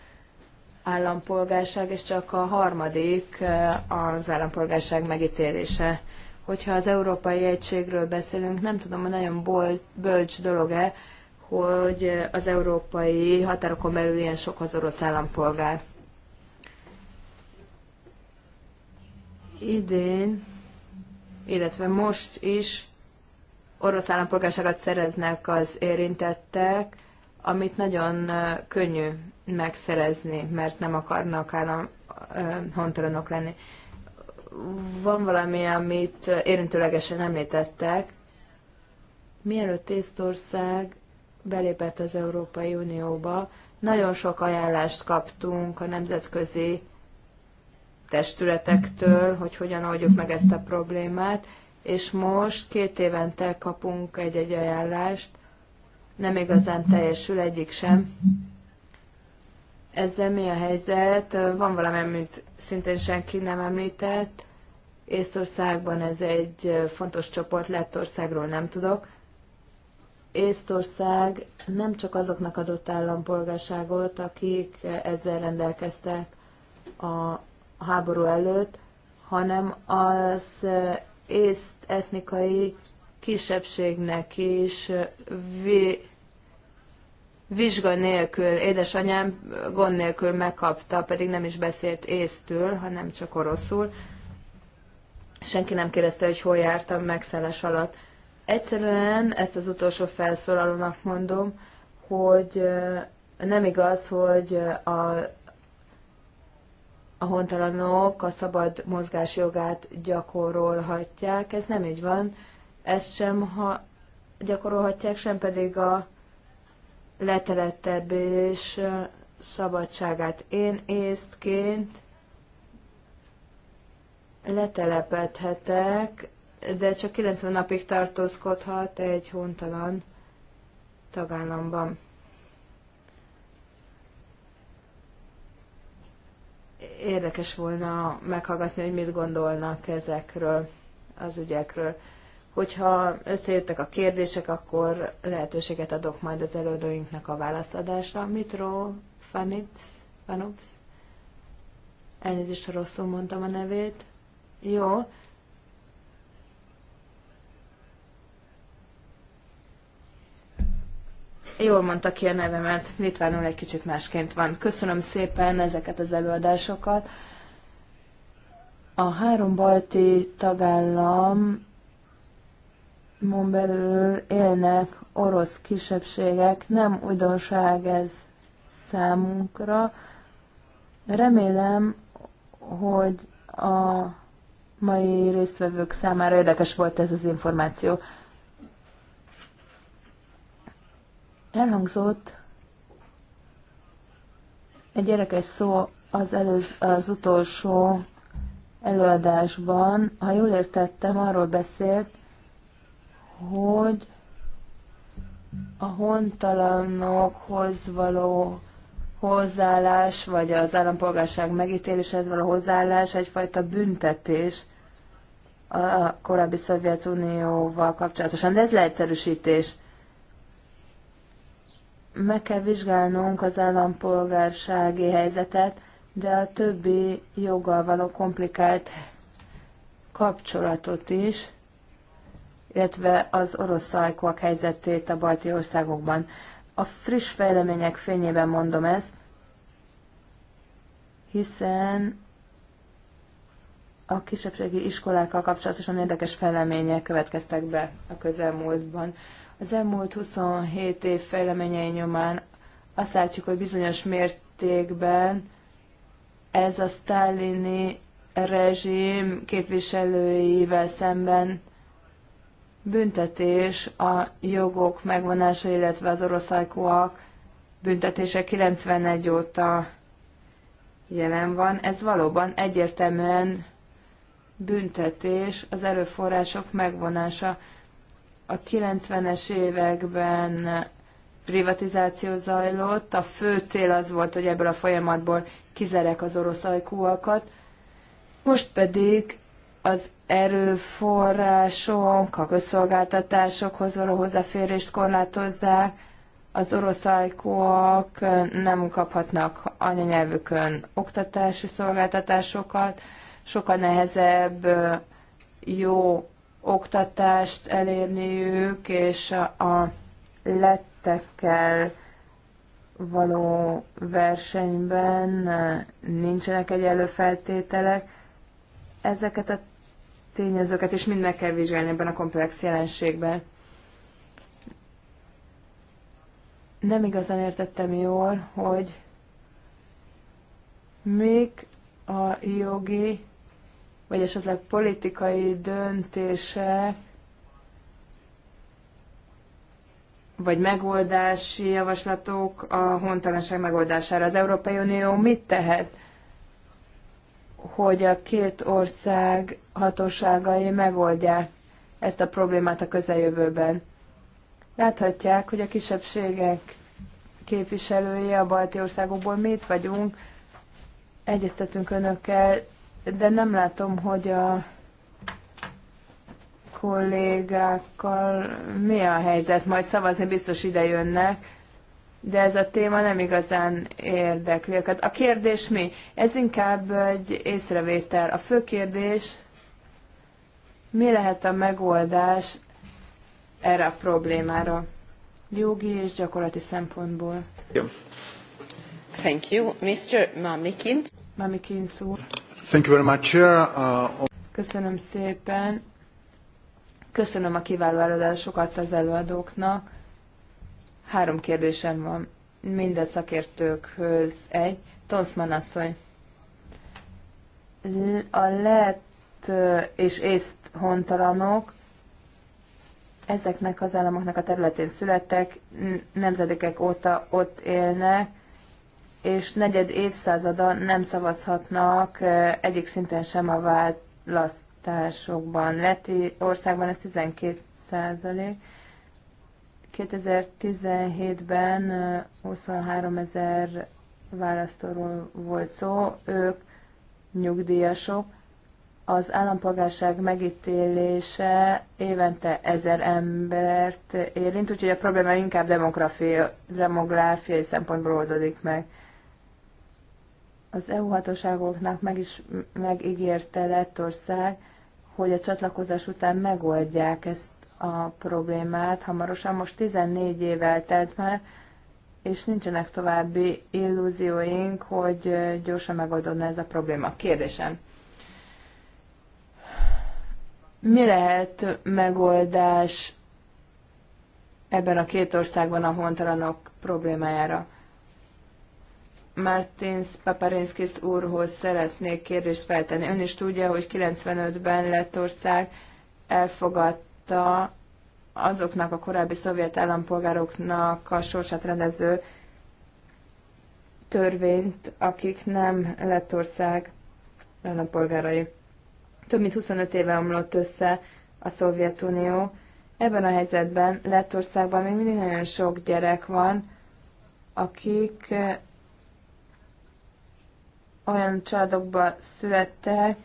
állampolgárság, és csak a harmadik eh, az állampolgárság megítélése. Hogyha az Európai Egységről beszélünk, nem tudom, hogy nagyon bol- bölcs dolog-e, hogy az európai határokon belül ilyen sok az orosz állampolgár. Idén illetve most is orosz állampolgárságot szereznek az érintettek, amit nagyon könnyű megszerezni, mert nem akarnak állam hontalanok lenni. Van valami, amit érintőlegesen említettek. Mielőtt Észtország belépett az Európai Unióba, nagyon sok ajánlást kaptunk a nemzetközi testületektől, hogy hogyan oldjuk meg ezt a problémát, és most két évente kapunk egy-egy ajánlást, nem igazán teljesül egyik sem. Ezzel mi a helyzet? Van valami, amit szintén senki nem említett. Észtországban ez egy fontos csoport, Lettországról nem tudok. Észtország nem csak azoknak adott állampolgárságot, akik ezzel rendelkeztek a háború előtt, hanem az eh, észt etnikai kisebbségnek is eh, vi, vizsga nélkül, édesanyám gond nélkül megkapta, pedig nem is beszélt észtől, hanem csak oroszul. Senki nem kérdezte, hogy hol jártam megszeles alatt. Egyszerűen ezt az utolsó felszólalónak mondom, hogy eh, nem igaz, hogy a a hontalanok a szabad mozgás jogát gyakorolhatják. Ez nem így van. Ezt sem ha gyakorolhatják, sem pedig a letelettebb és szabadságát. Én észtként letelepedhetek, de csak 90 napig tartózkodhat egy hontalan tagállamban. érdekes volna meghallgatni, hogy mit gondolnak ezekről az ügyekről. Hogyha összejöttek a kérdések, akkor lehetőséget adok majd az előadóinknak a válaszadásra. Mitro Fanitz, Fanups? Elnézést, ha rosszul mondtam a nevét. Jó, Jól mondta ki a nevemet, litvánul egy kicsit másként van. Köszönöm szépen ezeket az előadásokat. A három balti tagállam mon belül élnek orosz kisebbségek, nem újdonság ez számunkra. Remélem, hogy a mai résztvevők számára érdekes volt ez az információ. Elhangzott egy érdekes szó az, előz, az utolsó előadásban, ha jól értettem, arról beszélt, hogy a hontalanokhoz való hozzáállás, vagy az állampolgárság megítéléshez való hozzáállás egyfajta büntetés a korábbi Szovjetunióval kapcsolatosan. De ez leegyszerűsítés meg kell vizsgálnunk az állampolgársági helyzetet, de a többi joggal való komplikált kapcsolatot is, illetve az orosz ajkúak helyzetét a balti országokban. A friss fejlemények fényében mondom ezt, hiszen a kisebbségi iskolákkal kapcsolatosan érdekes fejlemények következtek be a közelmúltban. Az elmúlt 27 év fejleményei nyomán azt látjuk, hogy bizonyos mértékben ez a sztálini rezsim képviselőivel szemben büntetés a jogok megvonása, illetve az orosz büntetése 91 óta jelen van. Ez valóban egyértelműen büntetés, az erőforrások megvonása a 90-es években privatizáció zajlott, a fő cél az volt, hogy ebből a folyamatból kizerek az orosz ajkúakat, most pedig az erőforrások, a közszolgáltatásokhoz való hozzáférést korlátozzák, az orosz ajkúak nem kaphatnak anyanyelvükön oktatási szolgáltatásokat, sokkal nehezebb jó oktatást elérniük, és a lettekkel való versenyben eh, nincsenek egy előfeltételek Ezeket a tényezőket is mind meg kell vizsgálni ebben a komplex jelenségben. Nem igazán értettem jól, hogy még a jogi vagy esetleg politikai döntések, vagy megoldási javaslatok a hontalanság megoldására. Az Európai Unió mit tehet, hogy a két ország hatóságai megoldják ezt a problémát a közeljövőben? Láthatják, hogy a kisebbségek képviselői a balti országokból mit vagyunk, egyeztetünk önökkel, de nem látom, hogy a kollégákkal mi a helyzet, majd szavazni biztos ide jönnek, de ez a téma nem igazán érdekli őket. A kérdés mi? Ez inkább egy észrevétel. A fő kérdés, mi lehet a megoldás erre a problémára, jogi és gyakorlati szempontból? Thank you, Mr. Mamikint. Mamikins szó.
Thank you very much, Chair. Uh,
Köszönöm szépen. Köszönöm a kiváló előadásokat az előadóknak. Három kérdésem van. Minden szakértőkhöz egy. Tonszman asszony. A lett és észt hontalanok ezeknek az államoknak a területén születtek, nemzedékek óta ott élnek, és negyed évszázada nem szavazhatnak egyik szinten sem a választásokban. Leti országban ez 12 százalék. 2017-ben 23 ezer választóról volt szó, ők nyugdíjasok. Az állampolgárság megítélése évente ezer embert érint, úgyhogy a probléma inkább demográfiai szempontból oldódik meg. Az EU hatóságoknak meg is megígérte Lettország, hogy a csatlakozás után megoldják ezt a problémát hamarosan. Most 14 év eltelt már, és nincsenek további illúzióink, hogy gyorsan megoldódna ez a probléma. Kérdésem. Mi lehet megoldás ebben a két országban a hontalanok problémájára? Martins Paparinskis úrhoz szeretnék kérdést feltenni. Ön is tudja, hogy 95-ben Lettország elfogadta azoknak a korábbi szovjet állampolgároknak a sorsát rendező törvényt, akik nem Lettország állampolgárai. Több mint 25 éve omlott össze a Szovjetunió. Ebben a helyzetben Lettországban még mindig nagyon sok gyerek van, akik olyan családokba születtek,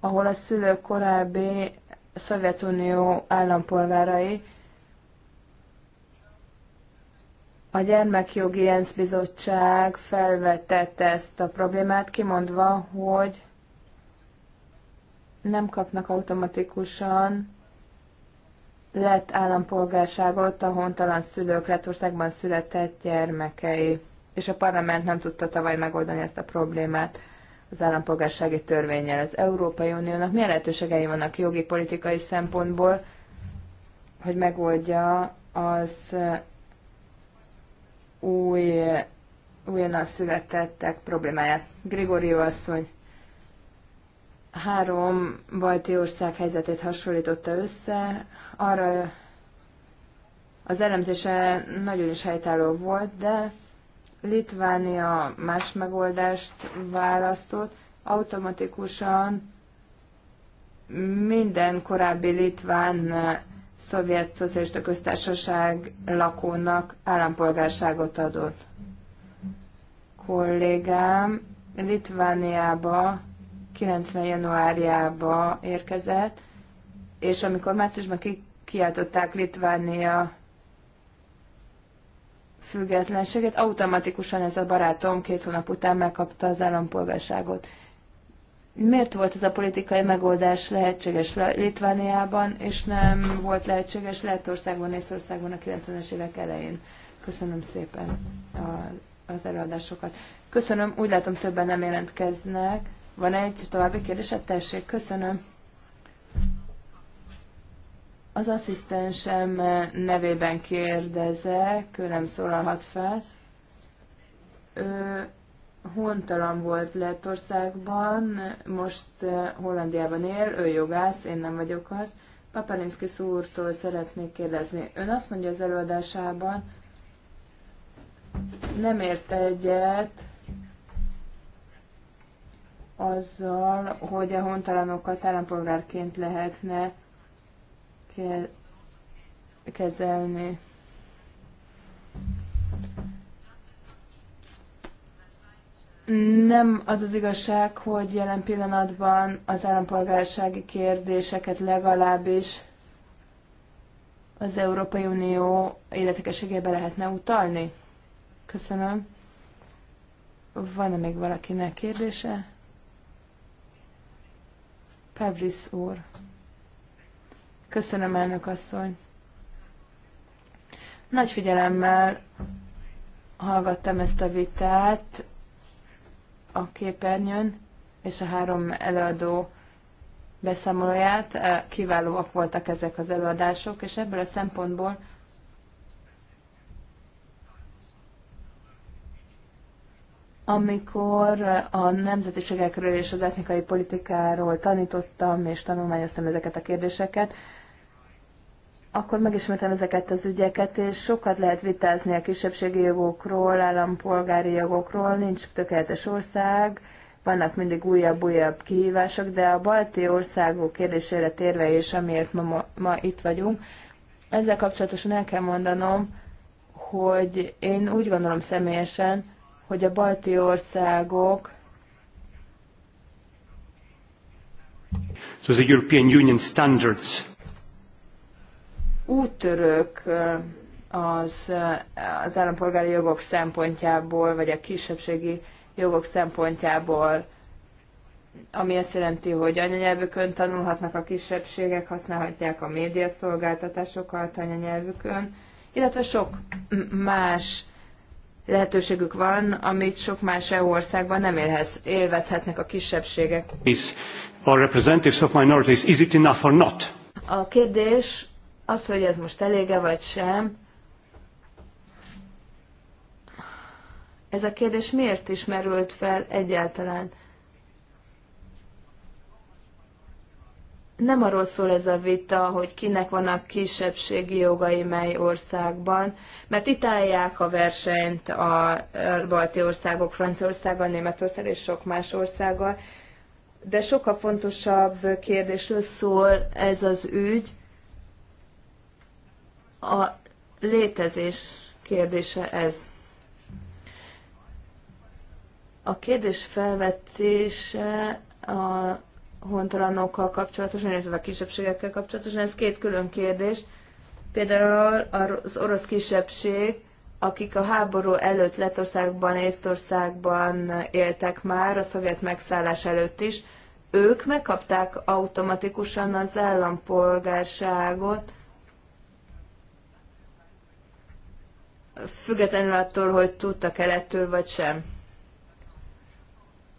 ahol a szülők korábbi Szovjetunió állampolgárai, A Gyermekjogi ENSZ Bizottság felvetette ezt a problémát, kimondva, hogy nem kapnak automatikusan lett állampolgárságot a hontalan szülők Lettországban született gyermekei és a parlament nem tudta tavaly megoldani ezt a problémát az állampolgársági törvényel. Az Európai Uniónak milyen lehetőségei vannak jogi, politikai szempontból, hogy megoldja az uh, új, újonnan születettek problémáját. Grigorió asszony három balti ország helyzetét hasonlította össze, arra az elemzése nagyon is helytálló volt, de Litvánia más megoldást választott, automatikusan minden korábbi litván eh, szovjet szocialista köztársaság lakónak állampolgárságot adott. Kollégám Litvániába 90. januárjába érkezett, és amikor márciusban ki kiáltották Litvánia függetlenséget, automatikusan ez a barátom két hónap után megkapta az állampolgárságot. Miért volt ez a politikai megoldás lehetséges Litvániában, és nem volt lehetséges Lettországban, Észországban a 90-es évek elején? Köszönöm szépen a, az előadásokat. Köszönöm, úgy látom többen nem jelentkeznek. Van egy további kérdés? Hát tessék, köszönöm. Az asszisztensem nevében kérdezek, ő nem szólalhat fel. Ő hontalan volt Lettországban, most Hollandiában él, ő jogász, én nem vagyok az. Papalinszki úrtól szeretnék kérdezni. Ön azt mondja az előadásában, nem érte egyet azzal, hogy a hontalanokat állampolgárként lehetne kell kezelni. Nem az az igazság, hogy jelen pillanatban az állampolgársági kérdéseket legalábbis az Európai Unió életekességébe lehetne utalni? Köszönöm. Van-e még valakinek kérdése? Pavlis úr. Köszönöm, elnök asszony. Nagy figyelemmel hallgattam ezt a vitát a képernyőn, és a három előadó beszámolóját. Eh, kiválóak voltak ezek az előadások, és ebből a szempontból amikor a nemzetiségekről és az etnikai politikáról tanítottam és tanulmányoztam ezeket a kérdéseket, akkor megismertem ezeket az ügyeket, és sokat lehet vitázni a kisebbségi jogokról, állampolgári jogokról, nincs tökéletes ország, vannak mindig újabb-újabb kihívások, de a balti országok kérdésére térve és amiért ma, ma itt vagyunk, ezzel kapcsolatosan el kell mondanom, hogy én úgy gondolom személyesen, hogy a balti országok
So the European Union standards
úttörők az, az állampolgári jogok szempontjából, vagy a kisebbségi jogok szempontjából, ami azt jelenti, hogy anyanyelvükön tanulhatnak a kisebbségek, használhatják a médiaszolgáltatásokat anyanyelvükön, illetve sok más lehetőségük van, amit sok más EU országban nem élhez, élvezhetnek a kisebbségek.
Is, or representatives of minorities, is it enough or not?
A kérdés az, hogy ez most elége vagy sem, ez a kérdés miért is merült fel egyáltalán? Nem arról szól ez a vita, hogy kinek vannak kisebbségi jogai mely országban, mert itt állják a versenyt a balti országok, Franciaországgal, Németország és sok más országgal, de sokkal fontosabb kérdésről szól ez az ügy, a létezés kérdése ez. A kérdés felvetése a hontalanokkal kapcsolatosan, illetve a kisebbségekkel kapcsolatosan, ez két külön kérdés. Például az orosz kisebbség, akik a háború előtt Letországban, Észtországban éltek már, a szovjet megszállás előtt is, ők megkapták automatikusan az állampolgárságot, függetlenül attól, hogy tudta kelettől vagy sem.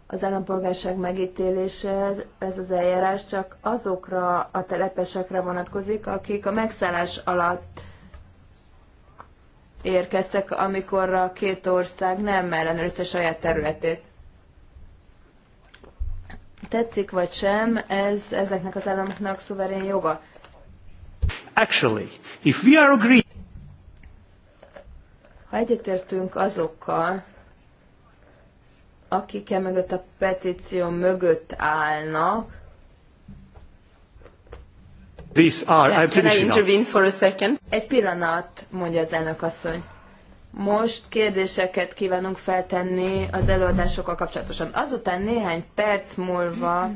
Az állampolgárság megítélése, ez az eljárás csak azokra a telepesekre vonatkozik, akik a megszállás alatt érkeztek, amikor a két ország nem ellenőrizte saját területét. Tetszik vagy sem, ez ezeknek az államoknak szuverén joga.
Actually, if we are agreed...
Ha egyetértünk azokkal, akik e mögött a petíció mögött állnak,
These are, can, I'm can I intervene
for a second? Egy pillanat, mondja az elnök asszony. Most kérdéseket kívánunk feltenni az előadásokkal kapcsolatosan. Azután néhány perc múlva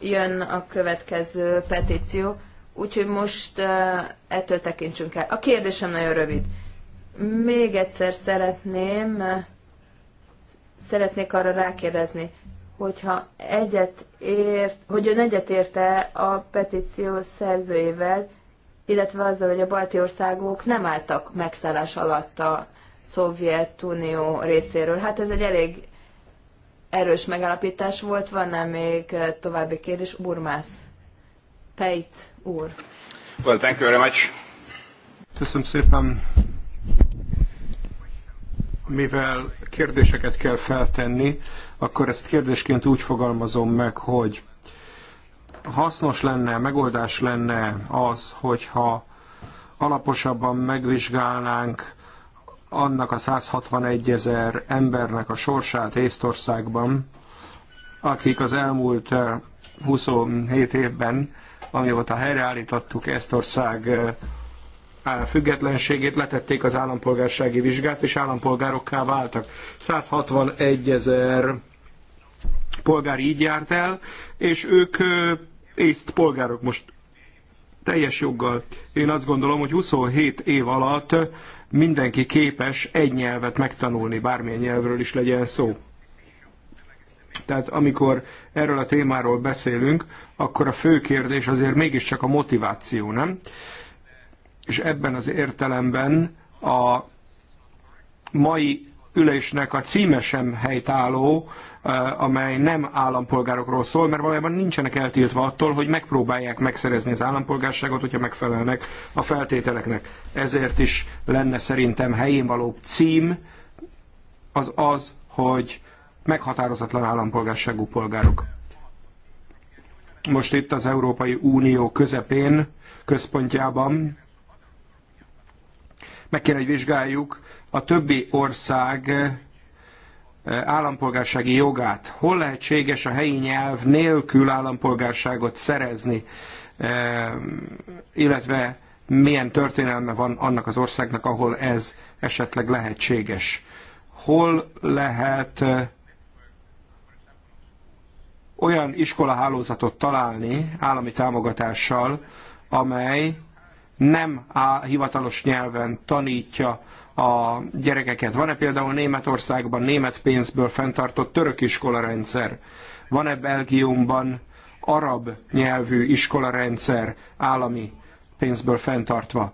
jön a következő petíció, úgyhogy most uh, ettől tekintsünk el. A kérdésem nagyon rövid. Még egyszer szeretném, szeretnék arra rákérdezni, hogyha egyet ért, hogy ön egyet érte a petíció szerzőjével, illetve azzal, hogy a balti országok nem álltak megszállás alatt a Szovjetunió részéről. Hát ez egy elég erős megállapítás volt, van-e még eh, további kérdés? Burmász. Pejt
úr. Well, thank you very much. Köszönöm szépen mivel kérdéseket kell feltenni, akkor ezt kérdésként úgy fogalmazom meg, hogy hasznos lenne, megoldás lenne az, hogyha alaposabban megvizsgálnánk annak a 161 ezer embernek a sorsát Észtországban, akik az elmúlt 27 eh, évben, amióta helyreállítottuk Észtország eh, függetlenségét, letették az állampolgársági vizsgát, és állampolgárokká váltak. 161 ezer polgár így járt el, és ők észt polgárok most teljes joggal. Én azt gondolom, hogy 27 év alatt mindenki képes egy nyelvet megtanulni, bármilyen nyelvről is legyen szó. Tehát amikor erről a témáról beszélünk, akkor a fő kérdés azért mégiscsak a motiváció, nem? és ebben az értelemben a mai ülésnek a címe sem helytálló, amely nem állampolgárokról szól, mert valójában nincsenek eltiltva attól, hogy megpróbálják megszerezni az állampolgárságot, hogyha megfelelnek a feltételeknek. Ezért is lenne szerintem helyén való cím az az, hogy meghatározatlan állampolgárságú polgárok. Most itt az Európai Unió közepén, központjában meg kéne, hogy vizsgáljuk a többi ország eh, állampolgársági jogát. Hol lehetséges a helyi nyelv nélkül állampolgárságot szerezni, eh, illetve milyen történelme van annak az országnak, ahol ez esetleg lehetséges. Hol lehet eh, olyan iskolahálózatot találni állami támogatással, amely nem a hivatalos nyelven tanítja a gyerekeket. Van-e például Németországban német pénzből fenntartott török iskolarendszer? Van-e Belgiumban arab nyelvű iskolarendszer állami pénzből fenntartva?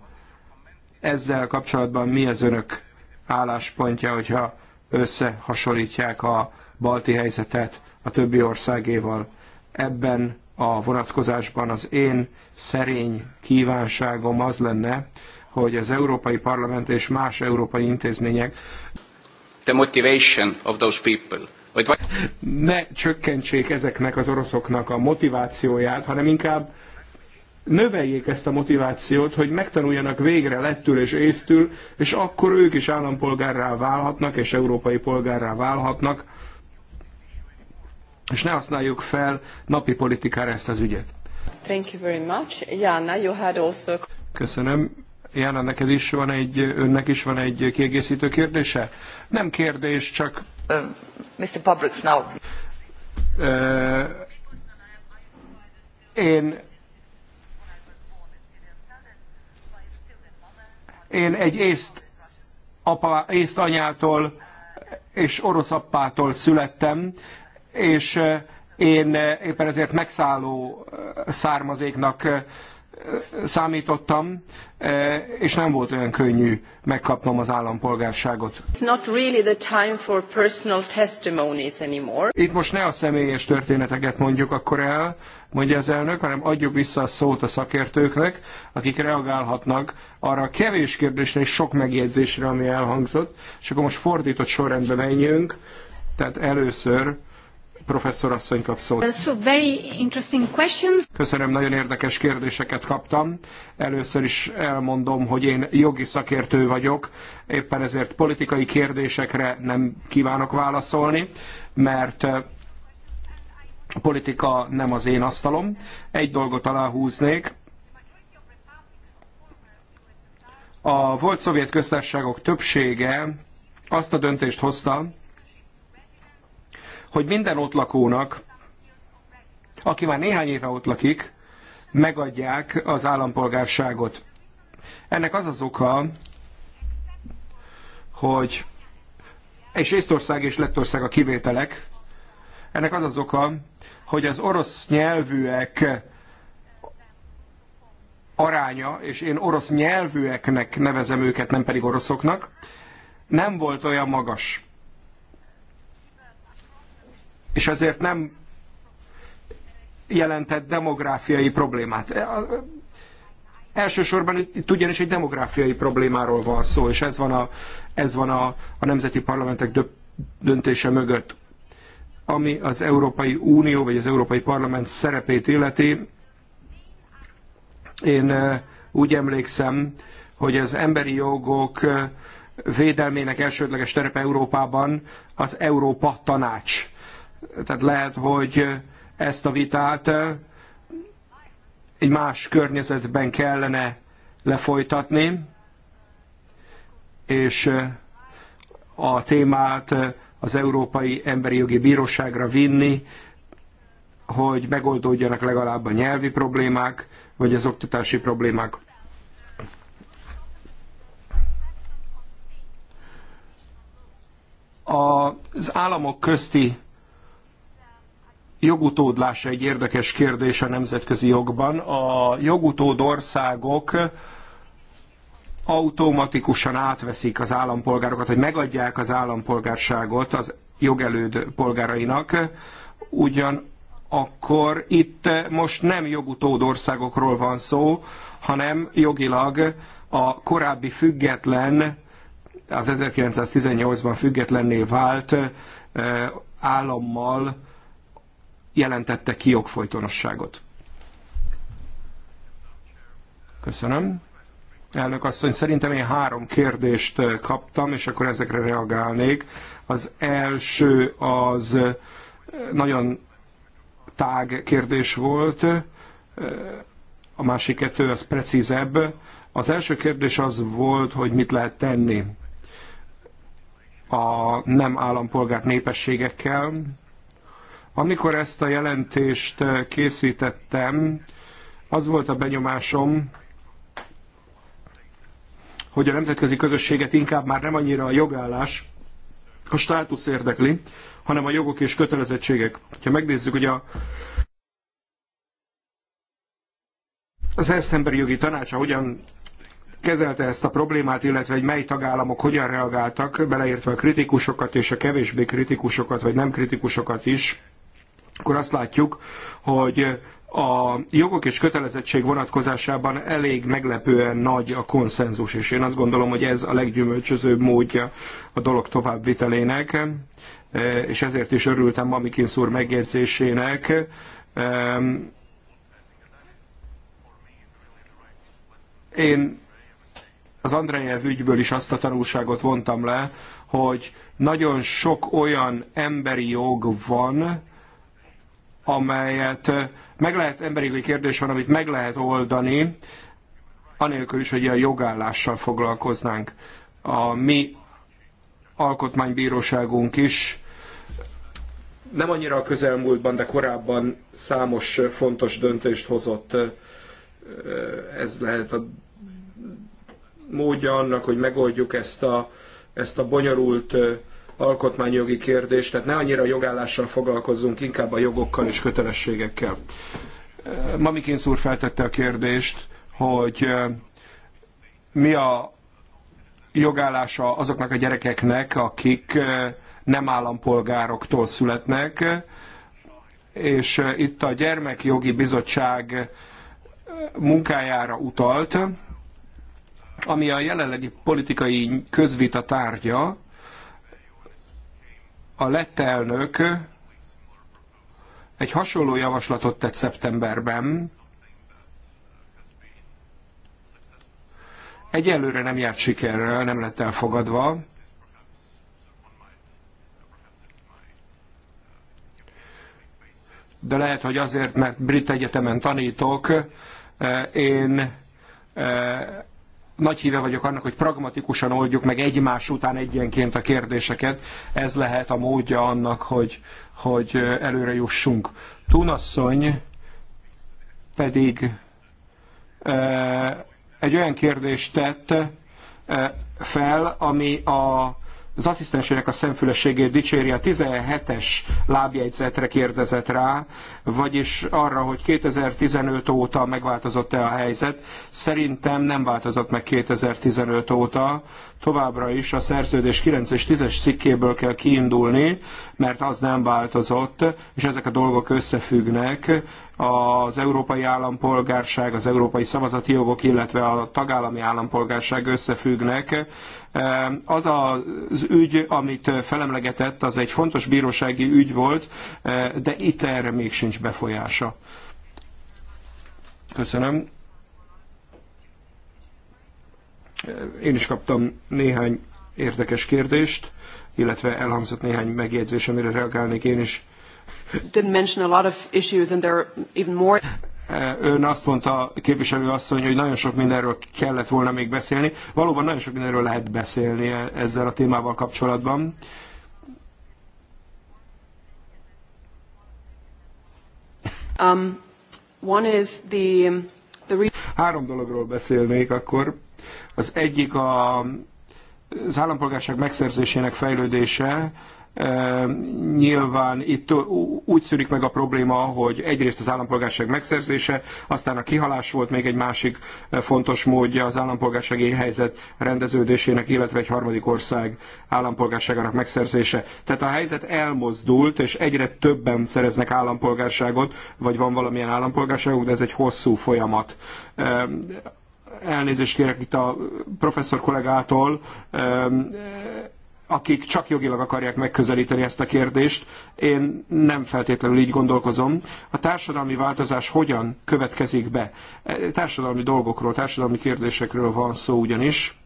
Ezzel kapcsolatban mi az önök álláspontja, hogyha összehasonlítják a balti helyzetet a többi országéval? Ebben a vonatkozásban az én szerény kívánságom az lenne, hogy az Európai Parlament és más európai intézmények the motivation of those people. Vagy... ne csökkentsék ezeknek az oroszoknak a motivációját, hanem inkább növeljék ezt a motivációt, hogy megtanuljanak végre lettül és észtül, és akkor ők is állampolgárrá válhatnak, és európai polgárrá válhatnak, és ne használjuk fel napi politikára ezt az ügyet.
Thank you very much. Jana, you had also...
Köszönöm. Jana, neked is van egy, önnek is van egy kiegészítő kérdése? Nem kérdés, csak... Uh, Mr. Publics, now. Uh, én én egy észt, apa, észt anyától és orosz apától születtem, és eh, én eh, éppen ezért megszálló eh, származéknak számítottam, és nem volt olyan könnyű megkapnom az állampolgárságot. Itt most ne a személyes történeteket mondjuk akkor el, mondja az elnök, hanem adjuk vissza a szót a szakértőknek, akik reagálhatnak arra a kevés kérdésre és sok megjegyzésre, ami elhangzott, és akkor most fordított sorrendbe menjünk, tehát először professzor asszony kap szót.
So very interesting questions.
Köszönöm, nagyon érdekes kérdéseket kaptam. Először is elmondom, hogy én jogi szakértő vagyok, éppen ezért politikai kérdésekre nem kívánok válaszolni, mert a eh, politika nem az én asztalom. Egy dolgot aláhúznék, a volt szovjet köztársaságok többsége azt a döntést hozta, hogy minden ott lakónak, aki már néhány éve ott lakik, megadják az állampolgárságot. Ennek az az oka, hogy és Észtország és Lettország a kivételek. Ennek az az oka, hogy az orosz nyelvűek aránya, és én orosz nyelvűeknek nevezem őket, nem pedig oroszoknak, nem volt olyan magas és ezért nem jelentett demográfiai problémát. E, elsősorban itt ugyanis egy demográfiai problémáról van szó, és ez van a, ez van a, a nemzeti parlamentek döntése mögött. Ami az Európai Unió vagy az Európai Parlament szerepét illeti, én e, úgy emlékszem, hogy az emberi jogok e, védelmének elsődleges terepe Európában az Európa Tanács tehát lehet, hogy ezt a vitát egy más környezetben kellene lefolytatni, és a témát az Európai Emberi Jogi Bíróságra vinni, hogy megoldódjanak legalább a nyelvi problémák, vagy az oktatási problémák. Az államok közti jogutódlás egy érdekes kérdés a nemzetközi jogban. A jogutód országok automatikusan átveszik az állampolgárokat, hogy megadják az állampolgárságot az jogelőd polgárainak, ugyan akkor itt most nem jogutód országokról van szó, hanem jogilag a korábbi független, az 1918-ban függetlenné vált állammal jelentette ki jogfolytonosságot. Köszönöm. Elnök asszony, szerintem én három kérdést eh, kaptam, és akkor ezekre reagálnék. Az első az eh, nagyon tág kérdés volt, eh, a másik kettő az precízebb. Az első kérdés az volt, hogy mit lehet tenni a nem állampolgár népességekkel, amikor ezt a jelentést eh, készítettem, az volt a benyomásom, hogy a nemzetközi közösséget inkább már nem annyira a jogállás, a státusz érdekli, hanem a jogok és kötelezettségek. Ha megnézzük, hogy a az ENSZ emberi jogi tanácsa hogyan kezelte ezt a problémát, illetve hogy mely tagállamok hogyan reagáltak, beleértve a kritikusokat és a kevésbé kritikusokat, vagy nem kritikusokat is akkor azt látjuk, hogy a jogok és kötelezettség vonatkozásában elég meglepően nagy a konszenzus, és én azt gondolom, hogy ez a leggyümölcsözőbb módja a dolog továbbvitelének, és ezért is örültem Mamikin szúr megjegyzésének. Én az Andrejev ügyből is azt a tanulságot vontam le, hogy nagyon sok olyan emberi jog van, amelyet meg lehet, emberi kérdés van, amit meg lehet oldani, anélkül is, hogy a jogállással foglalkoznánk. A mi alkotmánybíróságunk is nem annyira a közelmúltban, de korábban számos fontos döntést hozott. Ez lehet a módja annak, hogy megoldjuk ezt a, ezt a bonyolult alkotmányjogi kérdés, tehát ne annyira a jogállással foglalkozzunk, inkább a jogokkal és kötelességekkel. Mamikins úr feltette a kérdést, hogy mi a jogállása azoknak a gyerekeknek, akik nem állampolgároktól születnek, és itt a Gyermekjogi Bizottság munkájára utalt, ami a jelenlegi politikai közvita tárgya, a lett elnök egy hasonló javaslatot tett szeptemberben, egyelőre nem járt sikerrel, nem lett elfogadva. De lehet, hogy azért, mert brit egyetemen tanítok, én nagy híve vagyok annak, hogy pragmatikusan oldjuk meg egymás után egyenként a kérdéseket. Ez lehet a módja annak, hogy, hogy előre jussunk. Tunasszony pedig egy olyan kérdést tett fel, ami a az asszisztensének a szemfülességét dicséri, a 17-es lábjegyzetre kérdezett rá, vagyis arra, hogy 2015 óta megváltozott-e a helyzet. Szerintem nem változott meg 2015 óta továbbra is a szerződés 9 és 10-es cikkéből kell kiindulni, mert az nem változott, és ezek a dolgok összefüggnek. Az európai állampolgárság, az európai szavazati jogok, illetve a tagállami állampolgárság összefüggnek. Az az ügy, amit felemlegetett, az egy fontos bírósági ügy volt, de itt erre még sincs befolyása. Köszönöm. Én is kaptam néhány érdekes kérdést, illetve elhangzott néhány megjegyzés, amire reagálnék én is. Didn't mention a lot of issues and there are even more. Ön azt mondta, képviselő asszony, hogy nagyon sok mindenről kellett volna még beszélni. Valóban nagyon sok mindenről lehet beszélni e- ezzel a témával kapcsolatban. Um, one is the, the... Három dologról beszélnék akkor. Az egyik a, az állampolgárság megszerzésének fejlődése, nyilván itt úgy szűnik meg a probléma, hogy egyrészt az állampolgárság megszerzése, aztán a kihalás volt még egy másik fontos módja az állampolgársági helyzet rendeződésének, illetve egy harmadik ország állampolgárságának megszerzése. Tehát a helyzet elmozdult, és egyre többen szereznek állampolgárságot, vagy van valamilyen állampolgárságuk, de ez egy hosszú folyamat elnézést kérek itt a professzor kollégától, akik csak jogilag akarják megközelíteni ezt a kérdést. Én nem feltétlenül így gondolkozom. A társadalmi változás hogyan következik be? E, társadalmi dolgokról, társadalmi kérdésekről van szó ugyanis,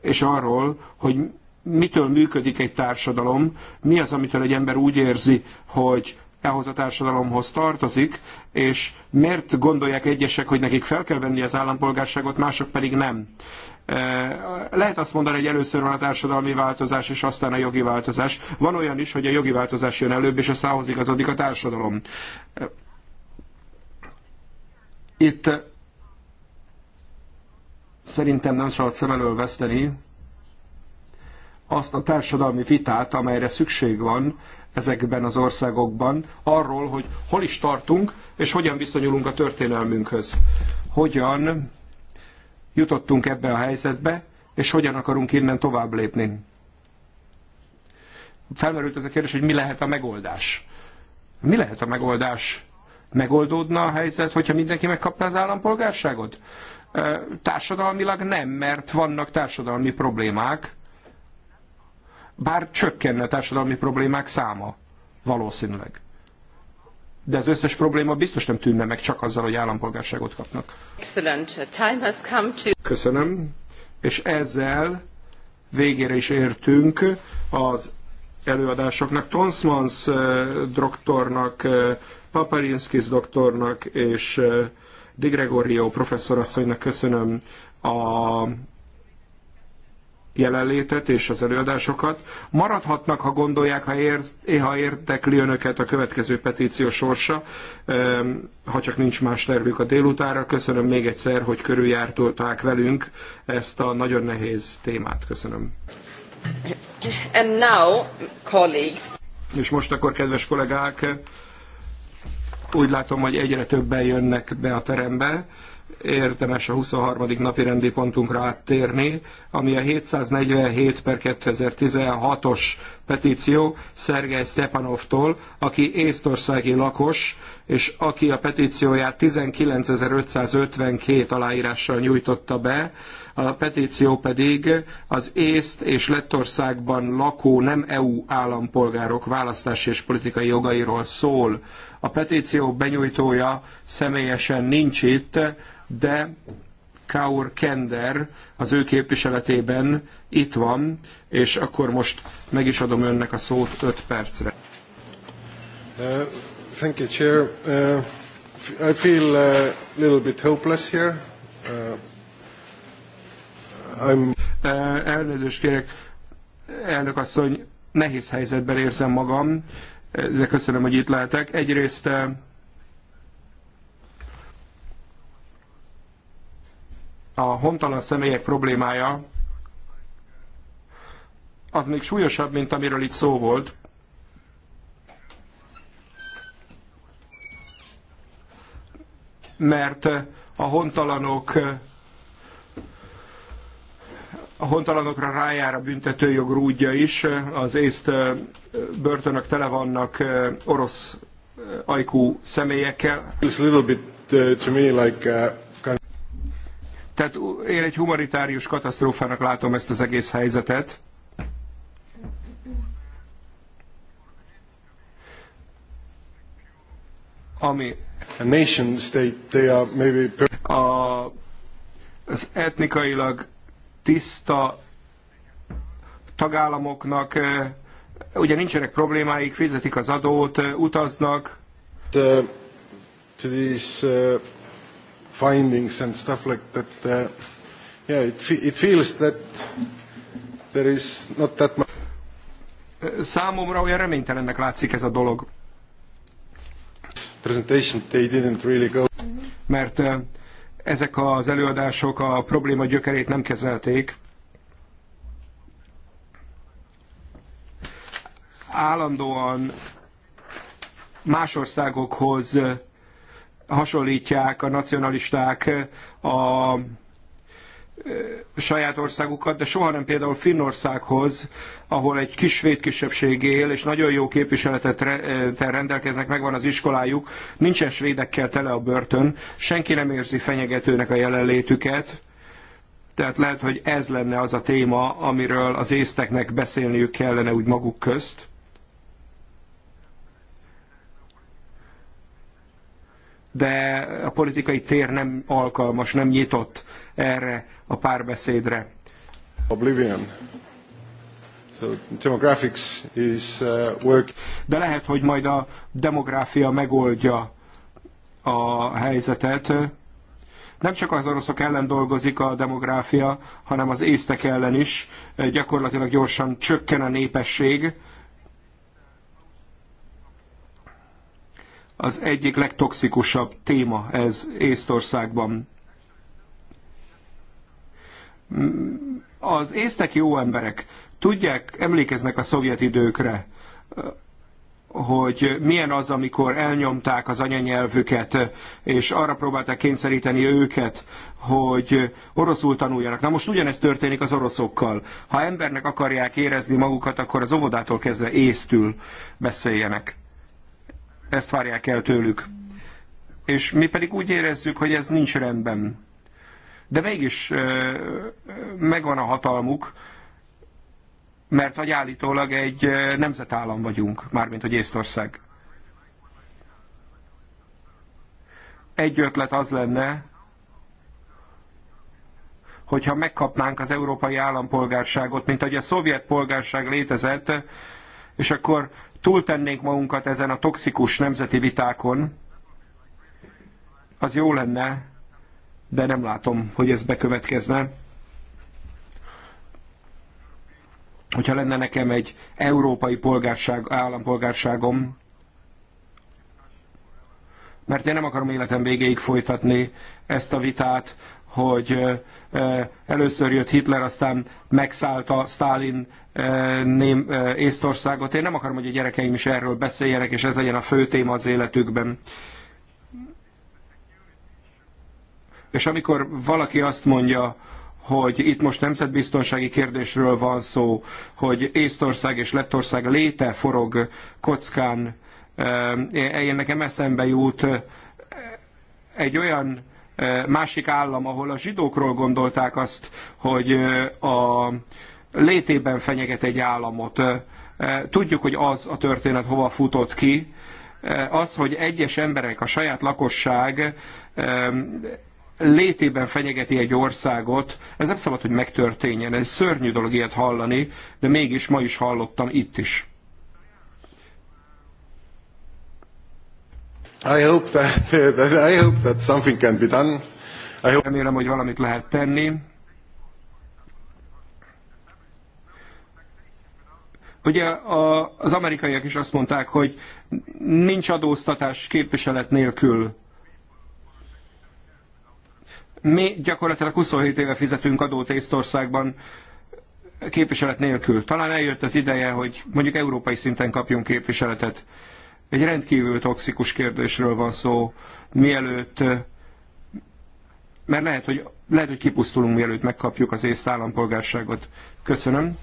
és arról, hogy mitől működik egy társadalom, mi az, amitől egy ember úgy érzi, hogy ahhoz a társadalomhoz tartozik, és miért gondolják egyesek, hogy nekik fel kell venni az állampolgárságot, mások pedig nem. E, lehet azt mondani, hogy először van a társadalmi változás, és aztán a jogi változás. Van olyan is, hogy a jogi változás jön előbb, és a szához igazodik a társadalom. E, itt e, szerintem nem szabad szem elől veszteni azt a társadalmi vitát, amelyre szükség van ezekben az országokban arról, hogy hol is tartunk, és hogyan viszonyulunk a történelmünkhöz. Hogyan jutottunk ebbe a helyzetbe, és hogyan akarunk innen tovább lépni. Felmerült ez a kérdés, hogy mi lehet a megoldás. Mi lehet a megoldás? Megoldódna a helyzet, hogyha mindenki megkapta az állampolgárságot? Társadalmilag nem, mert vannak társadalmi problémák, bár csökkenne a társadalmi problémák száma, valószínűleg. De az összes probléma biztos nem tűnne meg csak azzal, hogy állampolgárságot kapnak.
Excellent. Time has come to...
Köszönöm. És ezzel végére is értünk az előadásoknak. Tonsmans eh, doktornak, eh, Paparinskis doktornak és eh, Di Gregorio professzorasszonynak köszönöm a jelenlétet és az előadásokat. Maradhatnak, ha gondolják, ha, ért, ha érdekli önöket a következő petíció sorsa, ehm, ha csak nincs más tervük a délutára. Köszönöm még egyszer, hogy körüljártolták velünk ezt a nagyon nehéz témát. Köszönöm.
And now, colleagues.
És most akkor, kedves kollégák, úgy látom, hogy egyre többen jönnek be a terembe érdemes a 23. napi rendi pontunkra áttérni, ami a 747 per 2016-os petíció Szergej Stepanovtól, aki észtországi lakos, és aki a petícióját 19.552 aláírással nyújtotta be, a petíció pedig az észt és Lettországban lakó nem EU állampolgárok választási és politikai jogairól szól. A petíció benyújtója személyesen nincs itt, de Kaur Kender az ő képviseletében itt van, és akkor most meg is adom önnek a szót 5 percre. Uh, thank you, Chair. Uh, I feel a little bit hopeless here. Uh, I'm... Elnézést kérek, elnök asszony, nehéz helyzetben érzem magam, de köszönöm, hogy itt lehetek. Egyrészt a hontalan személyek problémája az még súlyosabb, mint amiről itt szó volt. Mert a hontalanok a hontalanokra rájár a büntetőjog rúdja is. Az észt börtönök tele vannak orosz ajkú személyekkel. Uh, uh, Tehát én egy humanitárius katasztrófának látom ezt az egész helyzetet. Ami a nation state, they are maybe... a, az etnikailag tiszta tagállamoknak, ugye nincsenek problémáik, fizetik az adót, utaznak. The, uh, to these uh, findings and stuff like that, uh, yeah, it, it feels that there is not that much. Számomra olyan reménytelennek látszik ez a dolog. Presentation, they didn't really go. Mert uh, ezek az előadások a probléma gyökerét nem kezelték. Állandóan más országokhoz hasonlítják a nacionalisták a saját országukat, de soha nem például Finnországhoz, ahol egy kis svéd kisebbség él, és nagyon jó képviseletet rendelkeznek, megvan az iskolájuk, nincsen svédekkel tele a börtön, senki nem érzi fenyegetőnek a jelenlétüket, tehát lehet, hogy ez lenne az a téma, amiről az észteknek beszélniük kellene úgy maguk közt. de a politikai tér nem alkalmas, nem nyitott erre a párbeszédre. Oblivion. So demographics is uh, work. De lehet, hogy majd a demográfia megoldja a helyzetet. Nem csak az oroszok ellen dolgozik a demográfia, hanem az észtek ellen is. Gyakorlatilag gyorsan csökken a népesség az egyik legtoxikusabb téma ez Észtországban. Az észtek jó emberek tudják, emlékeznek a szovjet időkre, hogy milyen az, amikor elnyomták az anyanyelvüket, és arra próbálták kényszeríteni őket, hogy oroszul tanuljanak. Na most ugyanezt történik az oroszokkal. Ha embernek akarják érezni magukat, akkor az óvodától kezdve észtül beszéljenek. Ezt várják el tőlük. És mi pedig úgy érezzük, hogy ez nincs rendben. De mégis megvan a hatalmuk, mert hogy állítólag egy nemzetállam vagyunk, mármint hogy Észtország. Egy ötlet az lenne, hogyha megkapnánk az európai állampolgárságot, mint ahogy a szovjet polgárság létezett, és akkor túltennénk magunkat ezen a toxikus nemzeti vitákon, az jó lenne, de nem látom, hogy ez bekövetkezne. Hogyha lenne nekem egy európai polgárság, állampolgárságom, mert én nem akarom életem végéig folytatni ezt a vitát, hogy először jött Hitler, aztán megszállta Stalin ném, Észtországot. Én nem akarom, hogy a gyerekeim is erről beszéljenek, és ez legyen a fő téma az életükben. És amikor valaki azt mondja, hogy itt most nemzetbiztonsági kérdésről van szó, hogy Észtország és Lettország léte forog kockán, én nekem eszembe jut egy olyan másik állam, ahol a zsidókról gondolták azt, hogy a létében fenyeget egy államot. Tudjuk, hogy az a történet hova futott ki. Az, hogy egyes emberek, a saját lakosság létében fenyegeti egy országot, ez nem szabad, hogy megtörténjen. Ez szörnyű dolog ilyet hallani, de mégis ma is hallottam itt is. I hope that, I hope that something can be done. I hope... Remélem, hogy valamit lehet tenni. Ugye a, az amerikaiak is azt mondták, hogy nincs adóztatás képviselet nélkül. Mi gyakorlatilag 27 éve fizetünk adót Észtországban képviselet nélkül. Talán eljött az ideje, hogy mondjuk európai szinten kapjunk képviseletet. Egy rendkívül toxikus kérdésről van szó, mielőtt, mert lehet, hogy, lehet, hogy kipusztulunk, mielőtt megkapjuk az észt állampolgárságot. Köszönöm.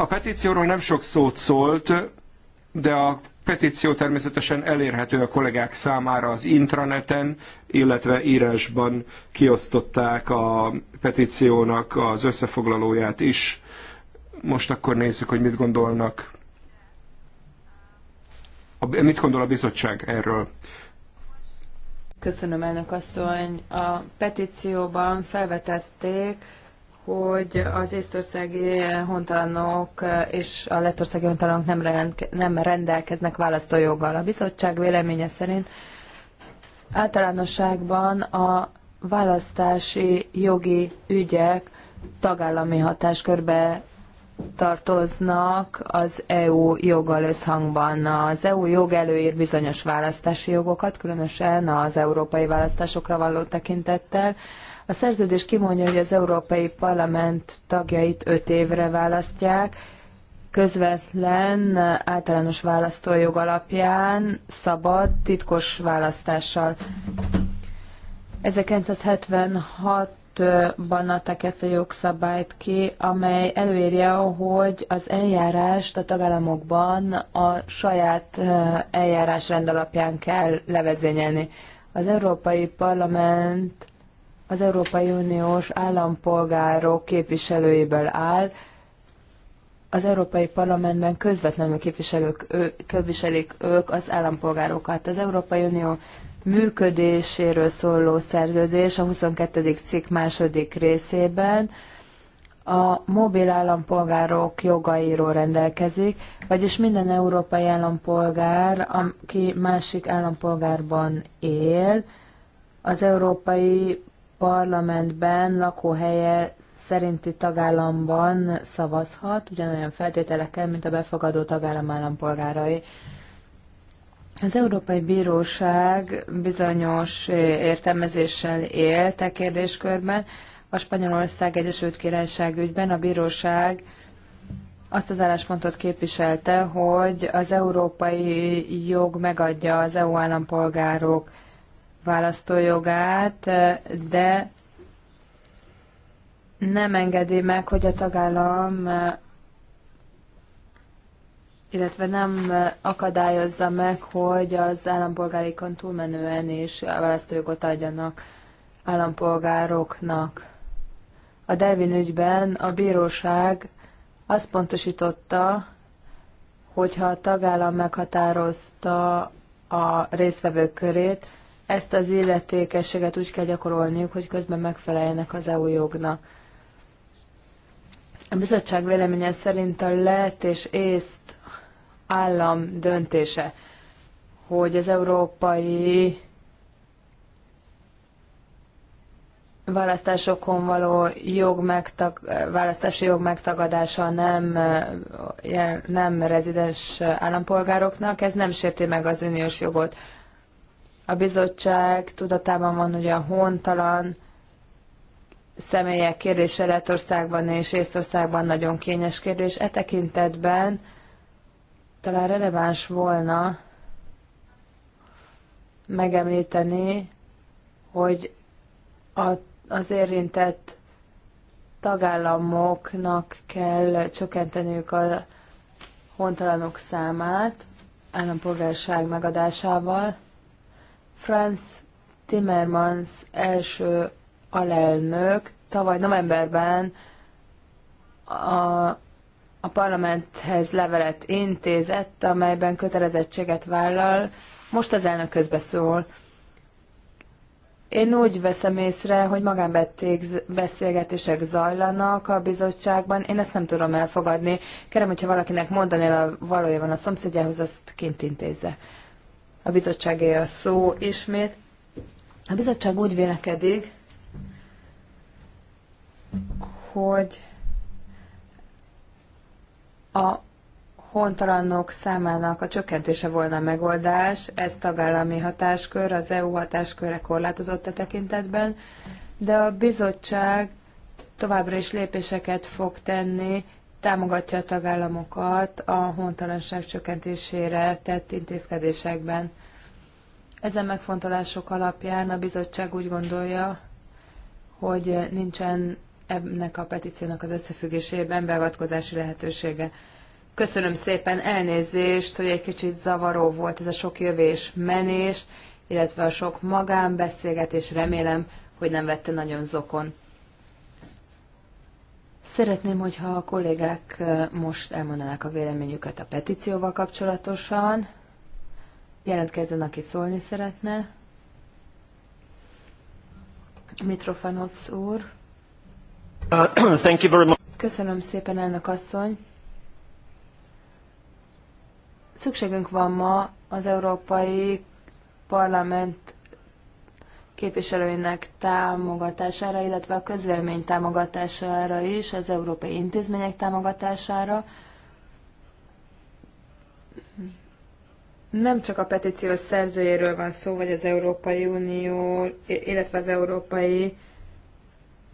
A petícióról nem sok szót szólt, de a petíció természetesen elérhető a kollégák számára az intraneten, illetve írásban kiosztották a petíciónak az összefoglalóját is. Most akkor nézzük, hogy mit gondolnak. A, mit gondol a bizottság erről?
Köszönöm, elnök asszony. A petícióban felvetették, hogy az észtországi hontalanok és a lettországi hontalanok nem, nem rendelkeznek választójoggal. A bizottság véleménye szerint általánosságban a választási jogi ügyek tagállami hatáskörbe tartoznak az EU joggal összhangban. Az EU jog előír bizonyos választási jogokat, különösen az európai választásokra való tekintettel, a szerződés kimondja, hogy az Európai Parlament tagjait öt évre választják, közvetlen általános választójog alapján, szabad, titkos választással. 1976 ban adták ezt a jogszabályt ki, amely előírja, hogy az eljárást a tagállamokban a saját eh, eljárásrend alapján kell levezényelni. Az Európai Parlament az Európai Uniós állampolgárok képviselőiből áll, az Európai Parlamentben közvetlenül képviselők, ő, képviselik ők az állampolgárokat. Az Európai Unió működéséről szóló szerződés a 22. cikk második részében a mobil állampolgárok jogairól rendelkezik, vagyis minden európai állampolgár, aki másik állampolgárban él, az európai parlamentben lakóhelye szerinti tagállamban szavazhat, ugyanolyan feltételekkel, mint a befogadó tagállam állampolgárai. Az Európai Bíróság bizonyos értelmezéssel élt a e kérdéskörben. A Spanyolország Egyesült Királyság ügyben a bíróság azt az álláspontot képviselte, hogy az európai jog megadja az EU állampolgárok választójogát, de nem engedi meg, hogy a tagállam illetve nem akadályozza meg, hogy az állampolgárikon túlmenően is a választójogot adjanak állampolgároknak. A Delvin ügyben a bíróság azt pontosította, hogyha a tagállam meghatározta a részvevők körét, ezt az illetékességet úgy kell gyakorolniuk, hogy közben megfeleljenek az EU jognak. A bizottság véleménye szerint a lehet és észt állam döntése, hogy az európai választásokon való jog megtag, választási jog megtagadása nem, nem rezidens állampolgároknak, ez nem sérti meg az uniós jogot. A bizottság tudatában van, hogy a hontalan személyek kérdése Lettországban és Észtországban nagyon kényes kérdés. E tekintetben talán releváns volna megemlíteni, hogy a, az érintett tagállamoknak kell csökkenteniük a hontalanok számát állampolgárság megadásával. Franz Timmermans első alelnök tavaly novemberben a, a parlamenthez levelet intézett, amelyben kötelezettséget vállal. Most az elnök közbeszól. Én úgy veszem észre, hogy beszélgetések zajlanak a bizottságban, én ezt nem tudom elfogadni. Kérem, hogyha valakinek mondani a valójában a szomszédjához, azt kint intézze a bizottságé a szó ismét. A bizottság úgy vélekedik, hogy a hontalannok számának a csökkentése volna a megoldás, ez tagállami hatáskör, az EU hatáskörre korlátozott a tekintetben, de a bizottság továbbra is lépéseket fog tenni támogatja a tagállamokat a hontalanság csökkentésére tett intézkedésekben. Ezen megfontolások alapján a bizottság úgy gondolja, hogy nincsen ennek a petíciónak az összefüggésében beavatkozási lehetősége. Köszönöm szépen elnézést, hogy egy kicsit zavaró volt ez a sok jövés menés, illetve a sok magánbeszélgetés, remélem, hogy nem vette nagyon zokon. Szeretném, hogyha a kollégák most elmondanák a véleményüket a petícióval kapcsolatosan. Jelentkezzen, aki szólni szeretne. Mitrofanovsz úr.
Uh, thank you very much.
Köszönöm szépen, elnök asszony. Szükségünk van ma az Európai Parlament képviselőinek támogatására, illetve a közvélemény támogatására is, az európai intézmények támogatására. Nem csak a petíció szerzőjéről van szó, vagy az Európai Unió, illetve az európai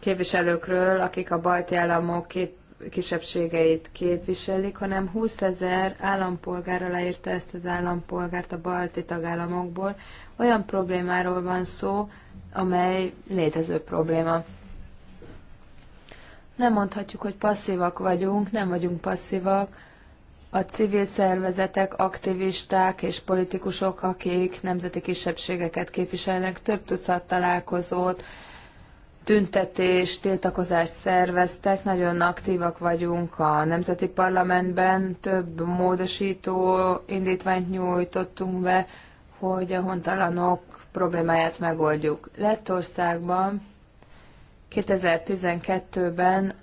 képviselőkről, akik a balti államok itt kisebbségeit képviselik, hanem 20 ezer állampolgár aláírta ezt az állampolgárt a balti tagállamokból. Olyan problémáról van szó, amely létező probléma. Nem mondhatjuk, hogy passzívak vagyunk, nem vagyunk passzívak. A civil szervezetek, aktivisták és politikusok, akik nemzeti kisebbségeket képviselnek, több tucat találkozót, tüntetést, tiltakozást szerveztek, nagyon aktívak vagyunk a Nemzeti Parlamentben, több módosító indítványt nyújtottunk be, hogy a hontalanok problémáját megoldjuk. Lettországban 2012-ben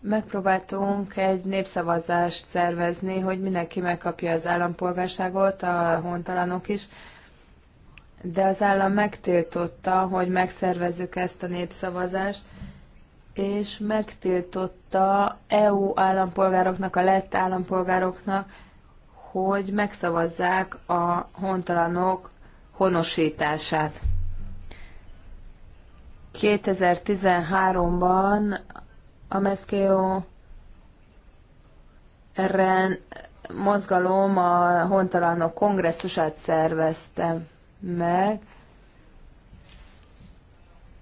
megpróbáltunk egy népszavazást szervezni, hogy mindenki megkapja az állampolgárságot, a hontalanok is, de az állam megtiltotta, hogy megszervezzük ezt a népszavazást, és megtiltotta EU állampolgároknak, a lett állampolgároknak, hogy megszavazzák a hontalanok honosítását. 2013-ban a Meszkéó mozgalom a hontalanok kongresszusát szervezte meg.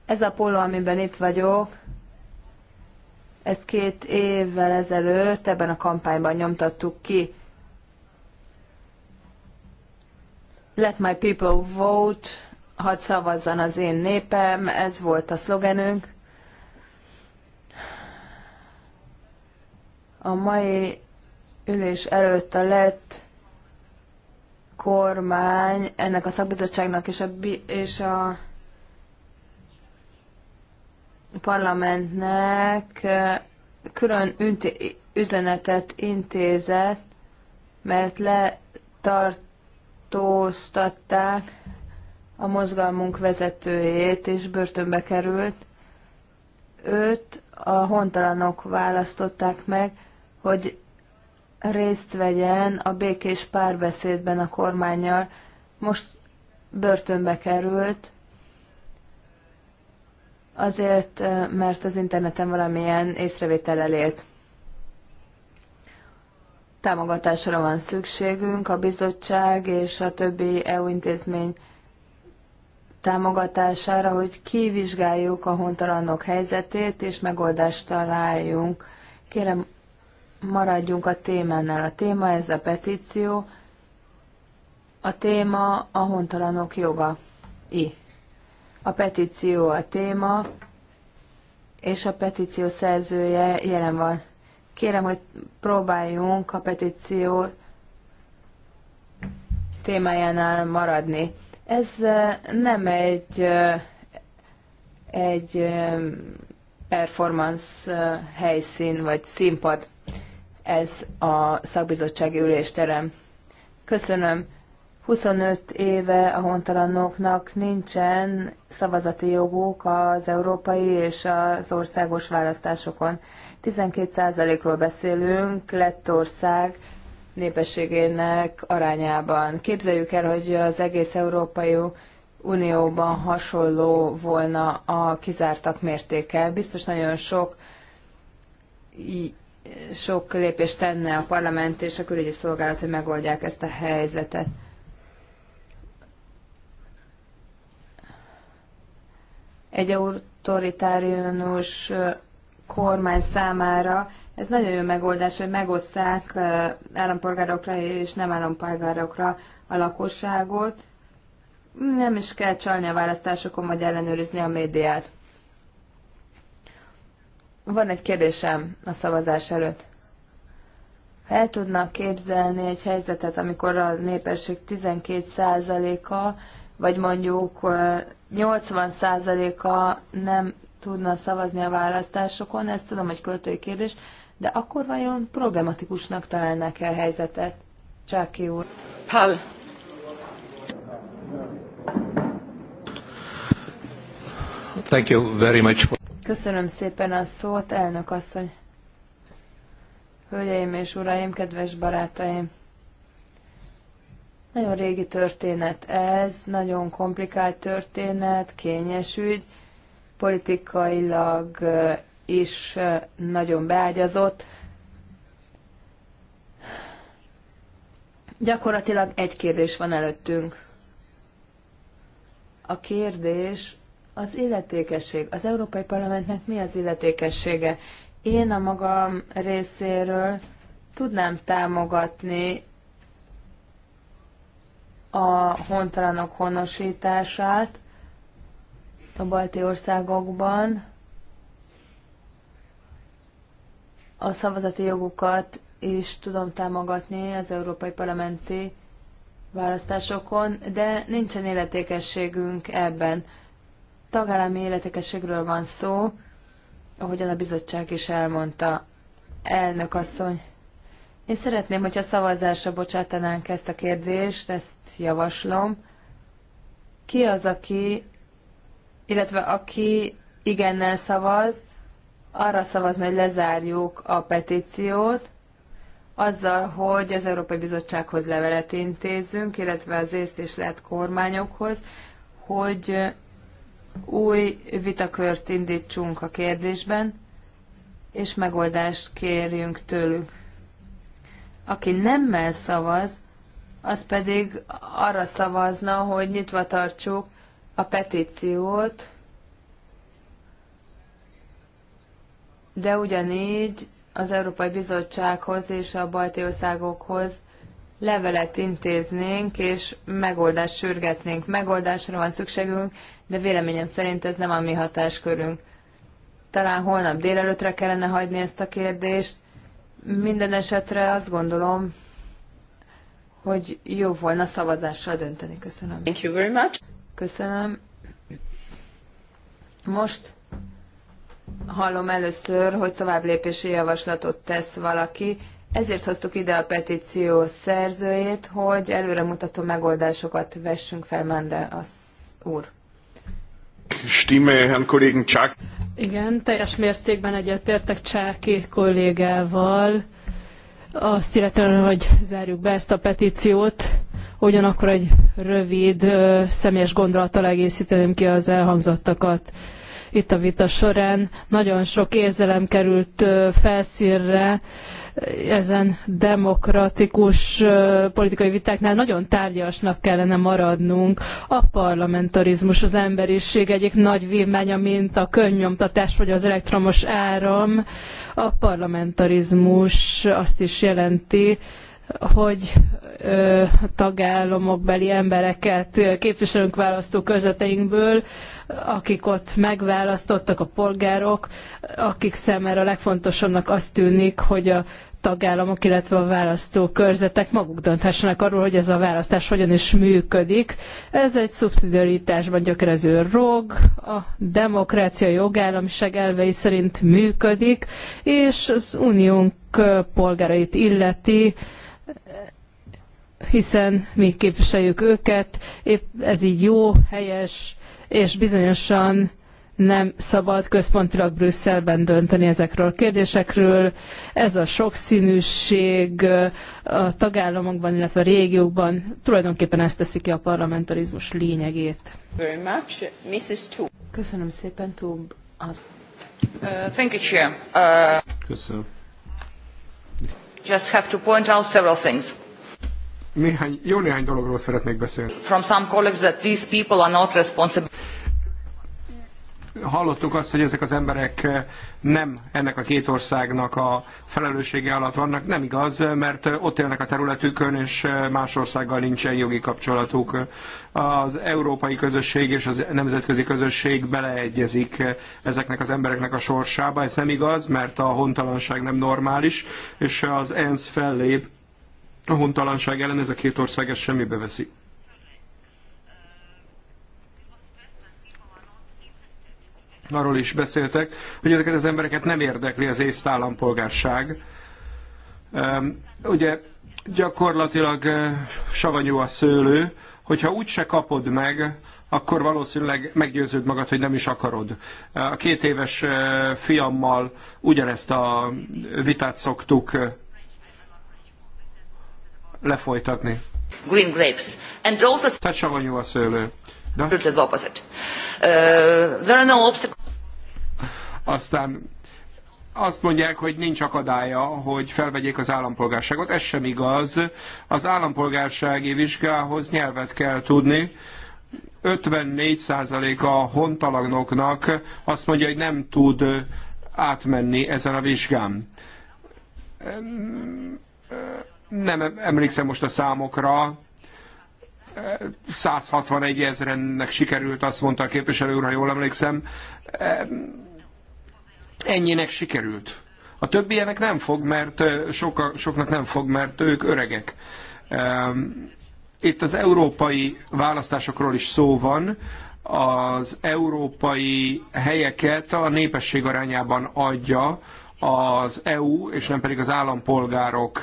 Ez a póló, amiben itt vagyok, ez két évvel ezelőtt ebben a kampányban nyomtattuk ki. Let my people vote, hadd szavazzan az én népem, ez volt a szlogenünk. A mai ülés előtt a lett kormány ennek a szakbizottságnak és a, és a parlamentnek külön ünti, üzenetet intézett, mert letartóztatták a mozgalmunk vezetőjét, és börtönbe került. Őt a hontalanok választották meg, hogy részt vegyen a békés párbeszédben a kormányjal. Most börtönbe került, azért, mert az interneten valamilyen észrevétel élt. Támogatásra van szükségünk, a bizottság és a többi EU intézmény támogatására, hogy kivizsgáljuk a hontalanok helyzetét, és megoldást találjunk. Kérem, maradjunk a témánál. A téma ez a petíció, a téma a hontalanok joga. I. A petíció a téma, és a petíció szerzője jelen van. Kérem, hogy próbáljunk a petíció témájánál maradni. Ez nem egy, egy performance helyszín vagy színpad ez a szakbizottsági ülésterem. Köszönöm. 25 éve a hontalanoknak nincsen szavazati joguk az európai és az országos választásokon. 12%-ról beszélünk Lettország népességének arányában. Képzeljük el, hogy az egész Európai Unióban hasonló volna a kizártak mértéke. Biztos nagyon sok sok lépést tenne a parlament és a külügyi szolgálat, hogy megoldják ezt a helyzetet. Egy autoritárius kormány számára ez nagyon jó megoldás, hogy megosszák állampolgárokra és nem állampolgárokra a lakosságot. Nem is kell csalni a választásokon, vagy ellenőrizni a médiát. Van egy kérdésem a szavazás előtt. Ha el tudnak képzelni egy helyzetet, amikor a népesség 12%-a, vagy mondjuk 80%-a nem tudna szavazni a választásokon, ezt tudom, hogy költői kérdés, de akkor vajon problematikusnak találnák el helyzetet? Csáki úr. Pál.
Thank you very much. for.
Köszönöm szépen a szót, elnök asszony. Hölgyeim és uraim, kedves barátaim! Nagyon régi történet ez, nagyon komplikált történet, kényes ügy, politikailag is nagyon beágyazott. Gyakorlatilag egy kérdés van előttünk. A kérdés az illetékesség. Az Európai Parlamentnek mi az illetékessége? Én a magam részéről tudnám támogatni a hontalanok honosítását a balti országokban, a szavazati jogukat is tudom támogatni az európai parlamenti választásokon, de nincsen életékességünk ebben tagállami életekességről van szó, ahogyan a bizottság is elmondta. Elnök asszony, én szeretném, hogyha szavazásra bocsátanánk ezt a kérdést, ezt javaslom. Ki az, aki, illetve aki igennel szavaz, arra szavazna, hogy lezárjuk a petíciót, azzal, hogy az Európai Bizottsághoz levelet intézünk, illetve az észt és lehet kormányokhoz, hogy új vitakört indítsunk a kérdésben, és megoldást kérjünk tőlük. Aki nemmel szavaz, az pedig arra szavazna, hogy nyitva tartsuk a petíciót, de ugyanígy az Európai Bizottsághoz és a balti országokhoz levelet intéznénk, és megoldást sürgetnénk. Megoldásra van szükségünk, de véleményem szerint ez nem a mi hatáskörünk. Talán holnap délelőtre kellene hagyni ezt a kérdést. Minden esetre azt gondolom, hogy jó volna szavazással dönteni. Köszönöm. Thank you very much. Köszönöm. Most hallom először, hogy tovább lépési javaslatot tesz valaki. Ezért hoztuk ide a petíció szerzőjét, hogy előremutató megoldásokat vessünk fel, Mende az úr.
Stimme Herrn Kollegen Csák.
Igen, teljes mértékben egyetértek Csáki kollégával. Azt illetően, hogy zárjuk be ezt a petíciót, ugyanakkor egy rövid személyes gondolattal egészíteném ki az elhangzottakat itt a vita során. Nagyon sok érzelem került felszírre ezen demokratikus politikai vitáknál. Nagyon tárgyasnak kellene maradnunk. A parlamentarizmus az emberiség egyik nagy vívmánya, mint a könnyomtatás vagy az elektromos áram. A parlamentarizmus azt is jelenti, hogy ö, embereket képviselünk választó körzeteinkből, akik ott megválasztottak a polgárok, akik számára a legfontosabbnak azt tűnik, hogy a tagállamok, illetve a választó körzetek maguk dönthessenek arról, hogy ez a választás hogyan is működik. Ez egy szubszidiaritásban gyökerező rog, a demokrácia jogállamiság elvei szerint működik, és az uniónk polgárait illeti, hiszen mi képviseljük őket, épp ez így jó, helyes, és bizonyosan nem szabad központilag Brüsszelben dönteni ezekről a kérdésekről. Ez a sokszínűség a tagállamokban, illetve a régiókban tulajdonképpen ezt teszi ki a parlamentarizmus lényegét.
Very much. Mrs. Köszönöm szépen, Tube. Uh,
thank you, Chair. Uh... Köszönöm
just have to point out several things.
Néhány, jó néhány dologról szeretnék beszélni. From some colleagues that these people are not responsible hallottuk azt, hogy ezek az emberek eh, nem ennek a két országnak a felelőssége alatt vannak. Nem igaz, mert eh, ott élnek a területükön, és eh, más országgal nincsen jogi kapcsolatuk. Az európai közösség és az nemzetközi közösség beleegyezik ezeknek az embereknek a sorsába. Ez nem igaz, mert a hontalanság nem normális, és az ENSZ fellép a hontalanság ellen ez a két ország ezt semmibe veszi. arról is beszéltek, hogy ezeket az embereket nem érdekli az észt állampolgárság. Ugye gyakorlatilag savanyú a szőlő, hogyha úgyse kapod meg, akkor valószínűleg meggyőződ magad, hogy nem is akarod. A két éves fiammal ugyanezt a vitát szoktuk lefolytatni. Green grapes. And also... Tehát savanyú a szőlő. Uh, Aztán azt mondják, hogy nincs akadálya, hogy felvegyék az állampolgárságot. Ez sem igaz. Az állampolgársági vizsgához nyelvet kell tudni. 54%-a hontalagnoknak azt mondja, hogy nem tud átmenni ezen a vizsgán. Nem emlékszem most a számokra, 161 ezrennek sikerült, azt mondta a képviselő úr, ha jól emlékszem. Ennyinek sikerült. A többieknek nem fog, mert soka, soknak nem fog, mert ők öregek. Itt az európai választásokról is szó van, az európai helyeket a népesség arányában adja az EU, és nem pedig az állampolgárok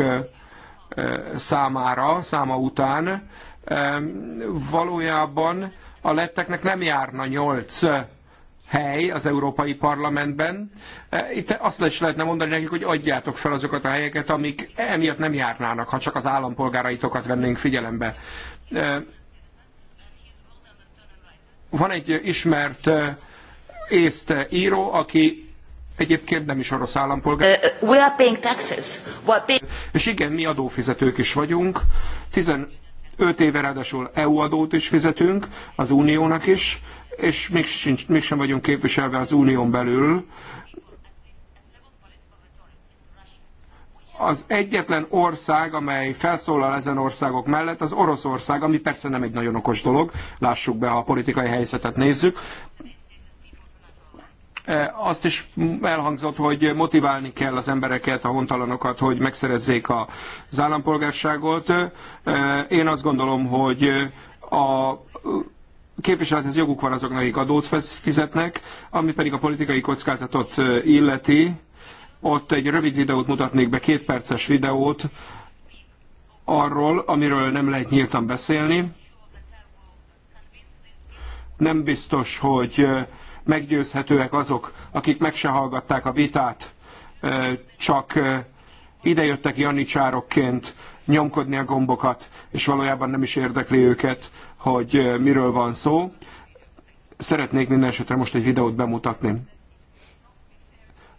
számára, száma után. Valójában a letteknek nem járna nyolc eh, hely az Európai Parlamentben. Eh, itt azt is lehetne mondani nekik, hogy adjátok fel azokat a helyeket, amik emiatt nem járnának, ha csak az állampolgáraitokat vennénk figyelembe. Eh, van egy ismert észt író, aki Egyébként nem is orosz állampolgár. Uh, we are paying taxes. We are paying... És igen, mi adófizetők is vagyunk. Tizen. 5 éve ráadásul EU adót is fizetünk, az uniónak is, és még mégsem vagyunk képviselve az unión belül. Az egyetlen ország, amely felszólal ezen országok mellett, az Oroszország, ami persze nem egy nagyon okos dolog, lássuk be, ha a politikai helyzetet nézzük, azt is elhangzott, hogy motiválni kell az embereket, a hontalanokat, hogy megszerezzék az állampolgárságot. Én azt gondolom, hogy a képviselethez joguk van azoknak, akik adót fizetnek, ami pedig a politikai kockázatot illeti. Ott egy rövid videót mutatnék be, két perces videót arról, amiről nem lehet nyíltan beszélni. Nem biztos, hogy meggyőzhetőek azok, akik meg se hallgatták a vitát, csak idejöttek janicsárokként nyomkodni a gombokat, és valójában nem is érdekli őket, hogy miről van szó. Szeretnék minden esetre most egy videót bemutatni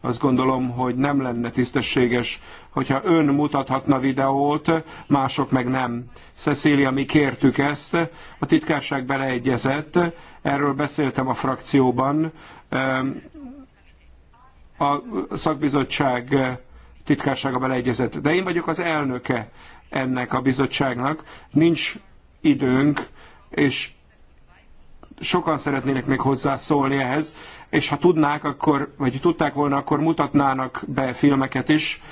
azt gondolom, hogy nem lenne tisztességes, hogyha ön mutathatna videót, mások meg nem. Cecília, mi kértük ezt, a titkárság beleegyezett, erről beszéltem a frakcióban. Ehm, a szakbizottság titkársága beleegyezett. De én vagyok az elnöke ennek a bizottságnak, nincs időnk, és sokan szeretnének még hozzászólni ehhez, és ha tudnák, akkor, vagy tudták volna, akkor mutatnának be filmeket is.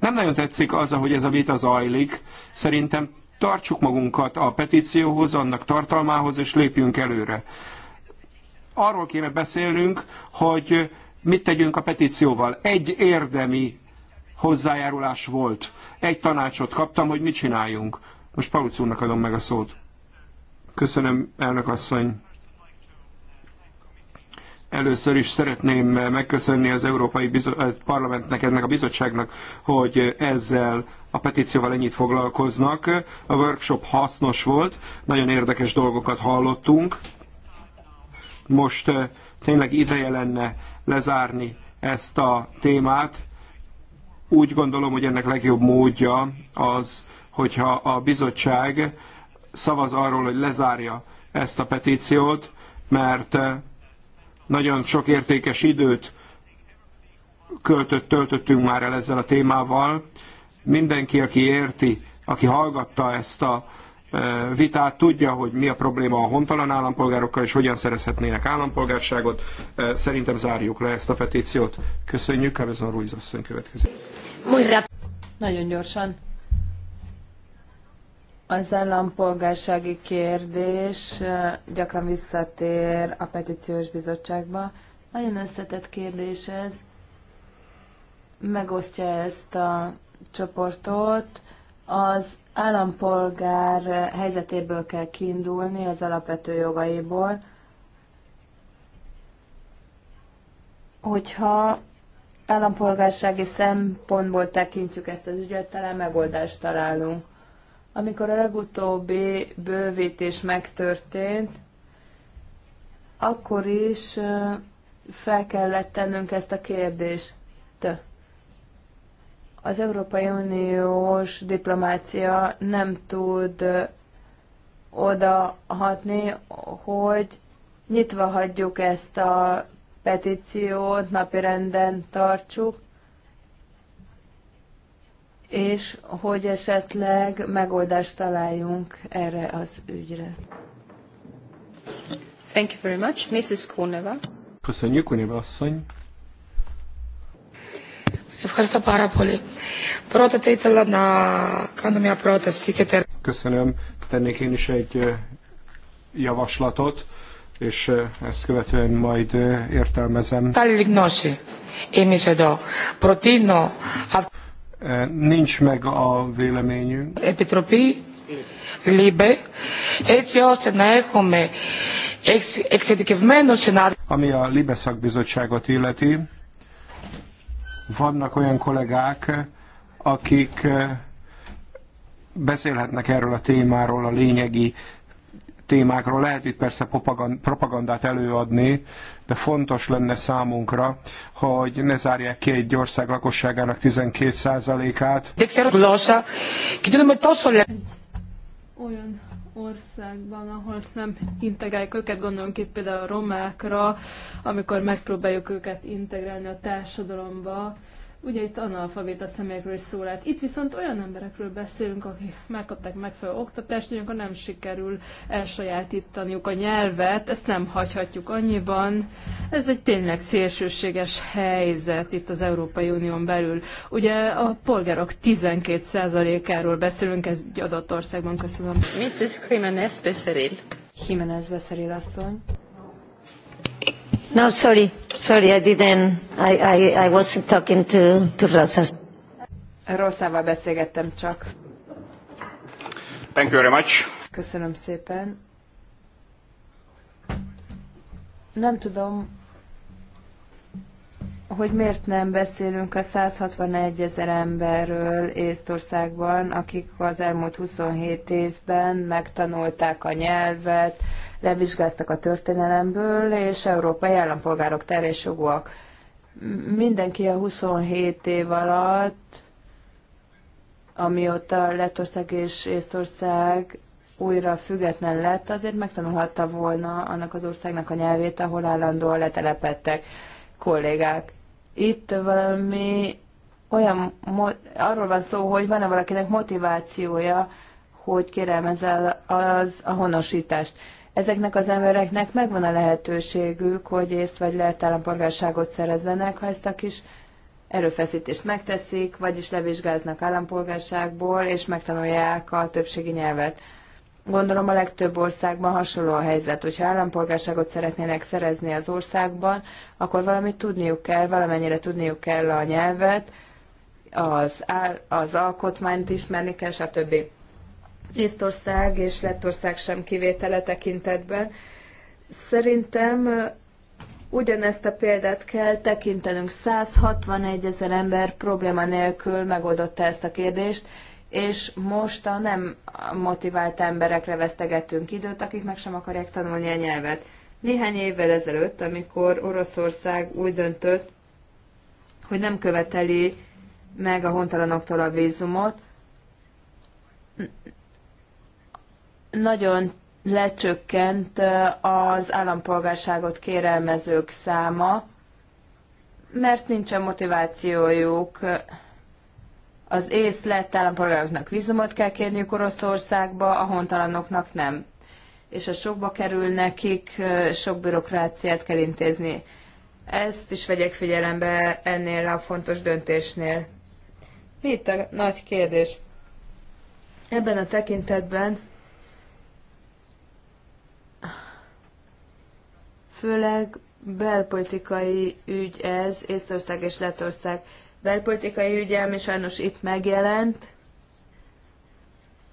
Nem nagyon tetszik az, ahogy ez a vita zajlik. Szerintem tartsuk magunkat a petícióhoz, annak tartalmához, és lépjünk előre. Arról kéne beszélnünk, hogy mit tegyünk a petícióval. Egy érdemi hozzájárulás volt. Egy tanácsot kaptam, hogy mit csináljunk. Most Paluc adom meg a szót. Köszönöm, elnök asszony. Először is szeretném megköszönni az Európai Parlamentnek, ennek a bizottságnak, hogy ezzel a petícióval ennyit foglalkoznak. A workshop hasznos volt, nagyon érdekes dolgokat hallottunk. Most eh, tényleg ideje lenne lezárni ezt a témát. Úgy gondolom, hogy ennek legjobb módja az, hogyha a bizottság szavaz arról, hogy lezárja ezt a petíciót, mert eh, nagyon sok értékes időt költött, töltöttünk már el ezzel a témával. Mindenki, aki érti, aki hallgatta ezt a e, vitát, tudja, hogy mi a probléma a hontalan állampolgárokkal, és hogyan szerezhetnének állampolgárságot. E, szerintem zárjuk le ezt a petíciót. Köszönjük, Kevezon Ruiz asszony következik.
Nagyon gyorsan. Az állampolgársági kérdés gyakran visszatér a petíciós bizottságba. Nagyon összetett kérdés ez. Megosztja ezt a csoportot. Az állampolgár helyzetéből kell kiindulni, az alapvető jogaiból. Hogyha állampolgársági szempontból tekintjük ezt az ügyet, talán megoldást találunk. Amikor a legutóbbi bővítés megtörtént, akkor is fel kellett tennünk ezt a kérdést. Az Európai Uniós diplomácia nem tud odahatni, hogy nyitva hagyjuk ezt a petíciót, napirenden tartsuk, és hogy esetleg megoldást találjunk erre az ügyre. Thank you very
much. Mrs. Kuneva.
Köszönjük, Kuneva asszony. Köszönöm. Tennék én is egy javaslatot, és ezt követően majd értelmezem. Táli γνώση. Εμείς Nincs meg a véleményünk. Epitropi Libe, έτσι ώστε ne έχουμε εξειδικευμένο συνάδελφο. Ami a Libe szakbizottságot illeti, vannak olyan kollégák, akik eh, beszélhetnek erről a témáról a lényegi témákról. Lehet itt persze propagandát előadni, de fontos lenne számunkra, hogy ne zárják ki egy ország lakosságának 12%-át.
Olyan országban, ahol nem integráljuk őket, gondolunk itt például a romákra, amikor megpróbáljuk őket integrálni a társadalomba, Ugye itt analfabéta személyekről is szó lehet. Itt viszont olyan emberekről beszélünk, akik megkapták megfelelő oktatást, hogy akkor nem sikerül elsajátítaniuk a nyelvet, ezt nem hagyhatjuk annyiban. Ez egy tényleg szélsőséges helyzet itt az Európai Unión belül. Ugye a polgárok 12%-áról beszélünk, ez egy adott országban. Köszönöm. Mrs. Jimenez Beszeril. Jimenez Beszeril asszony.
No, sorry, sorry, I didn't. I, I, I wasn't talking to, to Rosa. Rosszával beszélgettem csak.
Thank you very much.
Köszönöm szépen. Nem tudom, hogy miért nem beszélünk a 161 ezer emberről Észtországban, akik az elmúlt 27 évben megtanulták a nyelvet, levizsgáztak a történelemből, és európai állampolgárok terésjogúak. Mindenki a 27 év alatt, amióta Lettország és Észtország újra független lett, azért megtanulhatta volna annak az országnak a nyelvét, ahol állandóan letelepedtek kollégák. Itt valami olyan, arról van szó, hogy van-e valakinek motivációja, hogy kérelmezel az a honosítást. Ezeknek az embereknek megvan a lehetőségük, hogy észt vagy lehet állampolgárságot szerezzenek, ha ezt a kis erőfeszítést megteszik, vagyis levizsgáznak állampolgárságból, és megtanulják a többségi nyelvet. Gondolom a legtöbb országban hasonló a helyzet, hogyha állampolgárságot szeretnének szerezni az országban, akkor valamit tudniuk kell, valamennyire tudniuk kell a nyelvet, az, áll, az alkotmányt ismerni kell, stb. Észtország és Lettország sem kivétele tekintetben. Szerintem ugyanezt a példát kell tekintenünk. 161 ezer ember probléma nélkül megoldotta ezt a kérdést, és most a nem motivált emberekre vesztegettünk időt, akik meg sem akarják tanulni a nyelvet. Néhány évvel ezelőtt, amikor Oroszország úgy döntött, hogy nem követeli meg a hontalanoktól a vízumot, nagyon lecsökkent az állampolgárságot kérelmezők száma, mert nincsen motivációjuk. Az ész lett állampolgároknak vízumot kell kérniük Oroszországba, a hontalanoknak nem. És a sokba kerül nekik, sok bürokráciát kell intézni. Ezt is vegyek figyelembe ennél a fontos döntésnél. Mi itt a nagy kérdés? Ebben a tekintetben főleg belpolitikai ügy ez, Észország és Letország belpolitikai ügye, ami sajnos itt megjelent,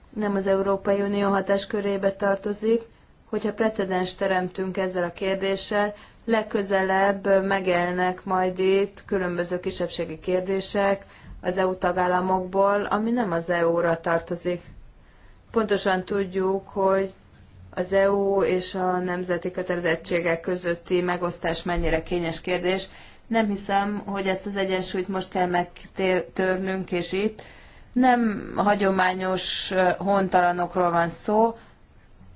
nem az Európai Unió hatáskörébe tartozik, hogyha precedens teremtünk ezzel a kérdéssel, legközelebb megjelennek majd itt különböző kisebbségi kérdések az EU tagállamokból, ami nem az EU-ra tartozik. Pontosan tudjuk, hogy az EU és a nemzeti kötelezettségek közötti megosztás mennyire kényes kérdés. Nem hiszem, hogy ezt az egyensúlyt most kell megtörnünk, és itt nem hagyományos hontalanokról van szó,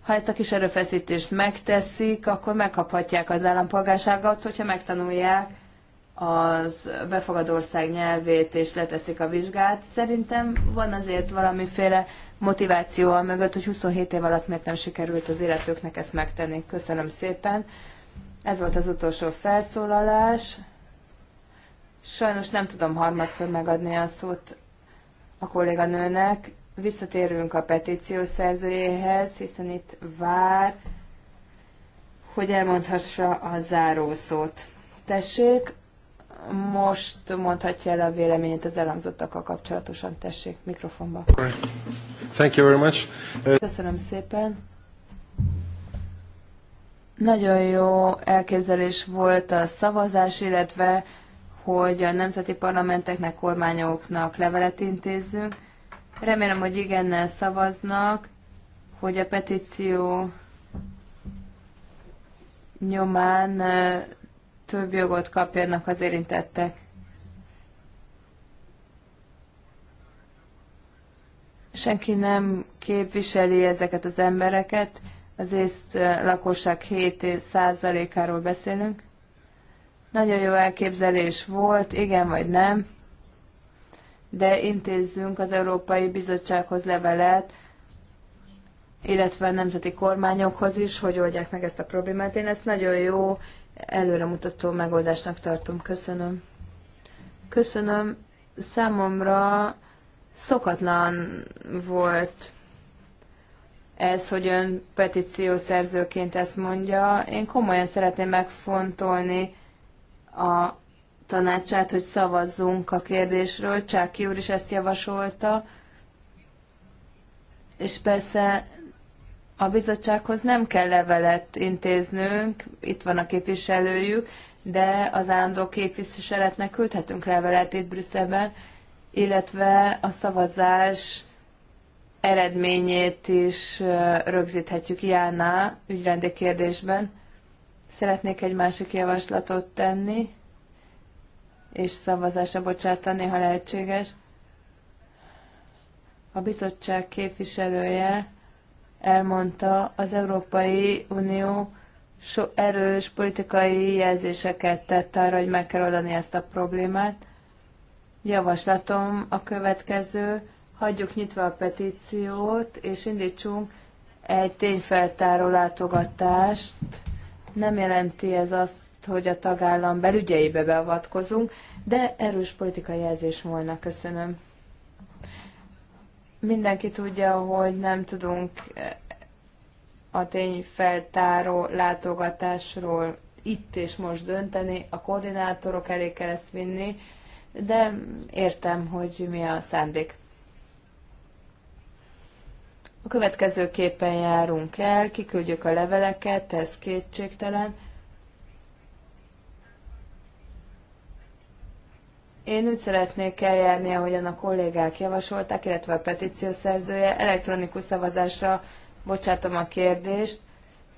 ha ezt a kis erőfeszítést megteszik, akkor megkaphatják az állampolgárságot, hogyha megtanulják az befogadó ország nyelvét és leteszik a vizsgát. Szerintem van azért valamiféle motiváció a mögött, hogy 27 év alatt miért nem sikerült az életüknek ezt megtenni. Köszönöm szépen. Ez volt az utolsó felszólalás. Sajnos nem tudom harmadszor megadni a szót a kolléganőnek. Visszatérünk a petíció szerzőjéhez, hiszen itt vár, hogy elmondhassa a zárószót. Tessék, most mondhatja el a véleményét az elhangzottakkal kapcsolatosan. Tessék, mikrofonba.
Thank you very much.
Köszönöm szépen. Nagyon jó elképzelés volt a szavazás, illetve hogy a nemzeti parlamenteknek, kormányoknak levelet intézzünk. Remélem, hogy igennel szavaznak, hogy a petíció nyomán több jogot kapjanak az érintettek. Senki nem képviseli ezeket az embereket, az ész lakosság 7%-áról beszélünk. Nagyon jó elképzelés volt, igen vagy nem, de intézzünk az Európai Bizottsághoz levelet, illetve a nemzeti kormányokhoz is, hogy oldják meg ezt a problémát. Én ezt nagyon jó előremutató megoldásnak tartom. Köszönöm. Köszönöm. Számomra szokatlan volt ez, hogy ön petíciószerzőként ezt mondja. Én komolyan szeretném megfontolni a tanácsát, hogy szavazzunk a kérdésről. Csáki úr is ezt javasolta. És persze a bizottsághoz nem kell levelet intéznünk, itt van a képviselőjük, de az állandó képviseletnek küldhetünk levelet itt Brüsszelben, illetve a szavazás eredményét is rögzíthetjük Jánál ügyrendi kérdésben. Szeretnék egy másik javaslatot tenni, és szavazásra bocsátani, ha lehetséges. A bizottság képviselője elmondta, az Európai Unió so erős politikai jelzéseket tett arra, hogy meg kell oldani ezt a problémát. Javaslatom a következő, hagyjuk nyitva a petíciót, és indítsunk egy tényfeltáró látogatást. Nem jelenti ez azt, hogy a tagállam belügyeibe beavatkozunk, de erős politikai jelzés volna. Köszönöm. Mindenki tudja, hogy nem tudunk eh, a tényfeltáró látogatásról itt és most dönteni, a koordinátorok elé kell ezt vinni, de értem, hogy mi a szándék. A következő képen járunk el, kiküldjük a leveleket, ez kétségtelen, Én úgy szeretnék eljárni, ahogyan a kollégák javasolták, illetve a petíció szerzője. Elektronikus szavazásra bocsátom a kérdést,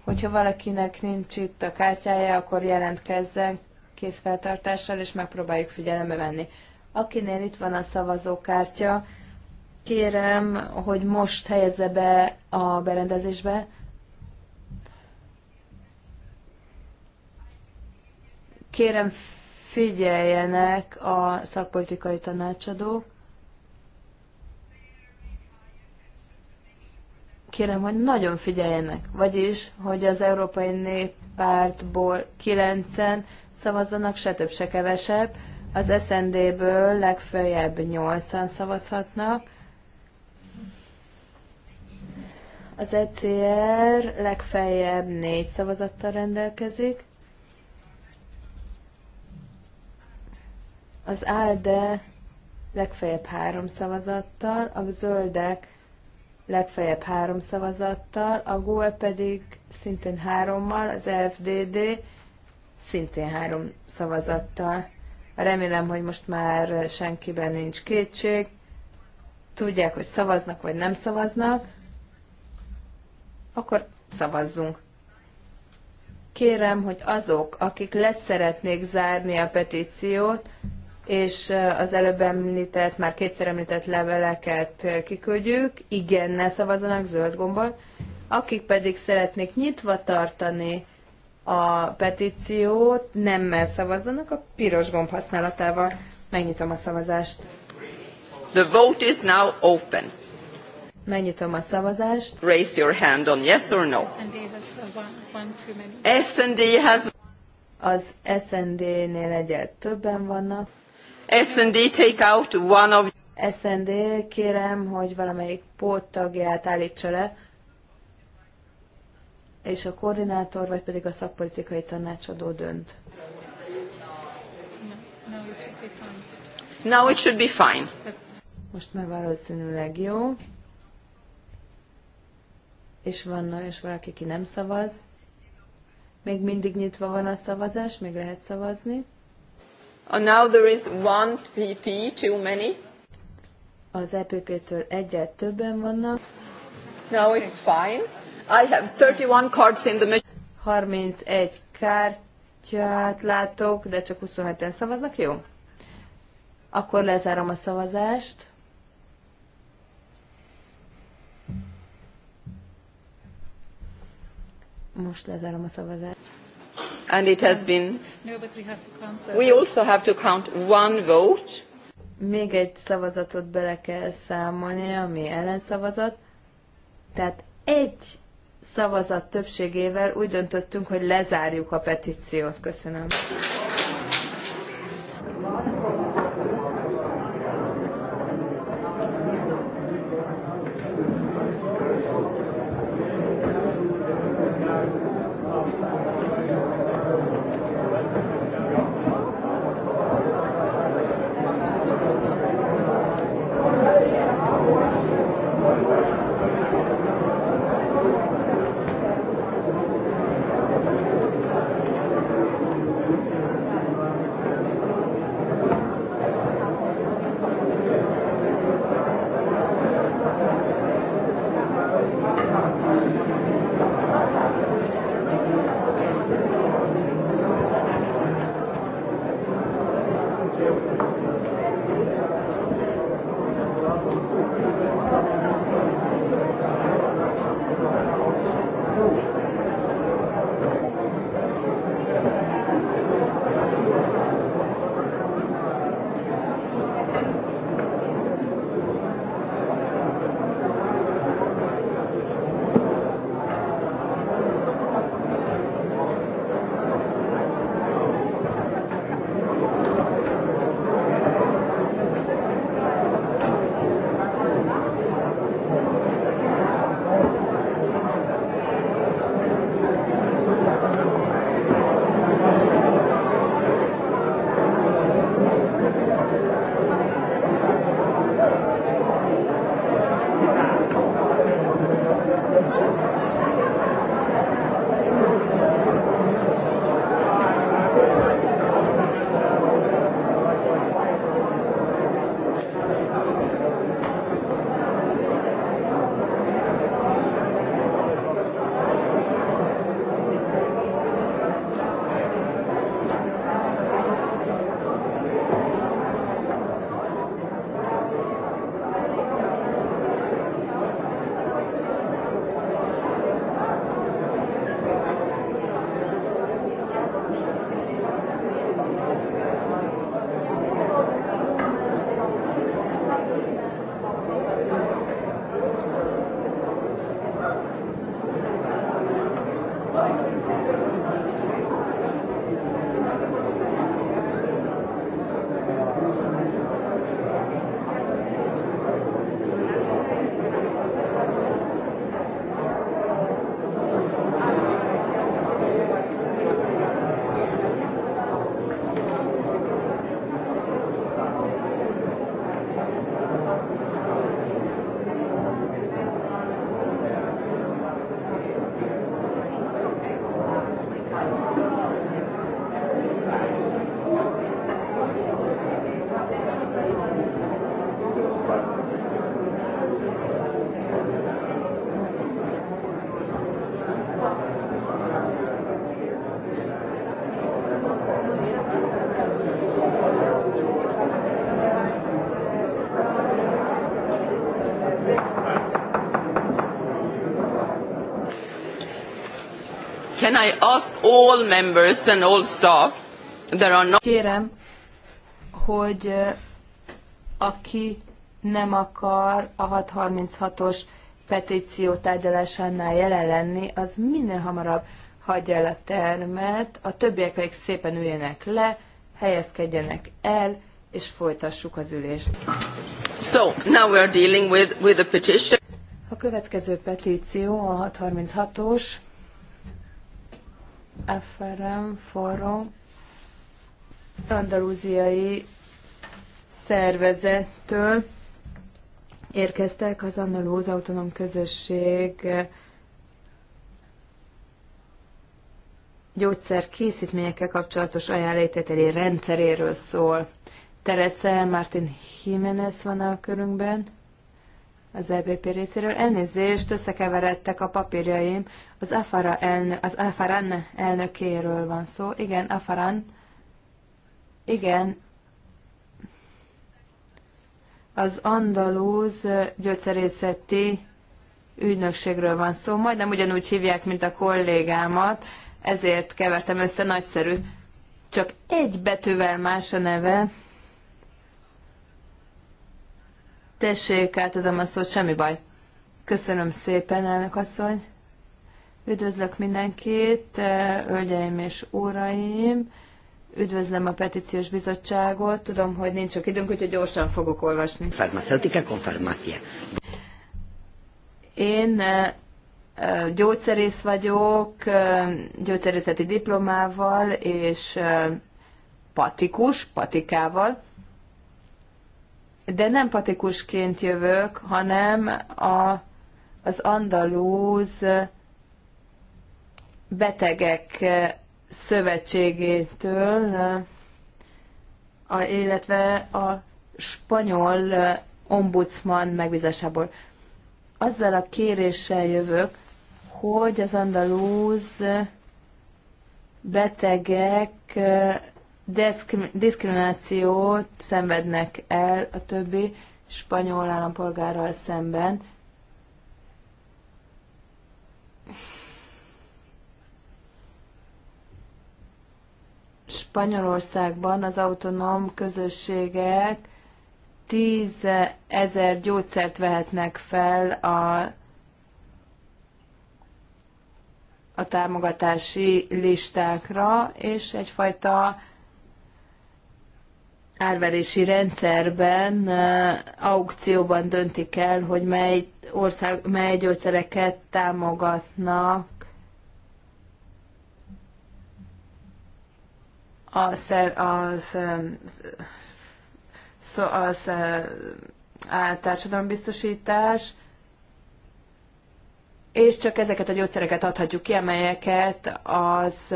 hogyha valakinek nincs itt a kártyája, akkor jelentkezzen készfeltartással, és megpróbáljuk figyelembe venni. Akinél itt van a szavazókártya, kérem, hogy most helyezze be a berendezésbe. Kérem, figyeljenek a szakpolitikai tanácsadók. Kérem, hogy nagyon figyeljenek, vagyis, hogy az Európai Néppártból kilencen szavazzanak, se több, se kevesebb, az SND-ből legfeljebb nyolcan szavazhatnak, az ECR legfeljebb négy szavazattal rendelkezik, Az ALDE legfeljebb három szavazattal, a zöldek legfeljebb három szavazattal, a GOE pedig szintén hárommal, az FDD szintén három szavazattal. Remélem, hogy most már senkiben nincs kétség. Tudják, hogy szavaznak vagy nem szavaznak. Akkor szavazzunk. Kérem, hogy azok, akik leszeretnék zárni a petíciót, és eh, az előbb említett, már kétszer említett leveleket eh, kiküldjük, igen, ne szavazzanak zöld gombbal, akik pedig szeretnék nyitva tartani a petíciót, nemmel szavazzanak, a piros gomb használatával. Megnyitom a szavazást.
The vote is now open.
Megnyitom a szavazást.
Raise your hand on yes or no. S&D uh, has... Az SND-nél egyet többen vannak. S&D take out one of...
S&D kérem, hogy valamelyik póttagját állítsa le, és a koordinátor, vagy pedig a szakpolitikai tanácsadó dönt. Now
it should be fine.
Most már valószínűleg jó. És van és valaki, ki nem szavaz. Még mindig nyitva van a szavazás, még lehet szavazni.
And now there is one PP too many.
Az EPP-től egyet többen vannak.
Now it's fine. I have 31 cards in the machine. 31
kártyát látok, de csak 27-en szavaznak, jó? Akkor lezárom a szavazást.
Most lezárom a szavazást and it has been
no, but we, have to count the... we also
have to count one vote.
Még egy szavazatot bele kell számolni, ami ellenszavazat. Tehát egy szavazat többségével úgy döntöttünk, hogy lezárjuk a petíciót. Köszönöm.
Can I ask all members and all staff there are not... Kérem,
hogy aki nem akar a 636-os petíció tárgyalásánál jelen lenni, az minél hamarabb hagyja el a termet, a többiek pedig szépen üljenek le, helyezkedjenek el, és folytassuk az ülést.
So, now we are dealing with, with a petition.
A következő petíció a 636-os, FRM Forum andalúziai szervezettől érkeztek az andalúz autonóm közösség gyógyszer készítményekkel kapcsolatos ajánlétételi rendszeréről szól. Teresa Martin Jiménez van a körünkben, az EBP részéről. Elnézést, összekeveredtek a papírjaim. Az Afara elnö- az Afaran elnökéről van szó. Igen, Afaran. Igen. Az andalúz gyógyszerészeti ügynökségről van szó. Majdnem ugyanúgy hívják, mint a kollégámat, ezért kevertem össze nagyszerű. Csak egy betűvel más a neve. Tessék, átadom a szót, semmi baj. Köszönöm szépen, elnök asszony. Üdvözlök mindenkit, eh, hölgyeim és uraim. Üdvözlöm a petíciós bizottságot. Tudom, hogy nincs sok időnk, úgyhogy gyorsan fogok olvasni. Farmaceutica con farmacia. Én eh, eh, gyógyszerész vagyok, gyógyszerészeti diplomával és patikus, patikával de nem patikusként jövök, hanem a, az andalúz betegek szövetségétől, a, illetve a spanyol ombudsman megbízásából. Azzal a kéréssel jövök, hogy az andalúz betegek diszkriminációt szenvednek el a többi spanyol állampolgárral szemben. Spanyolországban az autonóm közösségek 10 ezer gyógyszert vehetnek fel a, a támogatási listákra, és egyfajta árverési rendszerben eh, aukcióban döntik el, hogy mely, ország, mely gyógyszereket támogatnak az, eh, az, az, eh, az társadalombiztosítás, és csak ezeket a gyógyszereket adhatjuk ki, amelyeket az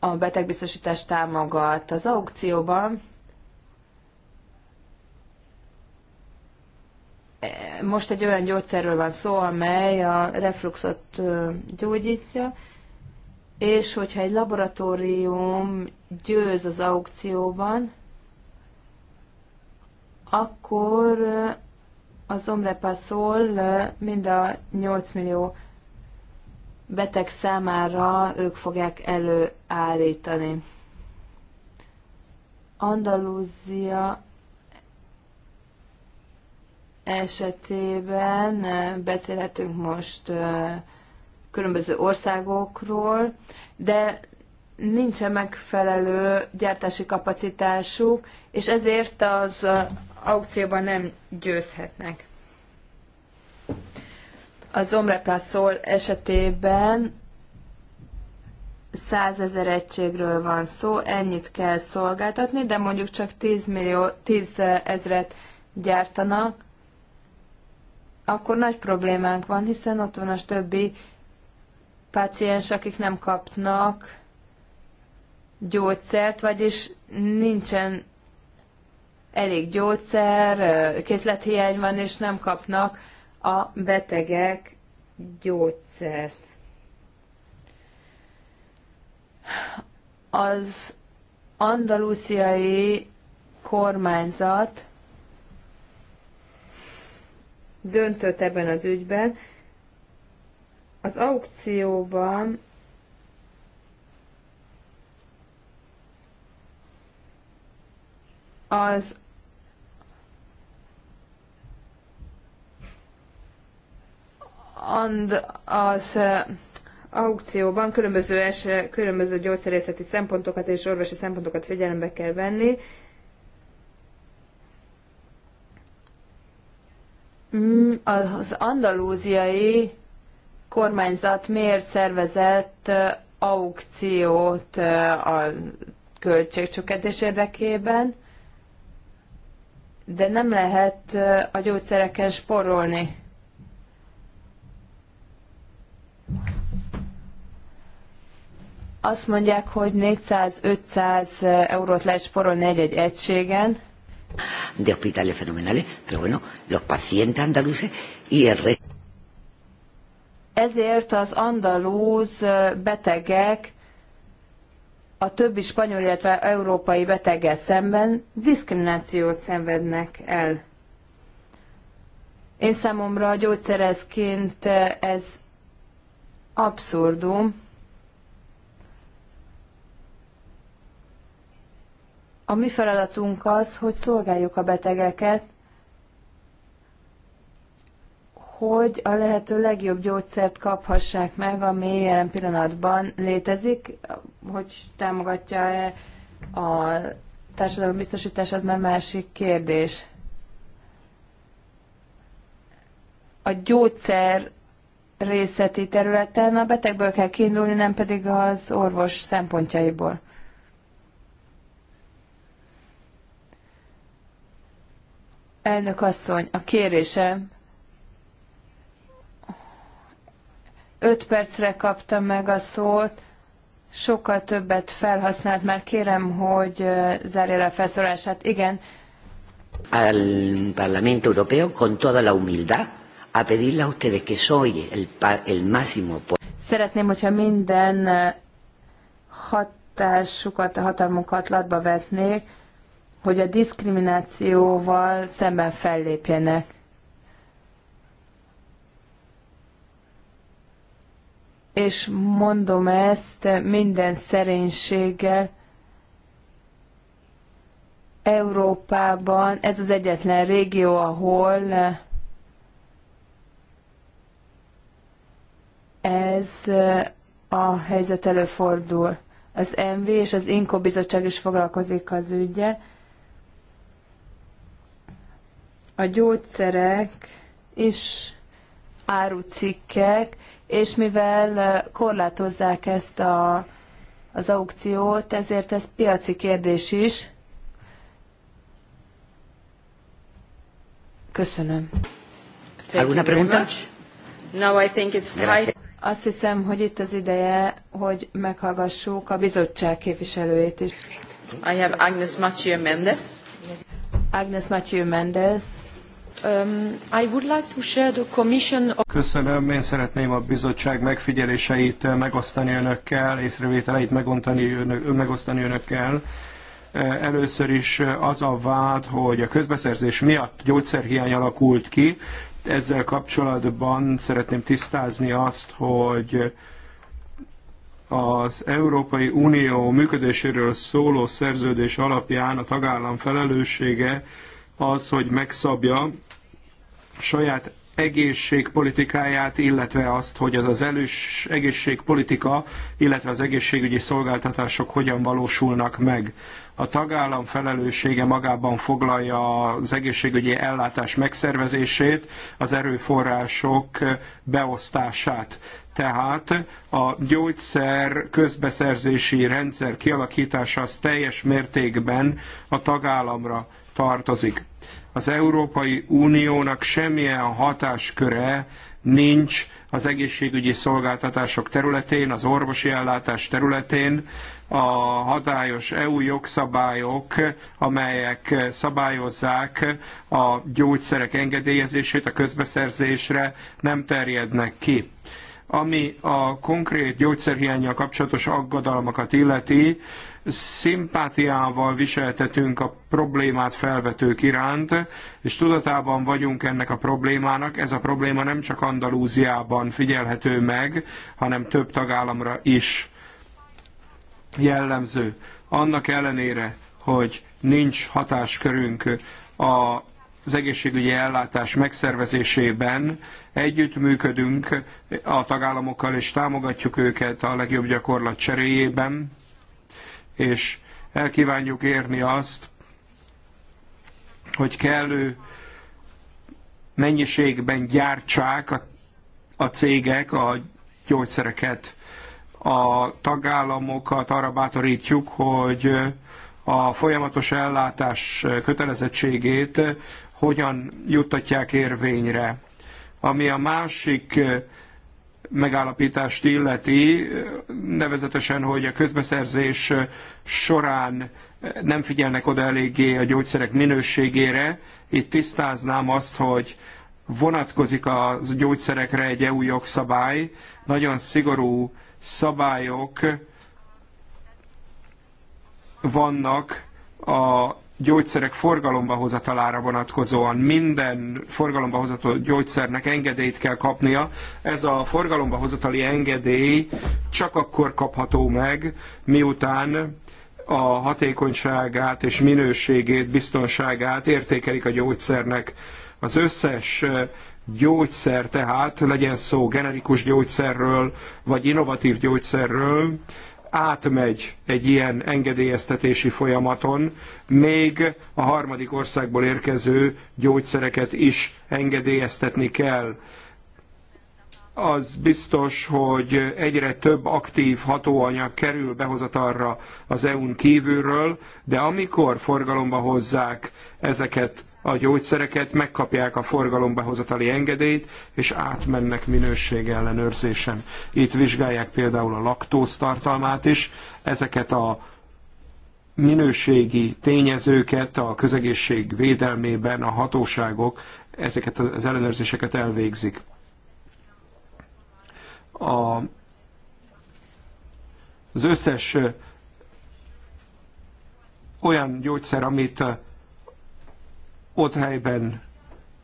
a betegbiztosítás támogat. Az aukcióban eh, most egy olyan gyógyszerről van szó, amely a refluxot gyógyítja, és hogyha egy laboratórium győz az aukcióban, akkor az szól mind a 8 millió beteg számára ők fogják előállítani. Andalúzia esetében eh, beszélhetünk most eh, különböző országokról, de nincsen megfelelő gyártási kapacitásuk, és ezért az eh, aukcióban nem győzhetnek. Az Zomrepászol esetében 100 ezer egységről van szó, ennyit kell szolgáltatni, de mondjuk csak 10, millió, 10 eh, ezret gyártanak, akkor nagy problémánk van, hiszen ott van a többi páciens, akik nem kapnak gyógyszert, vagyis nincsen elég gyógyszer, eh, készlethiány van, és nem kapnak a betegek gyógyszert. Az andalúziai kormányzat döntött ebben az ügyben. Az aukcióban az and az aukcióban különböző, es, különböző gyógyszerészeti szempontokat és orvosi szempontokat figyelembe kell venni. Mm, az andalúziai kormányzat miért szervezett aukciót a költségcsökkentés érdekében, de nem lehet a gyógyszereken sporolni. Azt mondják, hogy 400-500 eurót lehet sporolni egy-egy egységen. De hospitales fenomenales, pero bueno, los pacientes andaluces y el resto. Ezért az andalúz betegek a többi spanyol, illetve európai beteggel szemben diszkriminációt szenvednek el. Én számomra a gyógyszerezként ez abszurdum. A mi feladatunk az, hogy szolgáljuk a betegeket, hogy a lehető legjobb gyógyszert kaphassák meg, ami jelen pillanatban létezik, hogy támogatja-e a társadalom biztosítás, az már másik kérdés. A gyógyszer részeti területen a betegből kell kiindulni, nem pedig az orvos szempontjaiból. Elnök asszony, a kérésem, öt percre kaptam meg a szót, sokkal többet felhasznált, már kérem, hogy zárja le a felszólását. Igen.
Al Parlamento Europeo, con toda la humildad, a pedirle a ustedes que soy el, el máximo...
Szeretném, hogyha minden hatásukat, a hatalmukat latba vetnék, hogy a diszkriminációval szemben fellépjenek. És mondom ezt minden szerénységgel, Európában ez az egyetlen régió, ahol ez a helyzet előfordul. Az MV és az Inko bizottság is foglalkozik az ügyel, a gyógyszerek is árucikkek, és mivel korlátozzák ezt a, az aukciót, ezért ez piaci kérdés is. Köszönöm. Alguna pregunta? I think it's Azt hiszem, hogy itt az ideje, hogy meghallgassuk a bizottság képviselőjét is.
I have Agnes Mathieu Mendes.
Agnes Mathieu Mendes Um,
Köszönöm, én szeretném a bizottság megfigyeléseit megosztani önökkel, észrevételeit megontani önök, megosztani önökkel. Eh, először is eh, az a vád, hogy a közbeszerzés miatt gyógyszerhiány alakult ki. Ezzel kapcsolatban szeretném tisztázni azt, hogy az Európai Unió működéséről szóló szerződés alapján a tagállam felelőssége az, hogy megszabja saját egészségpolitikáját, illetve azt, hogy az az elős egészségpolitika, illetve az egészségügyi szolgáltatások hogyan valósulnak meg. A tagállam felelőssége magában foglalja az egészségügyi ellátás megszervezését, az erőforrások beosztását. Tehát a gyógyszer közbeszerzési rendszer kialakítása az teljes mértékben a tagállamra tartozik. Az Európai Uniónak semmilyen hatásköre nincs az egészségügyi szolgáltatások területén, az orvosi ellátás területén. A hatályos EU jogszabályok, amelyek szabályozzák a gyógyszerek engedélyezését a közbeszerzésre, nem terjednek ki ami a konkrét gyógyszerhiányjal kapcsolatos aggodalmakat illeti, szimpátiával viseltetünk a problémát felvetők iránt, és tudatában vagyunk ennek a problémának. Ez a probléma nem csak Andalúziában figyelhető meg, hanem több tagállamra is jellemző. Annak ellenére, hogy nincs hatáskörünk a az egészségügyi ellátás megszervezésében együttműködünk a tagállamokkal és támogatjuk őket a legjobb gyakorlat cseréjében és el kívánjuk érni azt, hogy kellő mennyiségben gyártsák a, a cégek a gyógyszereket. A tagállamokat arra bátorítjuk, hogy a folyamatos ellátás kötelezettségét hogyan juttatják érvényre. Ami a másik megállapítást illeti, nevezetesen, hogy a közbeszerzés során nem figyelnek oda eléggé a gyógyszerek minőségére. Itt tisztáznám azt, hogy vonatkozik a gyógyszerekre egy EU jogszabály, nagyon szigorú szabályok vannak a gyógyszerek forgalomba hozatalára vonatkozóan minden forgalomba hozatott gyógyszernek engedélyt kell kapnia. Ez a forgalomba hozatali engedély csak akkor kapható meg, miután a hatékonyságát és minőségét, biztonságát értékelik a gyógyszernek. Az összes gyógyszer tehát, legyen szó generikus gyógyszerről, vagy innovatív gyógyszerről, átmegy egy ilyen engedélyeztetési folyamaton, még a harmadik országból érkező gyógyszereket is engedélyeztetni kell. Az biztos, hogy egyre több aktív hatóanyag kerül behozatalra az EU-n kívülről, de amikor forgalomba hozzák ezeket a gyógyszereket, megkapják a forgalombehozatali engedélyt, és átmennek minőségellenőrzésen. Itt vizsgálják például a laktóz tartalmát is, ezeket a minőségi tényezőket a közegészség védelmében a hatóságok ezeket az ellenőrzéseket elvégzik. A, az összes olyan gyógyszer, amit ott helyben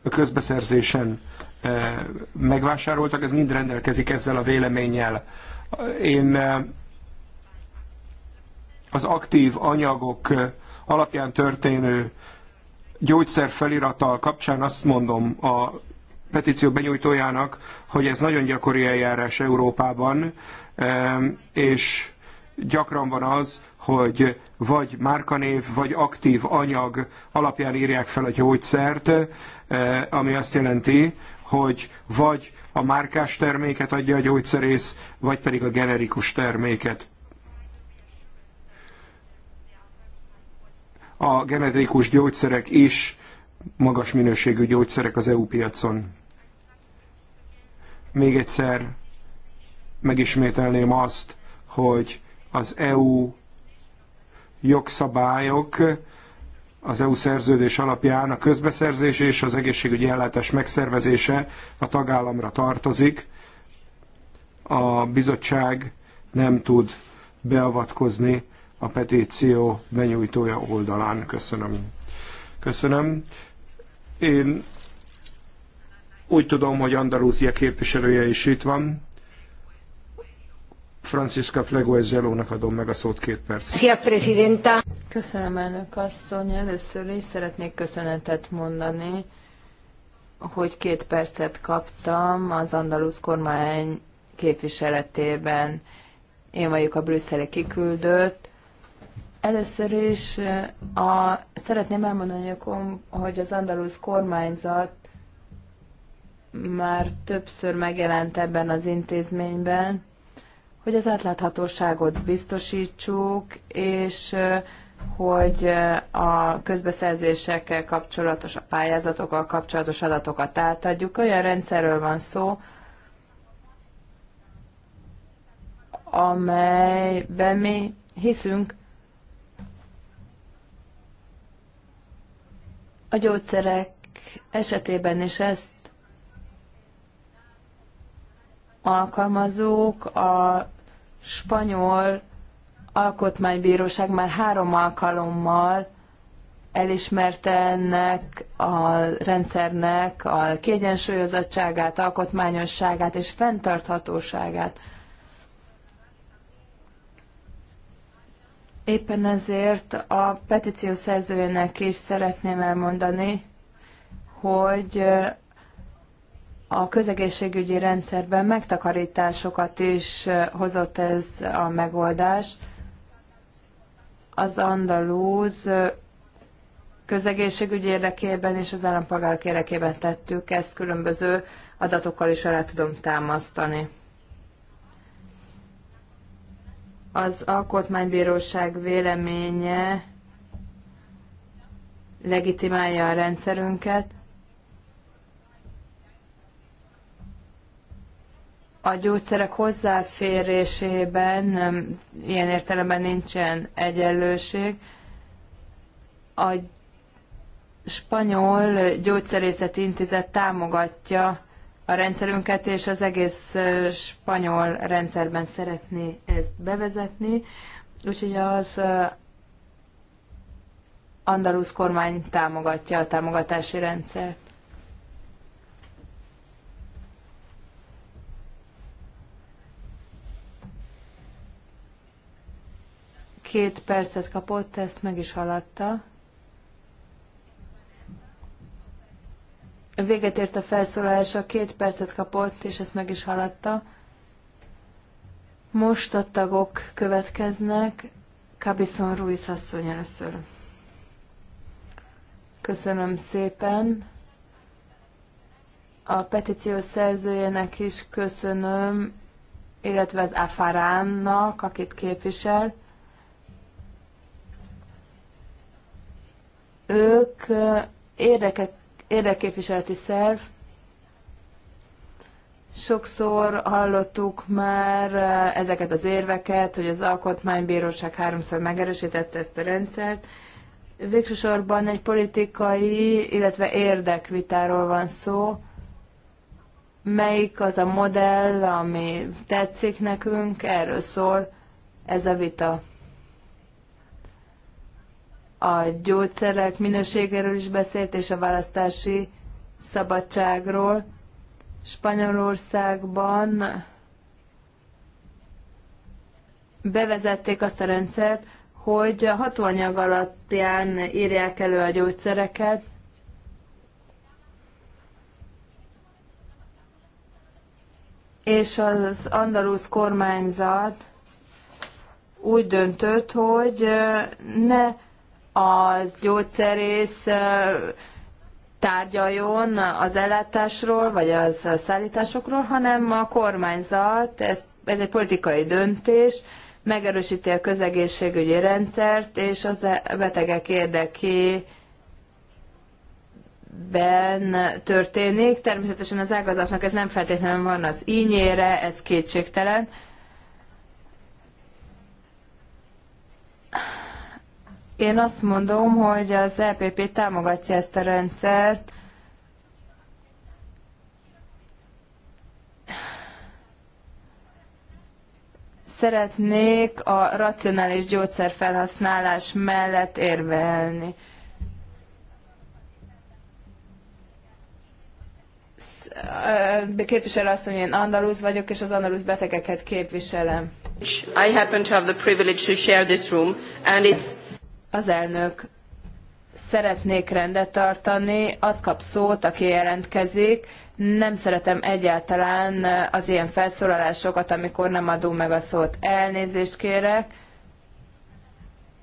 a közbeszerzésen eh, megvásároltak, ez mind rendelkezik ezzel a véleménnyel. Én eh, az aktív anyagok eh, alapján történő gyógyszer felirattal kapcsán azt mondom a petíció benyújtójának, hogy ez nagyon gyakori eljárás Európában, és gyakran van az, hogy vagy márkanév, vagy aktív anyag alapján írják fel a gyógyszert, eh, ami azt jelenti, hogy vagy a márkás terméket adja a gyógyszerész, vagy pedig a generikus terméket. A generikus gyógyszerek is magas minőségű gyógyszerek az EU piacon. Még egyszer megismételném azt, hogy az EU jogszabályok az EU szerződés alapján a közbeszerzés és az egészségügyi ellátás megszervezése a tagállamra tartozik. A bizottság nem tud beavatkozni a petíció benyújtója oldalán. Köszönöm. Köszönöm. Én úgy tudom, hogy Andalúzia képviselője is itt van. Francisca Plegoezelónak adom meg a szót két perc.
Szia, prezidenta! Köszönöm, elnök asszony. Először is szeretnék köszönetet mondani, hogy két percet kaptam az andalusz kormány képviseletében. Én vagyok a brüsszeli kiküldött. Először is a, szeretném elmondani, hogy az andalusz kormányzat már többször megjelent ebben az intézményben, hogy az átláthatóságot biztosítsuk, és hogy a közbeszerzésekkel kapcsolatos, a pályázatokkal kapcsolatos adatokat átadjuk. Olyan rendszerről van szó, amelyben mi hiszünk a gyógyszerek esetében is ezt alkalmazók, a spanyol alkotmánybíróság már három alkalommal elismerte ennek a rendszernek a kiegyensúlyozottságát, alkotmányosságát és fenntarthatóságát. Éppen ezért a petíció szerzőjének is szeretném elmondani, hogy a közegészségügyi rendszerben megtakarításokat is hozott ez a megoldás. Az andalúz közegészségügyi érdekében és az állampolgárok érdekében tettük, ezt különböző adatokkal is alá tudom támasztani. Az Alkotmánybíróság véleménye legitimálja a rendszerünket, a gyógyszerek hozzáférésében nem, ilyen értelemben nincsen egyenlőség. A spanyol gyógyszerészeti intézet támogatja a rendszerünket, és az egész spanyol rendszerben szeretné ezt bevezetni. Úgyhogy az andalusz kormány támogatja a támogatási rendszert. Két percet kapott, ezt meg is haladta. Véget ért a felszólalása, két percet kapott, és ezt meg is haladta. Most a tagok következnek. Cabison Ruiz asszony először. Köszönöm szépen. A petíció szerzőjének is köszönöm, illetve az Afaránnak, akit képvisel. Ők érdeke, érdekképviseleti szerv, Sokszor hallottuk már ezeket az érveket, hogy az Alkotmánybíróság háromszor megerősítette ezt a rendszert. Végsősorban egy politikai, illetve érdekvitáról van szó, melyik az a modell, ami tetszik nekünk, erről szól ez a vita a gyógyszerek minőségéről is beszélt, és a választási szabadságról. Spanyolországban bevezették azt a rendszert, hogy a hatóanyag alapján írják elő a gyógyszereket, és az andalusz kormányzat úgy döntött, hogy ne az gyógyszerész tárgyaljon az ellátásról, vagy az szállításokról, hanem a kormányzat, ez, ez egy politikai döntés, megerősíti a közegészségügyi rendszert, és az a e- betegek érdekében történik. Természetesen az ágazatnak ez nem feltétlenül van az ínyére, ez kétségtelen, Én azt mondom, hogy az EPP támogatja ezt a rendszert, szeretnék a racionális gyógyszerfelhasználás mellett érvelni. Képviselő asszony, én andalusz vagyok, és az andalusz betegeket képviselem.
I happen to have the privilege to share this room, and it's az
elnök szeretnék rendet tartani, az kap szót, aki jelentkezik. Nem szeretem egyáltalán az ilyen felszólalásokat, amikor nem adom meg a szót. Elnézést kérek.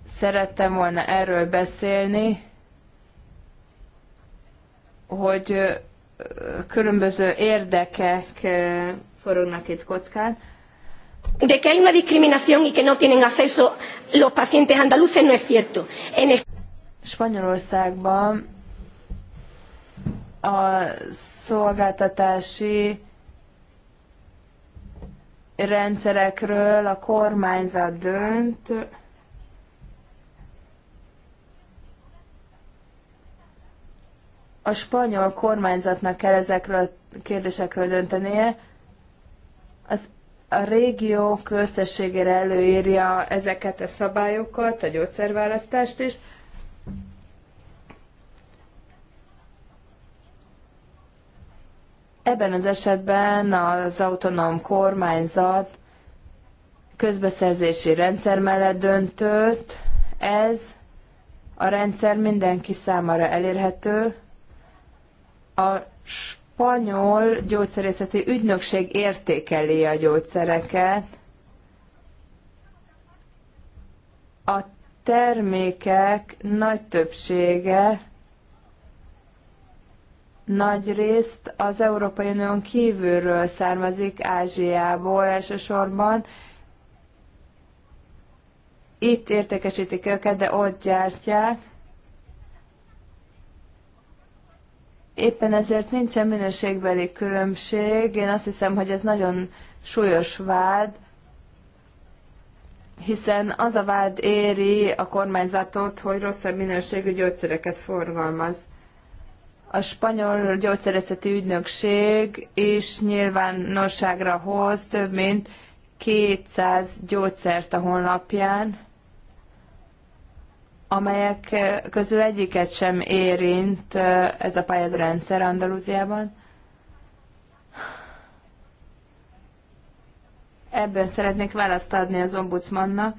Szerettem volna erről beszélni, hogy különböző érdekek forognak itt
kockán. De que hay una discriminación y que no tienen acceso los pacientes andaluces no es cierto. En el...
Spanyolországban a szolgáltatási rendszerekről a kormányzat dönt, a spanyol kormányzatnak kell ezekről a kérdésekről döntenie. Az a régió összességére előírja ezeket a szabályokat, a gyógyszerválasztást is. Ebben az esetben az autonóm kormányzat közbeszerzési rendszer mellett döntött, ez a rendszer mindenki számára elérhető, a spanyol gyógyszerészeti ügynökség értékeli a gyógyszereket. A termékek nagy többsége nagy részt az Európai Unión kívülről származik, Ázsiából elsősorban. Itt értékesítik őket, de ott gyártják Éppen ezért nincsen minőségbeli különbség. Én azt hiszem, hogy ez nagyon súlyos vád, hiszen az a vád éri a kormányzatot, hogy rosszabb minőségű gyógyszereket forgalmaz. A spanyol gyógyszerészeti ügynökség is nyilvánosságra hoz több mint 200 gyógyszert a honlapján, amelyek eh, közül egyiket sem érint eh, ez a rendszer Andalúziában. Ebben szeretnék választ adni az ombudsmannak.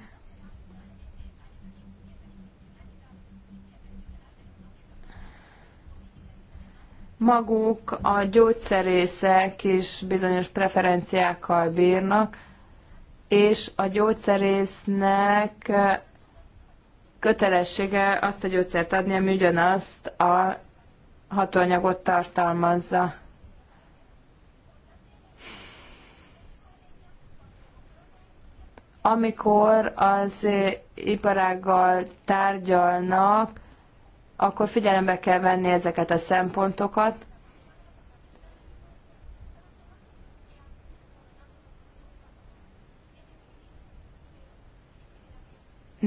Maguk a gyógyszerészek is bizonyos preferenciákkal bírnak, és a gyógyszerésznek eh, kötelessége azt a gyógyszert adni, ami ugyanazt a hatóanyagot tartalmazza. Amikor az iparággal tárgyalnak, akkor figyelembe kell venni ezeket a szempontokat,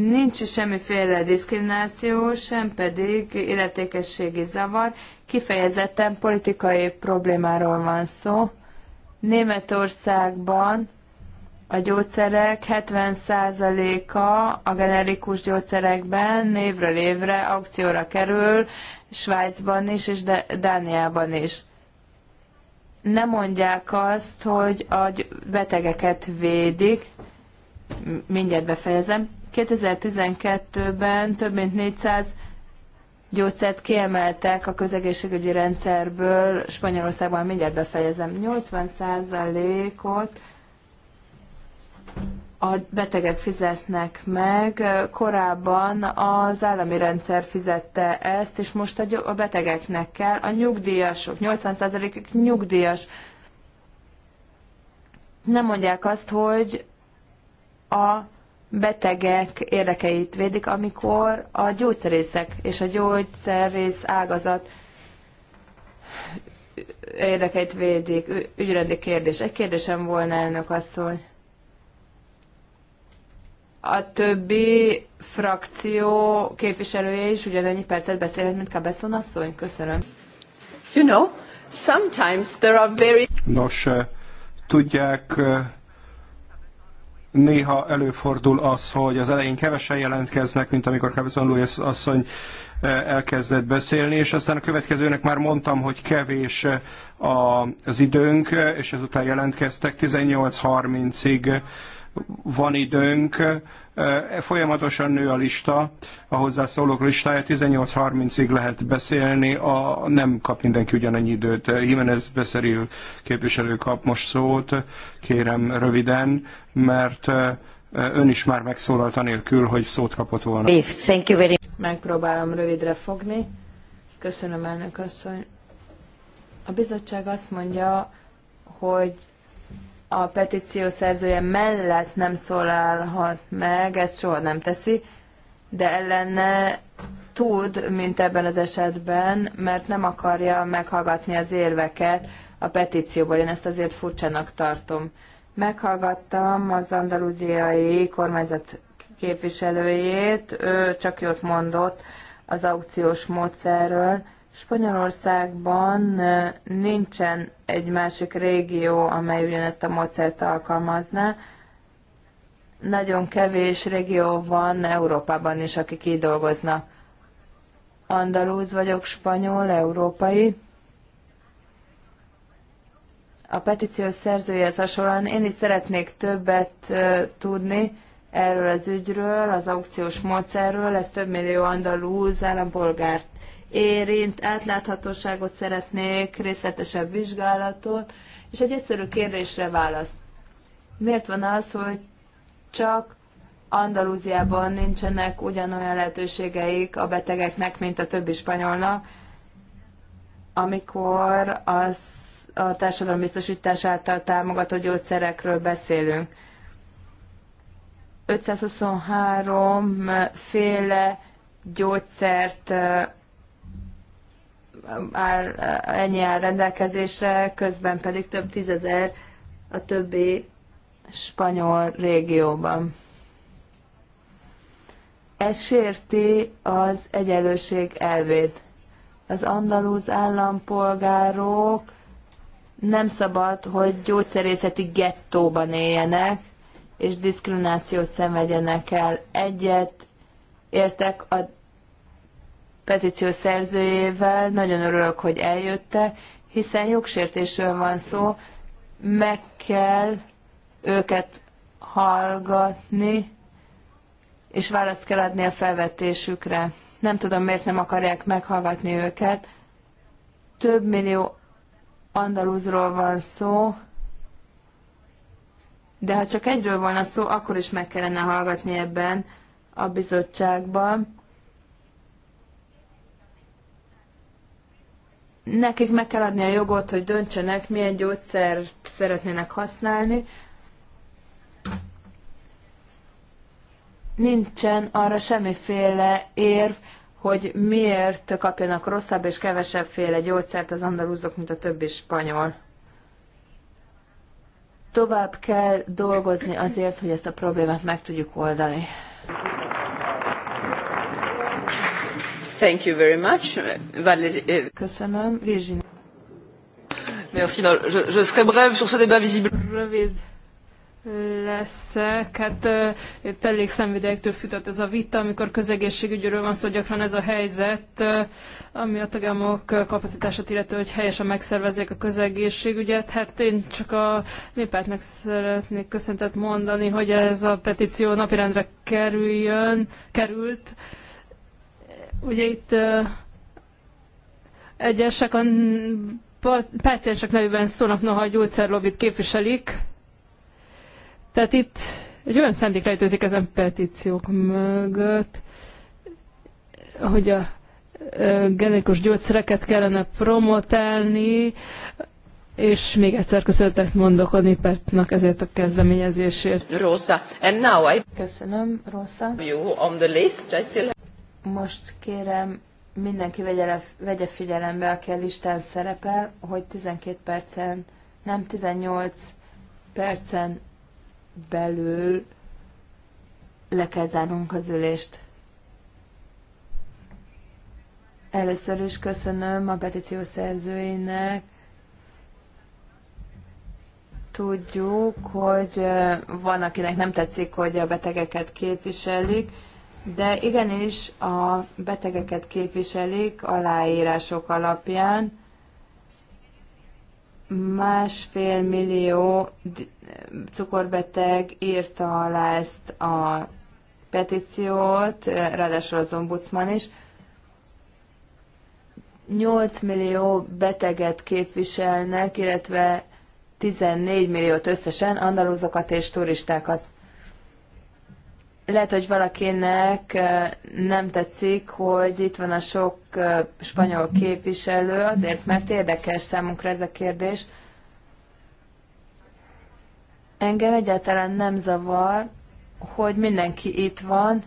Nincs semmiféle diszkrimináció, sem pedig illetékességi zavar, kifejezetten politikai problémáról van szó. Németországban a gyógyszerek 70%-a a generikus gyógyszerekben névről évre aukcióra kerül, Svájcban is és Dániában is. Nem mondják azt, hogy a betegeket védik, mindjárt befejezem, 2012-ben több mint 400 gyógyszert kiemeltek a közegészségügyi rendszerből, Spanyolországban mindjárt befejezem, 80%-ot a betegek fizetnek meg. Korábban az állami rendszer fizette ezt, és most a betegeknek kell, a nyugdíjasok, 80%-ig nyugdíjas. Nem mondják azt, hogy a betegek érdekeit védik, amikor a gyógyszerészek és a gyógyszerész ágazat érdekeit védik, ügyrendi kérdés. Egy kérdésem volna, elnök asszony. A többi frakció képviselője is ugyanannyi percet
beszélhet, mint Cabezon asszony? Köszönöm. You know, sometimes there are very...
Nos, eh, tudják, eh, néha előfordul az, hogy az elején kevesen jelentkeznek, mint amikor Cabezon Lewis asszony eh, elkezdett beszélni, és aztán a következőnek már mondtam, hogy kevés eh, az időnk, eh, és ezután jelentkeztek 18.30-ig van időnk. Folyamatosan nő a lista, a hozzászólók listája, 18.30-ig lehet beszélni, a, nem kap mindenki ugyanannyi időt. Jimenez Beszeril képviselő kap most szót, kérem röviden, mert ön is már megszólalt anélkül, hogy szót kapott volna.
Megpróbálom rövidre fogni. Köszönöm, elnök asszony. A bizottság azt mondja, hogy a petíció szerzője mellett nem szólalhat meg, ezt soha nem teszi, de ellene tud, mint ebben az esetben, mert nem akarja meghallgatni az érveket a petícióból. Én ezt azért furcsának tartom. Meghallgattam az andalúziai kormányzat képviselőjét, ő csak jót mondott az aukciós módszerről, Spanyolországban nincsen egy másik régió, amely ugyanezt a módszert alkalmazná. Nagyon kevés régió van Európában is, akik így dolgoznak. Andalúz vagyok, spanyol, európai. A petíció szerzőjehez hasonlóan én is szeretnék többet tudni erről az ügyről, az aukciós módszerről, ez több millió andalúz állampolgárt érint, átláthatóságot szeretnék, részletesebb vizsgálatot, és egy egyszerű kérdésre válasz. Miért van az, hogy csak Andalúziában nincsenek ugyanolyan lehetőségeik a betegeknek, mint a többi spanyolnak, amikor az a biztosítás által támogatott gyógyszerekről beszélünk. 523 féle gyógyszert áll, ennyi áll rendelkezésre, közben pedig több tízezer a többi spanyol régióban. Ez sérti az egyenlőség elvét. Az andalúz állampolgárok nem szabad, hogy gyógyszerészeti gettóban éljenek, és diszkriminációt szenvedjenek el. Egyet értek a petíció szerzőjével. Nagyon örülök, hogy eljötte, hiszen jogsértésről van szó. Meg kell őket hallgatni, és választ kell adni a felvetésükre. Nem tudom, miért nem akarják meghallgatni őket. Több millió andaluzról van szó, de ha csak egyről volna szó, akkor is meg kellene hallgatni ebben a bizottságban. nekik meg kell adni a jogot, hogy döntsenek, milyen gyógyszert szeretnének használni. Nincsen arra semmiféle érv, hogy miért kapjanak rosszabb és kevesebb féle gyógyszert az andaluzok, mint a többi spanyol. Tovább kell dolgozni azért, hogy ezt a problémát meg tudjuk
oldani. Thank you very much, Köszönöm, Virginie. Merci, no, je, je serai brève sur ce débat visible.
Rövid leszek. Hát itt elég szemvidegektől fütött ez a vita, amikor közegészségügyről van szó, gyakran ez a helyzet, ami a tagállamok kapacitását illető, hogy helyesen megszervezzék a közegészségügyet. Hát én csak a népátnak szeretnék köszöntet mondani, hogy ez a petíció napirendre kerüljön, került Ugye itt egyesek a páciensek nevében szólnak, noha a gyógyszerlobbit képviselik. Tehát itt egy olyan szendék rejtőzik ezen petíciók mögött, hogy a generikus gyógyszereket kellene promotálni, és még egyszer köszöntek mondok a Nipertnak ezért a kezdeményezésért.
Rosa, and now I... Köszönöm, Rosa. You on the list, I still... Most kérem,
mindenki vegye, vegye figyelembe, aki a listán szerepel, hogy 12 percen, nem 18 percen belül le kell zárnunk az ülést. Először is köszönöm a petíció szerzőinek. Tudjuk, hogy van, akinek nem tetszik, hogy a betegeket képviselik, de igenis a betegeket képviselik aláírások alapján. Másfél millió cukorbeteg írta alá ezt a petíciót, ráadásul az ombudsman is. 8 millió beteget képviselnek, illetve 14 milliót összesen, andaluzokat és turistákat lehet, hogy valakinek nem tetszik, hogy itt van a sok spanyol képviselő, azért, mert érdekes számunkra ez a kérdés. Engem egyáltalán nem zavar, hogy mindenki itt van,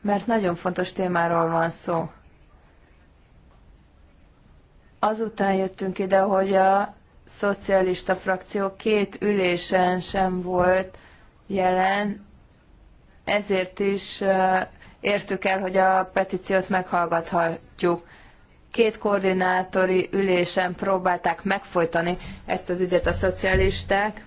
mert nagyon fontos témáról van szó. Azután jöttünk ide, hogy a szocialista frakció két ülésen sem volt jelen, ezért is értük el, hogy a petíciót meghallgathatjuk. Két koordinátori ülésen próbálták megfojtani ezt az ügyet a szocialisták.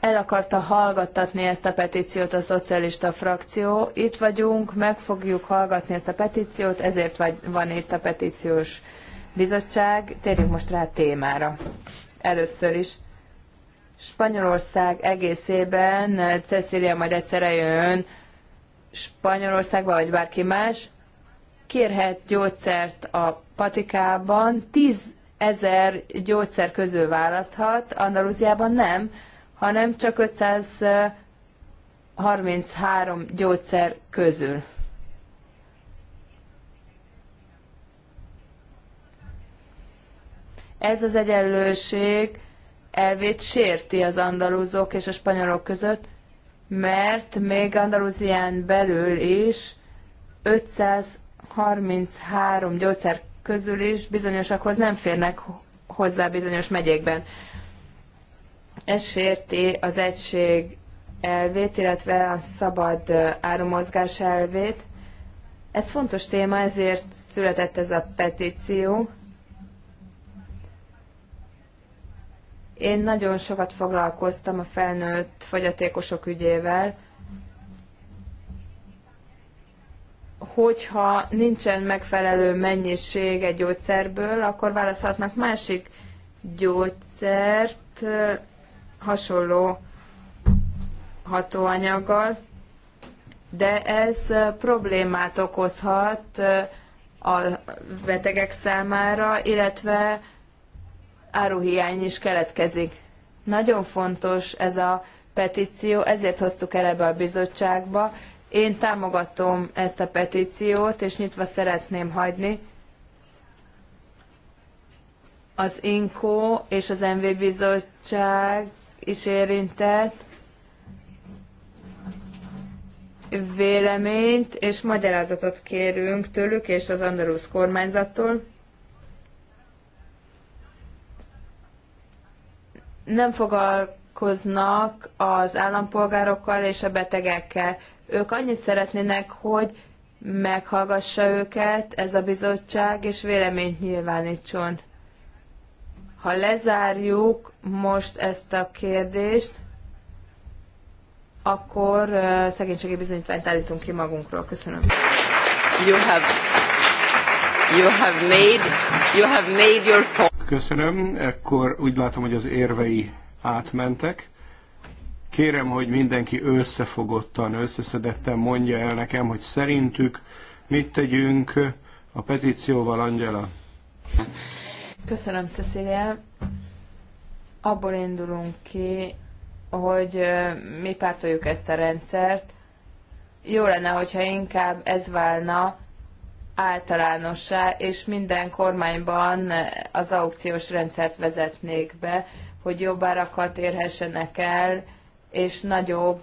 El akarta hallgattatni ezt a petíciót a szocialista frakció. Itt vagyunk, meg fogjuk hallgatni ezt a petíciót, ezért van itt a petíciós bizottság. Térjünk most rá a témára. Először is Spanyolország egészében, Cecília majd egyszer jön Spanyolországba, vagy bárki más, kérhet gyógyszert a patikában, 10 ezer gyógyszer közül választhat, Andalúziában nem, hanem csak 533 gyógyszer közül. Ez az egyenlőség elvét sérti az andalúzok és a spanyolok között, mert még Andalúzián belül is 533 gyógyszer közül is bizonyosakhoz nem férnek hozzá bizonyos megyékben. Ez sérti az egység elvét, illetve a szabad áramozgás elvét. Ez fontos téma, ezért született ez a petíció. Én nagyon sokat foglalkoztam a felnőtt fogyatékosok ügyével, hogyha nincsen megfelelő mennyiség egy gyógyszerből, akkor választhatnak másik gyógyszert hasonló hatóanyaggal, de ez problémát okozhat a betegek számára, illetve áruhiány is keletkezik. Nagyon fontos ez a petíció, ezért hoztuk el ebbe a bizottságba. Én támogatom ezt a petíciót, és nyitva szeretném hagyni. Az INKO és az MV bizottság is érintett véleményt és magyarázatot kérünk tőlük és az andalusz kormányzattól. nem foglalkoznak az állampolgárokkal és a betegekkel. Ők annyit szeretnének, hogy meghallgassa őket ez a bizottság, és véleményt nyilvánítson. Ha lezárjuk most ezt a kérdést, akkor szegénységi bizonyítványt állítunk ki magunkról. Köszönöm.
You have You have made, you have made
your Köszönöm, ekkor úgy látom, hogy az érvei átmentek. Kérem, hogy mindenki összefogottan, összeszedetten mondja el nekem, hogy szerintük mit tegyünk a petícióval, Angela.
Köszönöm, Cecilia. Abból indulunk ki, hogy mi pártoljuk ezt a rendszert. Jó lenne, hogyha inkább ez válna általánossá, és minden kormányban az aukciós rendszert vezetnék be, hogy jobb árakat érhessenek el, és nagyobb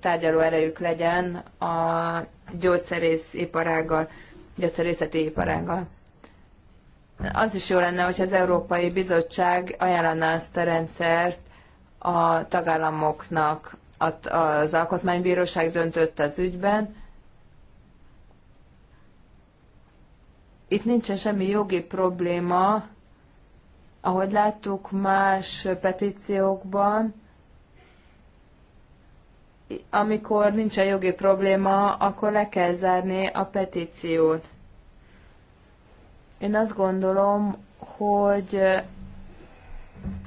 tárgyaló erejük legyen a gyógyszerész iparággal, gyógyszerészeti iparággal. Az is jó lenne, hogy az Európai Bizottság ajánlaná ezt a rendszert a tagállamoknak. Az Alkotmánybíróság döntött az ügyben, Itt nincsen semmi jogi probléma, ahogy láttuk más petíciókban, amikor nincsen jogi probléma, akkor le kell zárni a petíciót. Én azt gondolom, hogy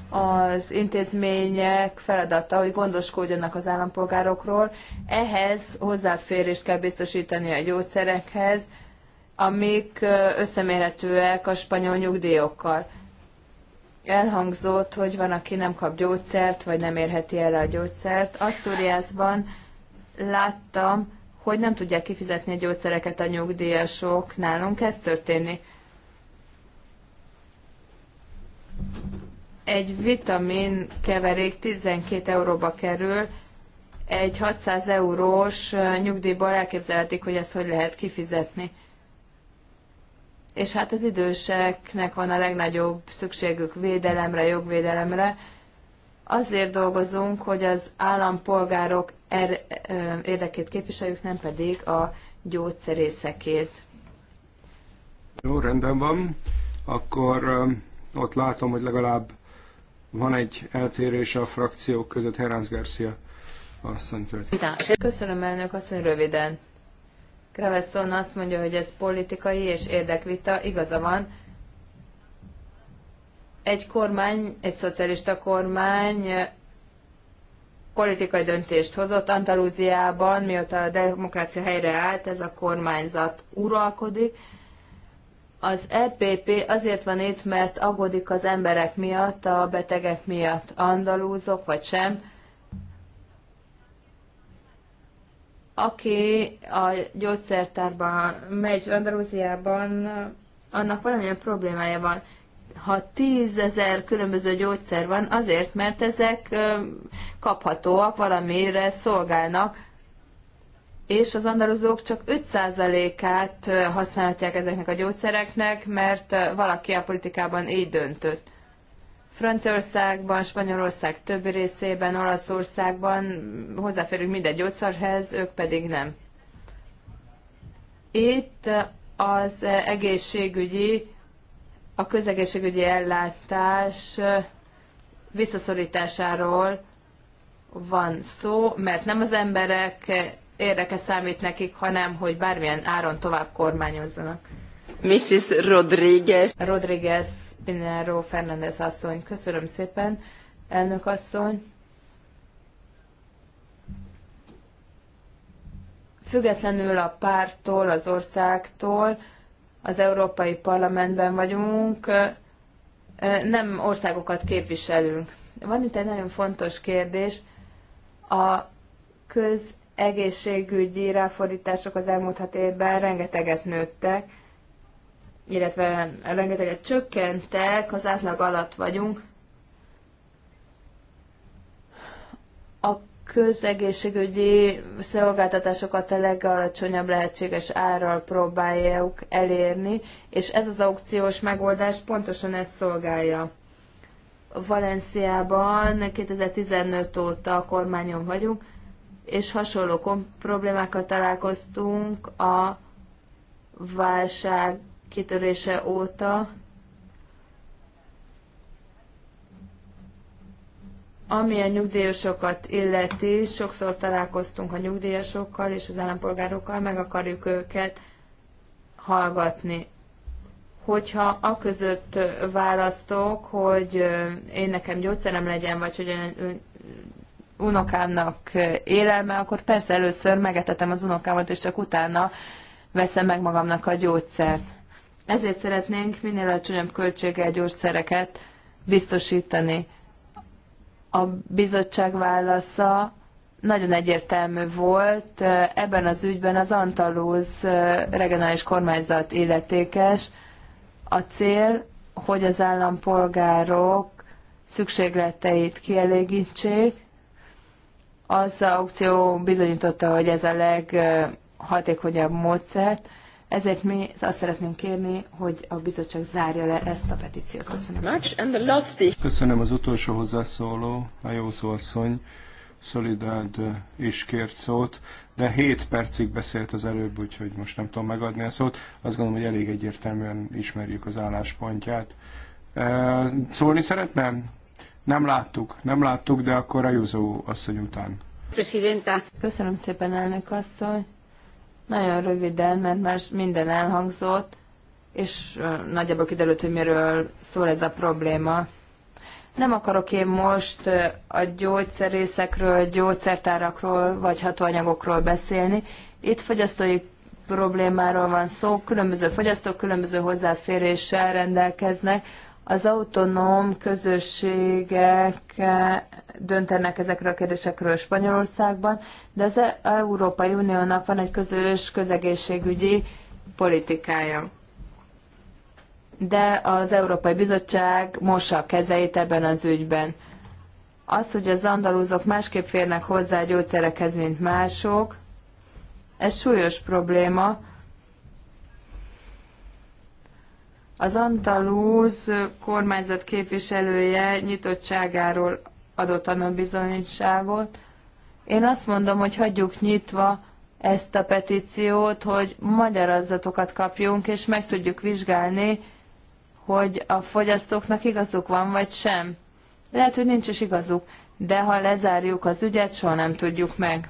az intézmények feladata, hogy gondoskodjanak az állampolgárokról. Ehhez hozzáférést kell biztosítani a gyógyszerekhez, amik összemérhetőek a spanyol nyugdíjokkal. Elhangzott, hogy van, aki nem kap gyógyszert, vagy nem érheti el a gyógyszert. Asturiasban láttam, hogy nem tudják kifizetni a gyógyszereket a nyugdíjasok. Nálunk ez történik. Egy vitamin keverék 12 euróba kerül, egy 600 eurós nyugdíjból elképzelhetik, hogy ezt hogy lehet kifizetni és hát az időseknek van a legnagyobb szükségük védelemre, jogvédelemre. Azért dolgozunk, hogy az állampolgárok er, érdekét képviseljük, nem pedig a gyógyszerészekét.
Jó, rendben van. Akkor ott látom, hogy legalább van egy eltérés a frakciók között. Heránz Garcia asszony
Köszönöm elnök asszony röviden. Kravesson azt mondja, hogy ez politikai és érdekvita, igaza van. Egy kormány, egy szocialista kormány eh, politikai döntést hozott Antalúziában, mióta a demokrácia helyreállt, ez a kormányzat uralkodik. Az EPP azért van itt, mert aggódik az emberek miatt, a betegek miatt, andalúzok vagy sem, aki a gyógyszertárban, megy Andalúziában, annak valamilyen problémája van. Ha tízezer különböző gyógyszer van, azért, mert ezek kaphatóak, valamire szolgálnak, és az andaluzók csak 5%-át használhatják ezeknek a gyógyszereknek, mert valaki a politikában így döntött. Franciaországban, Spanyolország többi részében, Olaszországban hozzáférünk minden gyógyszerhez, ők pedig nem. Itt az egészségügyi, a közegészségügyi ellátás visszaszorításáról van szó, mert nem az emberek érdeke számít nekik, hanem hogy bármilyen áron tovább kormányozzanak.
Mrs. Rodriguez.
Rodriguez Pinero Fernández asszony. Köszönöm szépen, elnök asszony. Függetlenül a pártól, az országtól, az Európai Parlamentben vagyunk, nem országokat képviselünk. Van itt egy nagyon fontos kérdés. A közegészségügyi ráfordítások az elmúlt hat évben rengeteget nőttek, illetve rengeteget csökkentek, az átlag alatt vagyunk. A közegészségügyi szolgáltatásokat a legalacsonyabb lehetséges árral próbáljuk elérni, és ez az aukciós megoldás pontosan ezt szolgálja. Valenciában 2015 óta a kormányon vagyunk, és hasonló problémákkal találkoztunk a válság kitörése óta, ami a nyugdíjasokat illeti, sokszor találkoztunk a nyugdíjasokkal és az állampolgárokkal, meg akarjuk őket hallgatni. Hogyha a között választok, hogy én nekem gyógyszerem legyen, vagy hogy unokámnak élelme, akkor persze először megetetem az unokámat, és csak utána veszem meg magamnak a gyógyszert. Ezért szeretnénk minél alacsonyabb költséggel gyógyszereket biztosítani. A bizottság válasza nagyon egyértelmű volt. Ebben az ügyben az Antalóz regionális kormányzat illetékes. A cél, hogy az állampolgárok szükségleteit kielégítsék. Az aukció bizonyította, hogy ez a leghatékonyabb módszer. Ezért mi azt szeretnénk kérni, hogy a bizottság zárja le ezt a petíciót.
Köszönöm.
Köszönöm az utolsó hozzászóló, a Józó asszony. Szolidád eh, is kért szót, de 7 percig beszélt az előbb, úgyhogy most nem tudom megadni a szót. Azt gondolom, hogy elég egyértelműen ismerjük az álláspontját. Eh, szólni szeretném? Nem láttuk, nem láttuk, de akkor a Józó asszony után.
Presidenta. Köszönöm szépen, elnök asszony. Nagyon röviden, mert már minden elhangzott, és nagyjából kiderült, hogy miről szól ez a probléma. Nem akarok én most a gyógyszerészekről, gyógyszertárakról vagy hatóanyagokról beszélni. Itt fogyasztói problémáról van szó, különböző fogyasztók különböző hozzáféréssel rendelkeznek, az autonóm közösségek eh, döntenek ezekről a kérdésekről Spanyolországban, de az e- Európai Uniónak van egy közös közegészségügyi politikája. De az Európai Bizottság mossa a kezeit ebben az ügyben. Az, hogy az andalúzok másképp férnek hozzá a gyógyszerekhez, mint mások, ez súlyos probléma, Az antalúz kormányzat képviselője nyitottságáról adott tanúbizonyságot. Én azt mondom, hogy hagyjuk nyitva ezt a petíciót, hogy magyarázatokat kapjunk, és meg tudjuk vizsgálni, hogy a fogyasztóknak igazuk van, vagy sem. Lehet, hogy nincs is igazuk, de ha lezárjuk az ügyet, soha nem tudjuk meg.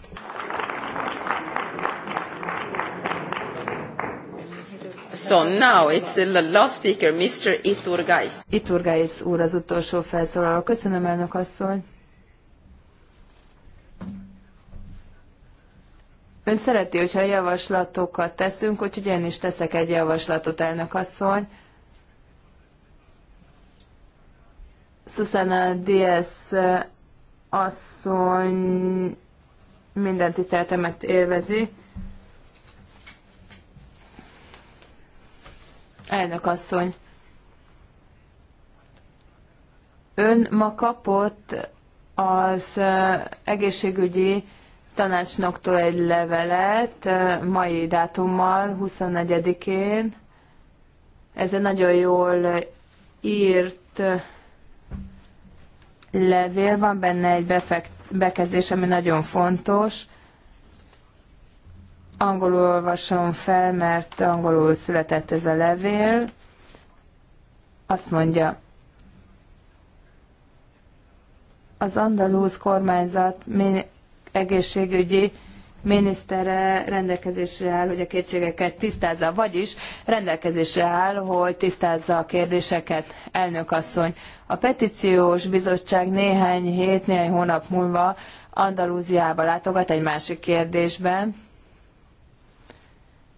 So now it's the last speaker, Mr. Iturgais.
Iturgais úr az utolsó felszólaló. Köszönöm, elnök asszony. Ön szereti, hogyha javaslatokat teszünk, úgyhogy én is teszek egy javaslatot, elnök asszony. Susana Diaz eh, asszony minden tiszteletemet élvezi. Elnök asszony, ön ma kapott az egészségügyi tanácsnoktól egy levelet mai dátummal, 24-én. Ez egy nagyon jól írt levél, van benne egy befekt, bekezdés, ami nagyon fontos. Angolul olvasom fel, mert angolul született ez a levél. Azt mondja, az andalúz kormányzat egészségügyi minisztere rendelkezésre áll, hogy a kétségeket tisztázza, vagyis rendelkezésre áll, hogy tisztázza a kérdéseket. Elnök asszony, a petíciós bizottság néhány hét, néhány hónap múlva Andalúziába látogat egy másik kérdésben,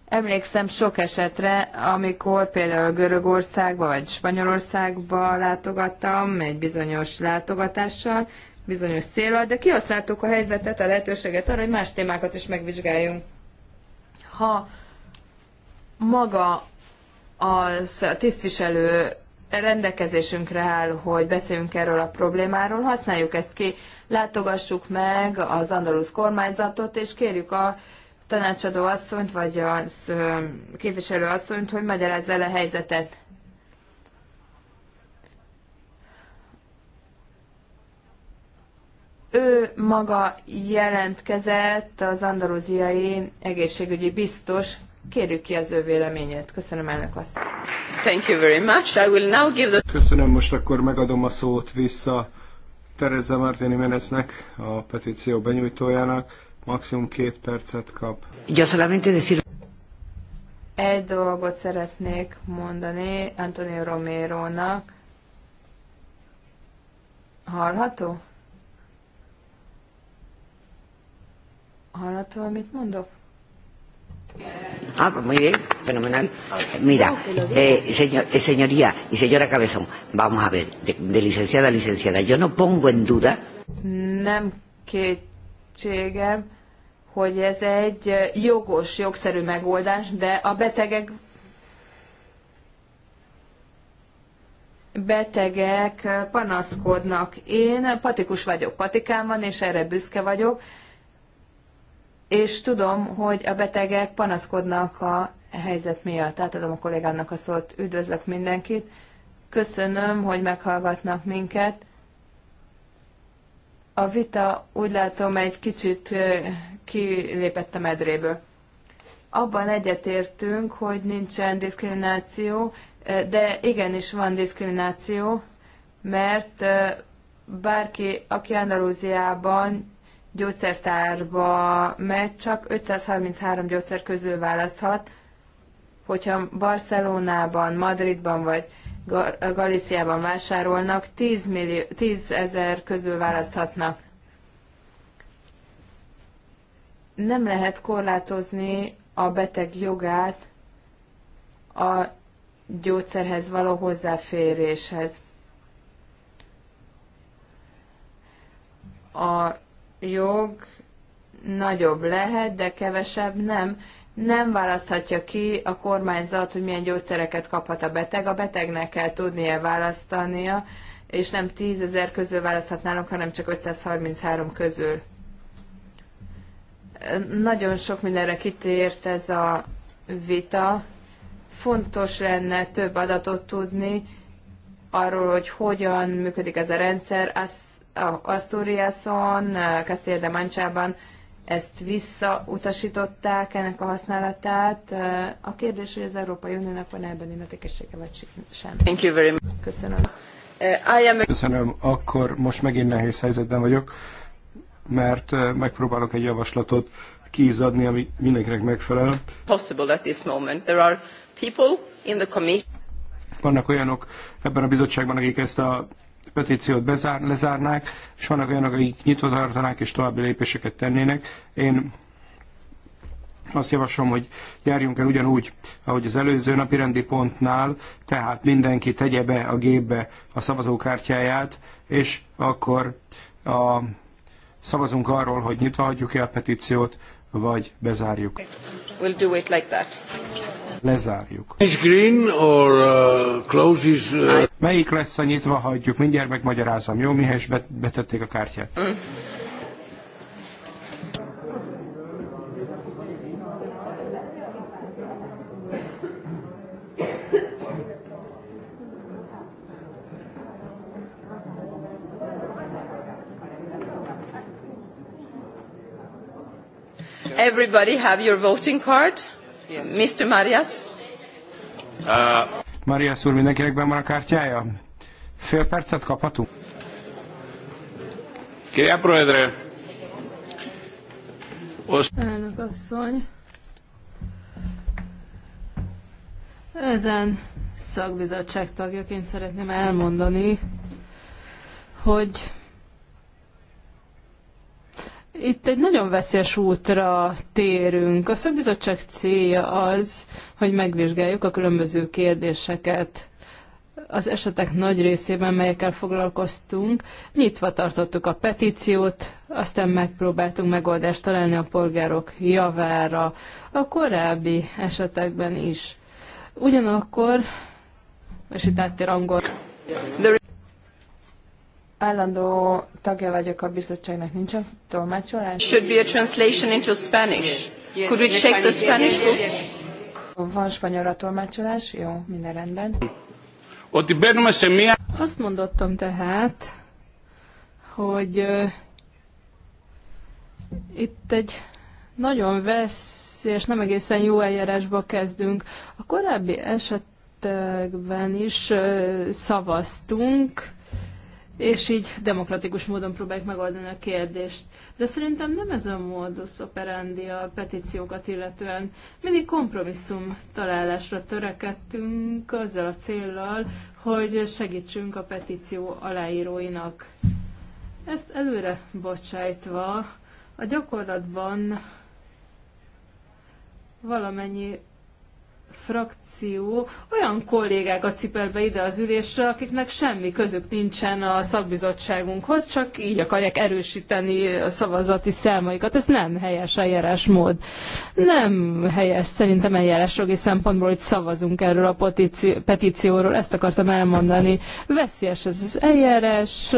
Emlékszem sok esetre, amikor például Görögországba vagy Spanyolországba látogattam egy bizonyos látogatással, bizonyos célra, de kihasználtuk a helyzetet, a lehetőséget arra, hogy más témákat is megvizsgáljunk. Ha maga az tisztviselő rendelkezésünkre áll, hogy beszéljünk erről a problémáról, használjuk ezt ki, látogassuk meg az andalusz kormányzatot, és kérjük a tanácsadó asszonyt, vagy az képviselő asszonyt, hogy magyarázza el a helyzetet. Ő maga jelentkezett az andalúziai egészségügyi biztos, kérjük ki az ő véleményét. Köszönöm elnök azt.
Thank you very much. I will now give the... Köszönöm, most akkor megadom a szót vissza Tereza Martini Meneznek, a petíció benyújtójának maximum két percet kap.
Egy dolgot szeretnék mondani Antonio Romero-nak. Hallható? Hallható, amit mondok?
Ah, muy bien, fenomenal. Mira, eh, señor, eh, señoría y señora Cabezón, vamos a ver, de, de licenciada a licenciada, yo no pongo en duda.
Nem kétségem, hogy ez egy jogos, jogszerű megoldás, de a betegek betegek panaszkodnak. Én patikus vagyok, patikám van, és erre büszke vagyok, és tudom, hogy a betegek panaszkodnak a helyzet miatt. Átadom a kollégának a szót, üdvözlök mindenkit. Köszönöm, hogy meghallgatnak minket. A vita úgy látom egy kicsit kilépett a medréből. Abban egyetértünk, hogy nincsen diszkrimináció, de igenis van diszkrimináció, mert bárki, aki Andalúziában gyógyszertárba megy, csak 533 gyógyszer közül választhat, hogyha Barcelonában, Madridban vagy Galiciában vásárolnak, 10, millió, 10 ezer közül választhatnak. nem lehet korlátozni a beteg jogát a gyógyszerhez való hozzáféréshez. A jog nagyobb lehet, de kevesebb nem. Nem választhatja ki a kormányzat, hogy milyen gyógyszereket kaphat a beteg. A betegnek kell tudnia választania, és nem 10 ezer közül választhatnának, hanem csak 533 közül. Nagyon sok mindenre kitért ez a vita. Fontos lenne több adatot tudni arról, hogy hogyan működik ez a rendszer. Asturiason, Castilla de Manchában ezt visszautasították, ennek a használatát. A kérdés, hogy az Európai Uniónak van ebben illetékessége, vagy sem. Thank
you very much. Köszönöm.
Uh, Köszönöm. Akkor most megint nehéz helyzetben vagyok mert megpróbálok egy javaslatot kiizadni, ami mindenkinek megfelel.
Possible at this moment. There are people in the committee.
Vannak olyanok ebben a bizottságban, akik ezt a petíciót bezár, lezárnák, és vannak olyanok, akik nyitva tartanák és további lépéseket tennének. Én azt javaslom, hogy járjunk el ugyanúgy, ahogy az előző napi rendi pontnál, tehát mindenki tegye be a gépbe a szavazókártyáját, és akkor a Szavazunk arról, hogy nyitva hagyjuk-e a petíciót, vagy bezárjuk.
We'll do it like that.
Lezárjuk. Is green or uh, closes, uh... Melyik lesz a nyitva hagyjuk? Mindjárt megmagyarázom. Jó, mihez betették a kártyát?
Mm.
Everybody have your voting card? Yes.
Mr. Marias? Uh, Marias úr, mindenkinek benn van a kártyája? Fél percet kaphatunk? a Proedre! Osz... Elnök
asszony! Ezen szakbizottság tagjaként szeretném elmondani, hogy itt egy nagyon veszélyes útra térünk. A szakbizottság célja az, hogy megvizsgáljuk a különböző kérdéseket. Az esetek nagy részében, melyekkel foglalkoztunk, nyitva tartottuk a petíciót, aztán megpróbáltunk megoldást találni a polgárok javára a korábbi esetekben is. Ugyanakkor, és itt áttér angol. Állandó tagja vagyok a bizottságnak, nincsen
tolmácsolás. Should be a translation into Spanish. Could we check the Spanish book?
Van spanyolra tolmácsolás? Jó, minden rendben. Azt mondottam tehát, hogy uh, itt egy nagyon veszélyes, nem egészen jó eljárásba kezdünk. A korábbi esetekben is uh, szavaztunk, és így demokratikus módon próbáljuk megoldani a kérdést. De szerintem nem ez a módusz operandi a petíciókat illetően. Mindig kompromisszum találásra törekedtünk azzal a céllal, hogy segítsünk a petíció aláíróinak. Ezt előre bocsájtva, a gyakorlatban valamennyi frakció olyan kollégákat cipel be ide az ülésre, akiknek semmi közük nincsen a szakbizottságunkhoz, csak így akarják erősíteni a szavazati számaikat. Ez nem helyes eljárásmód. Nem helyes szerintem eljárásjogi szempontból, hogy szavazunk erről a petícióról. Ezt akartam elmondani. Veszélyes ez az eljárás.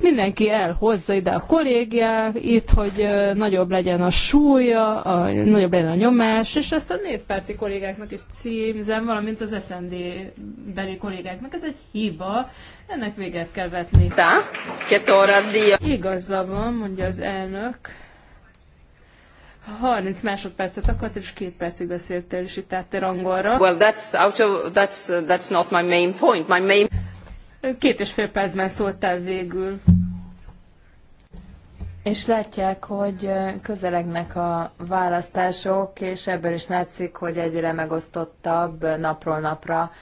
Mindenki elhozza ide a kollégiák, itt, hogy nagyobb legyen a súlya, a, nagyobb legyen a nyomás, és ezt a néppárti kollégáknak is címzem, valamint az SND beli kollégáknak. Ez egy hiba, ennek véget kell vetni. Tá, Igaza van, mondja az elnök. 30 másodpercet akart, és két percig beszéltél, és itt áttér angolra.
Well, that's, out of, that's, that's not my main point. My main...
Két és fél percben szóltál
végül.
És látják, hogy közelegnek a választások, és ebből is látszik, hogy egyre megosztottabb napról napra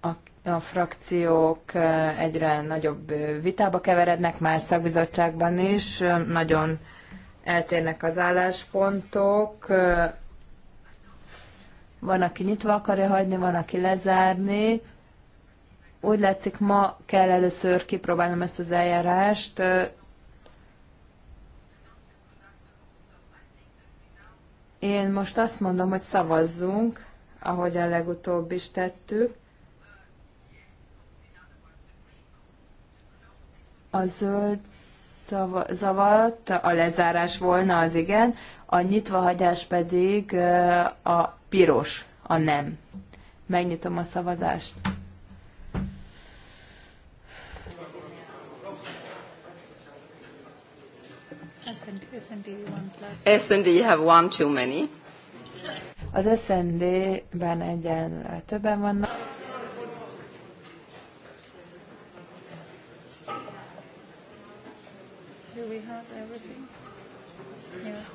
a, a frakciók egyre nagyobb vitába keverednek, más szakbizottságban is, nagyon eltérnek az álláspontok. Van, aki nyitva akarja hagyni, van, aki lezárni úgy látszik, ma kell először kipróbálnom ezt az eljárást. Én most azt mondom, hogy szavazzunk, ahogy a legutóbb is tettük. A zöld zavat, a lezárás volna az igen, a hagyás pedig a piros, a nem. Megnyitom a szavazást. S&D
have one too many. Az
S&D-ben egyen többen vannak. Do we have everything?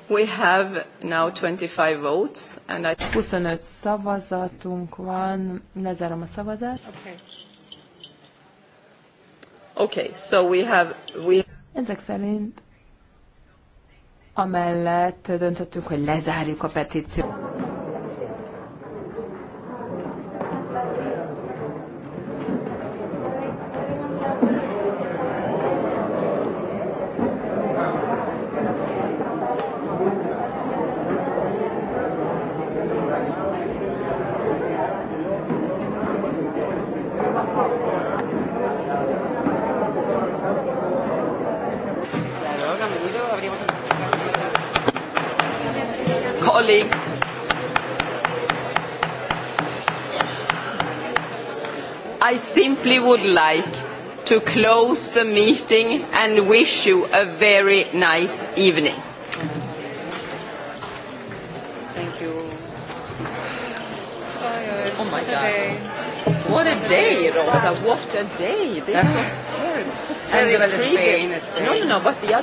We have now 25 votes, and I... 25
szavazatunk van. Lezárom a szavazást. Okay.
Okay, so we have... We...
Ezek szerint amellett döntöttünk, hogy lezárjuk a petíciót.
would like to close the meeting and wish you a very nice evening. Thank you. Oh my God. What a day, Rosa. What a day. This uh-huh. was terrible. And the previous... No, no, no, but the other...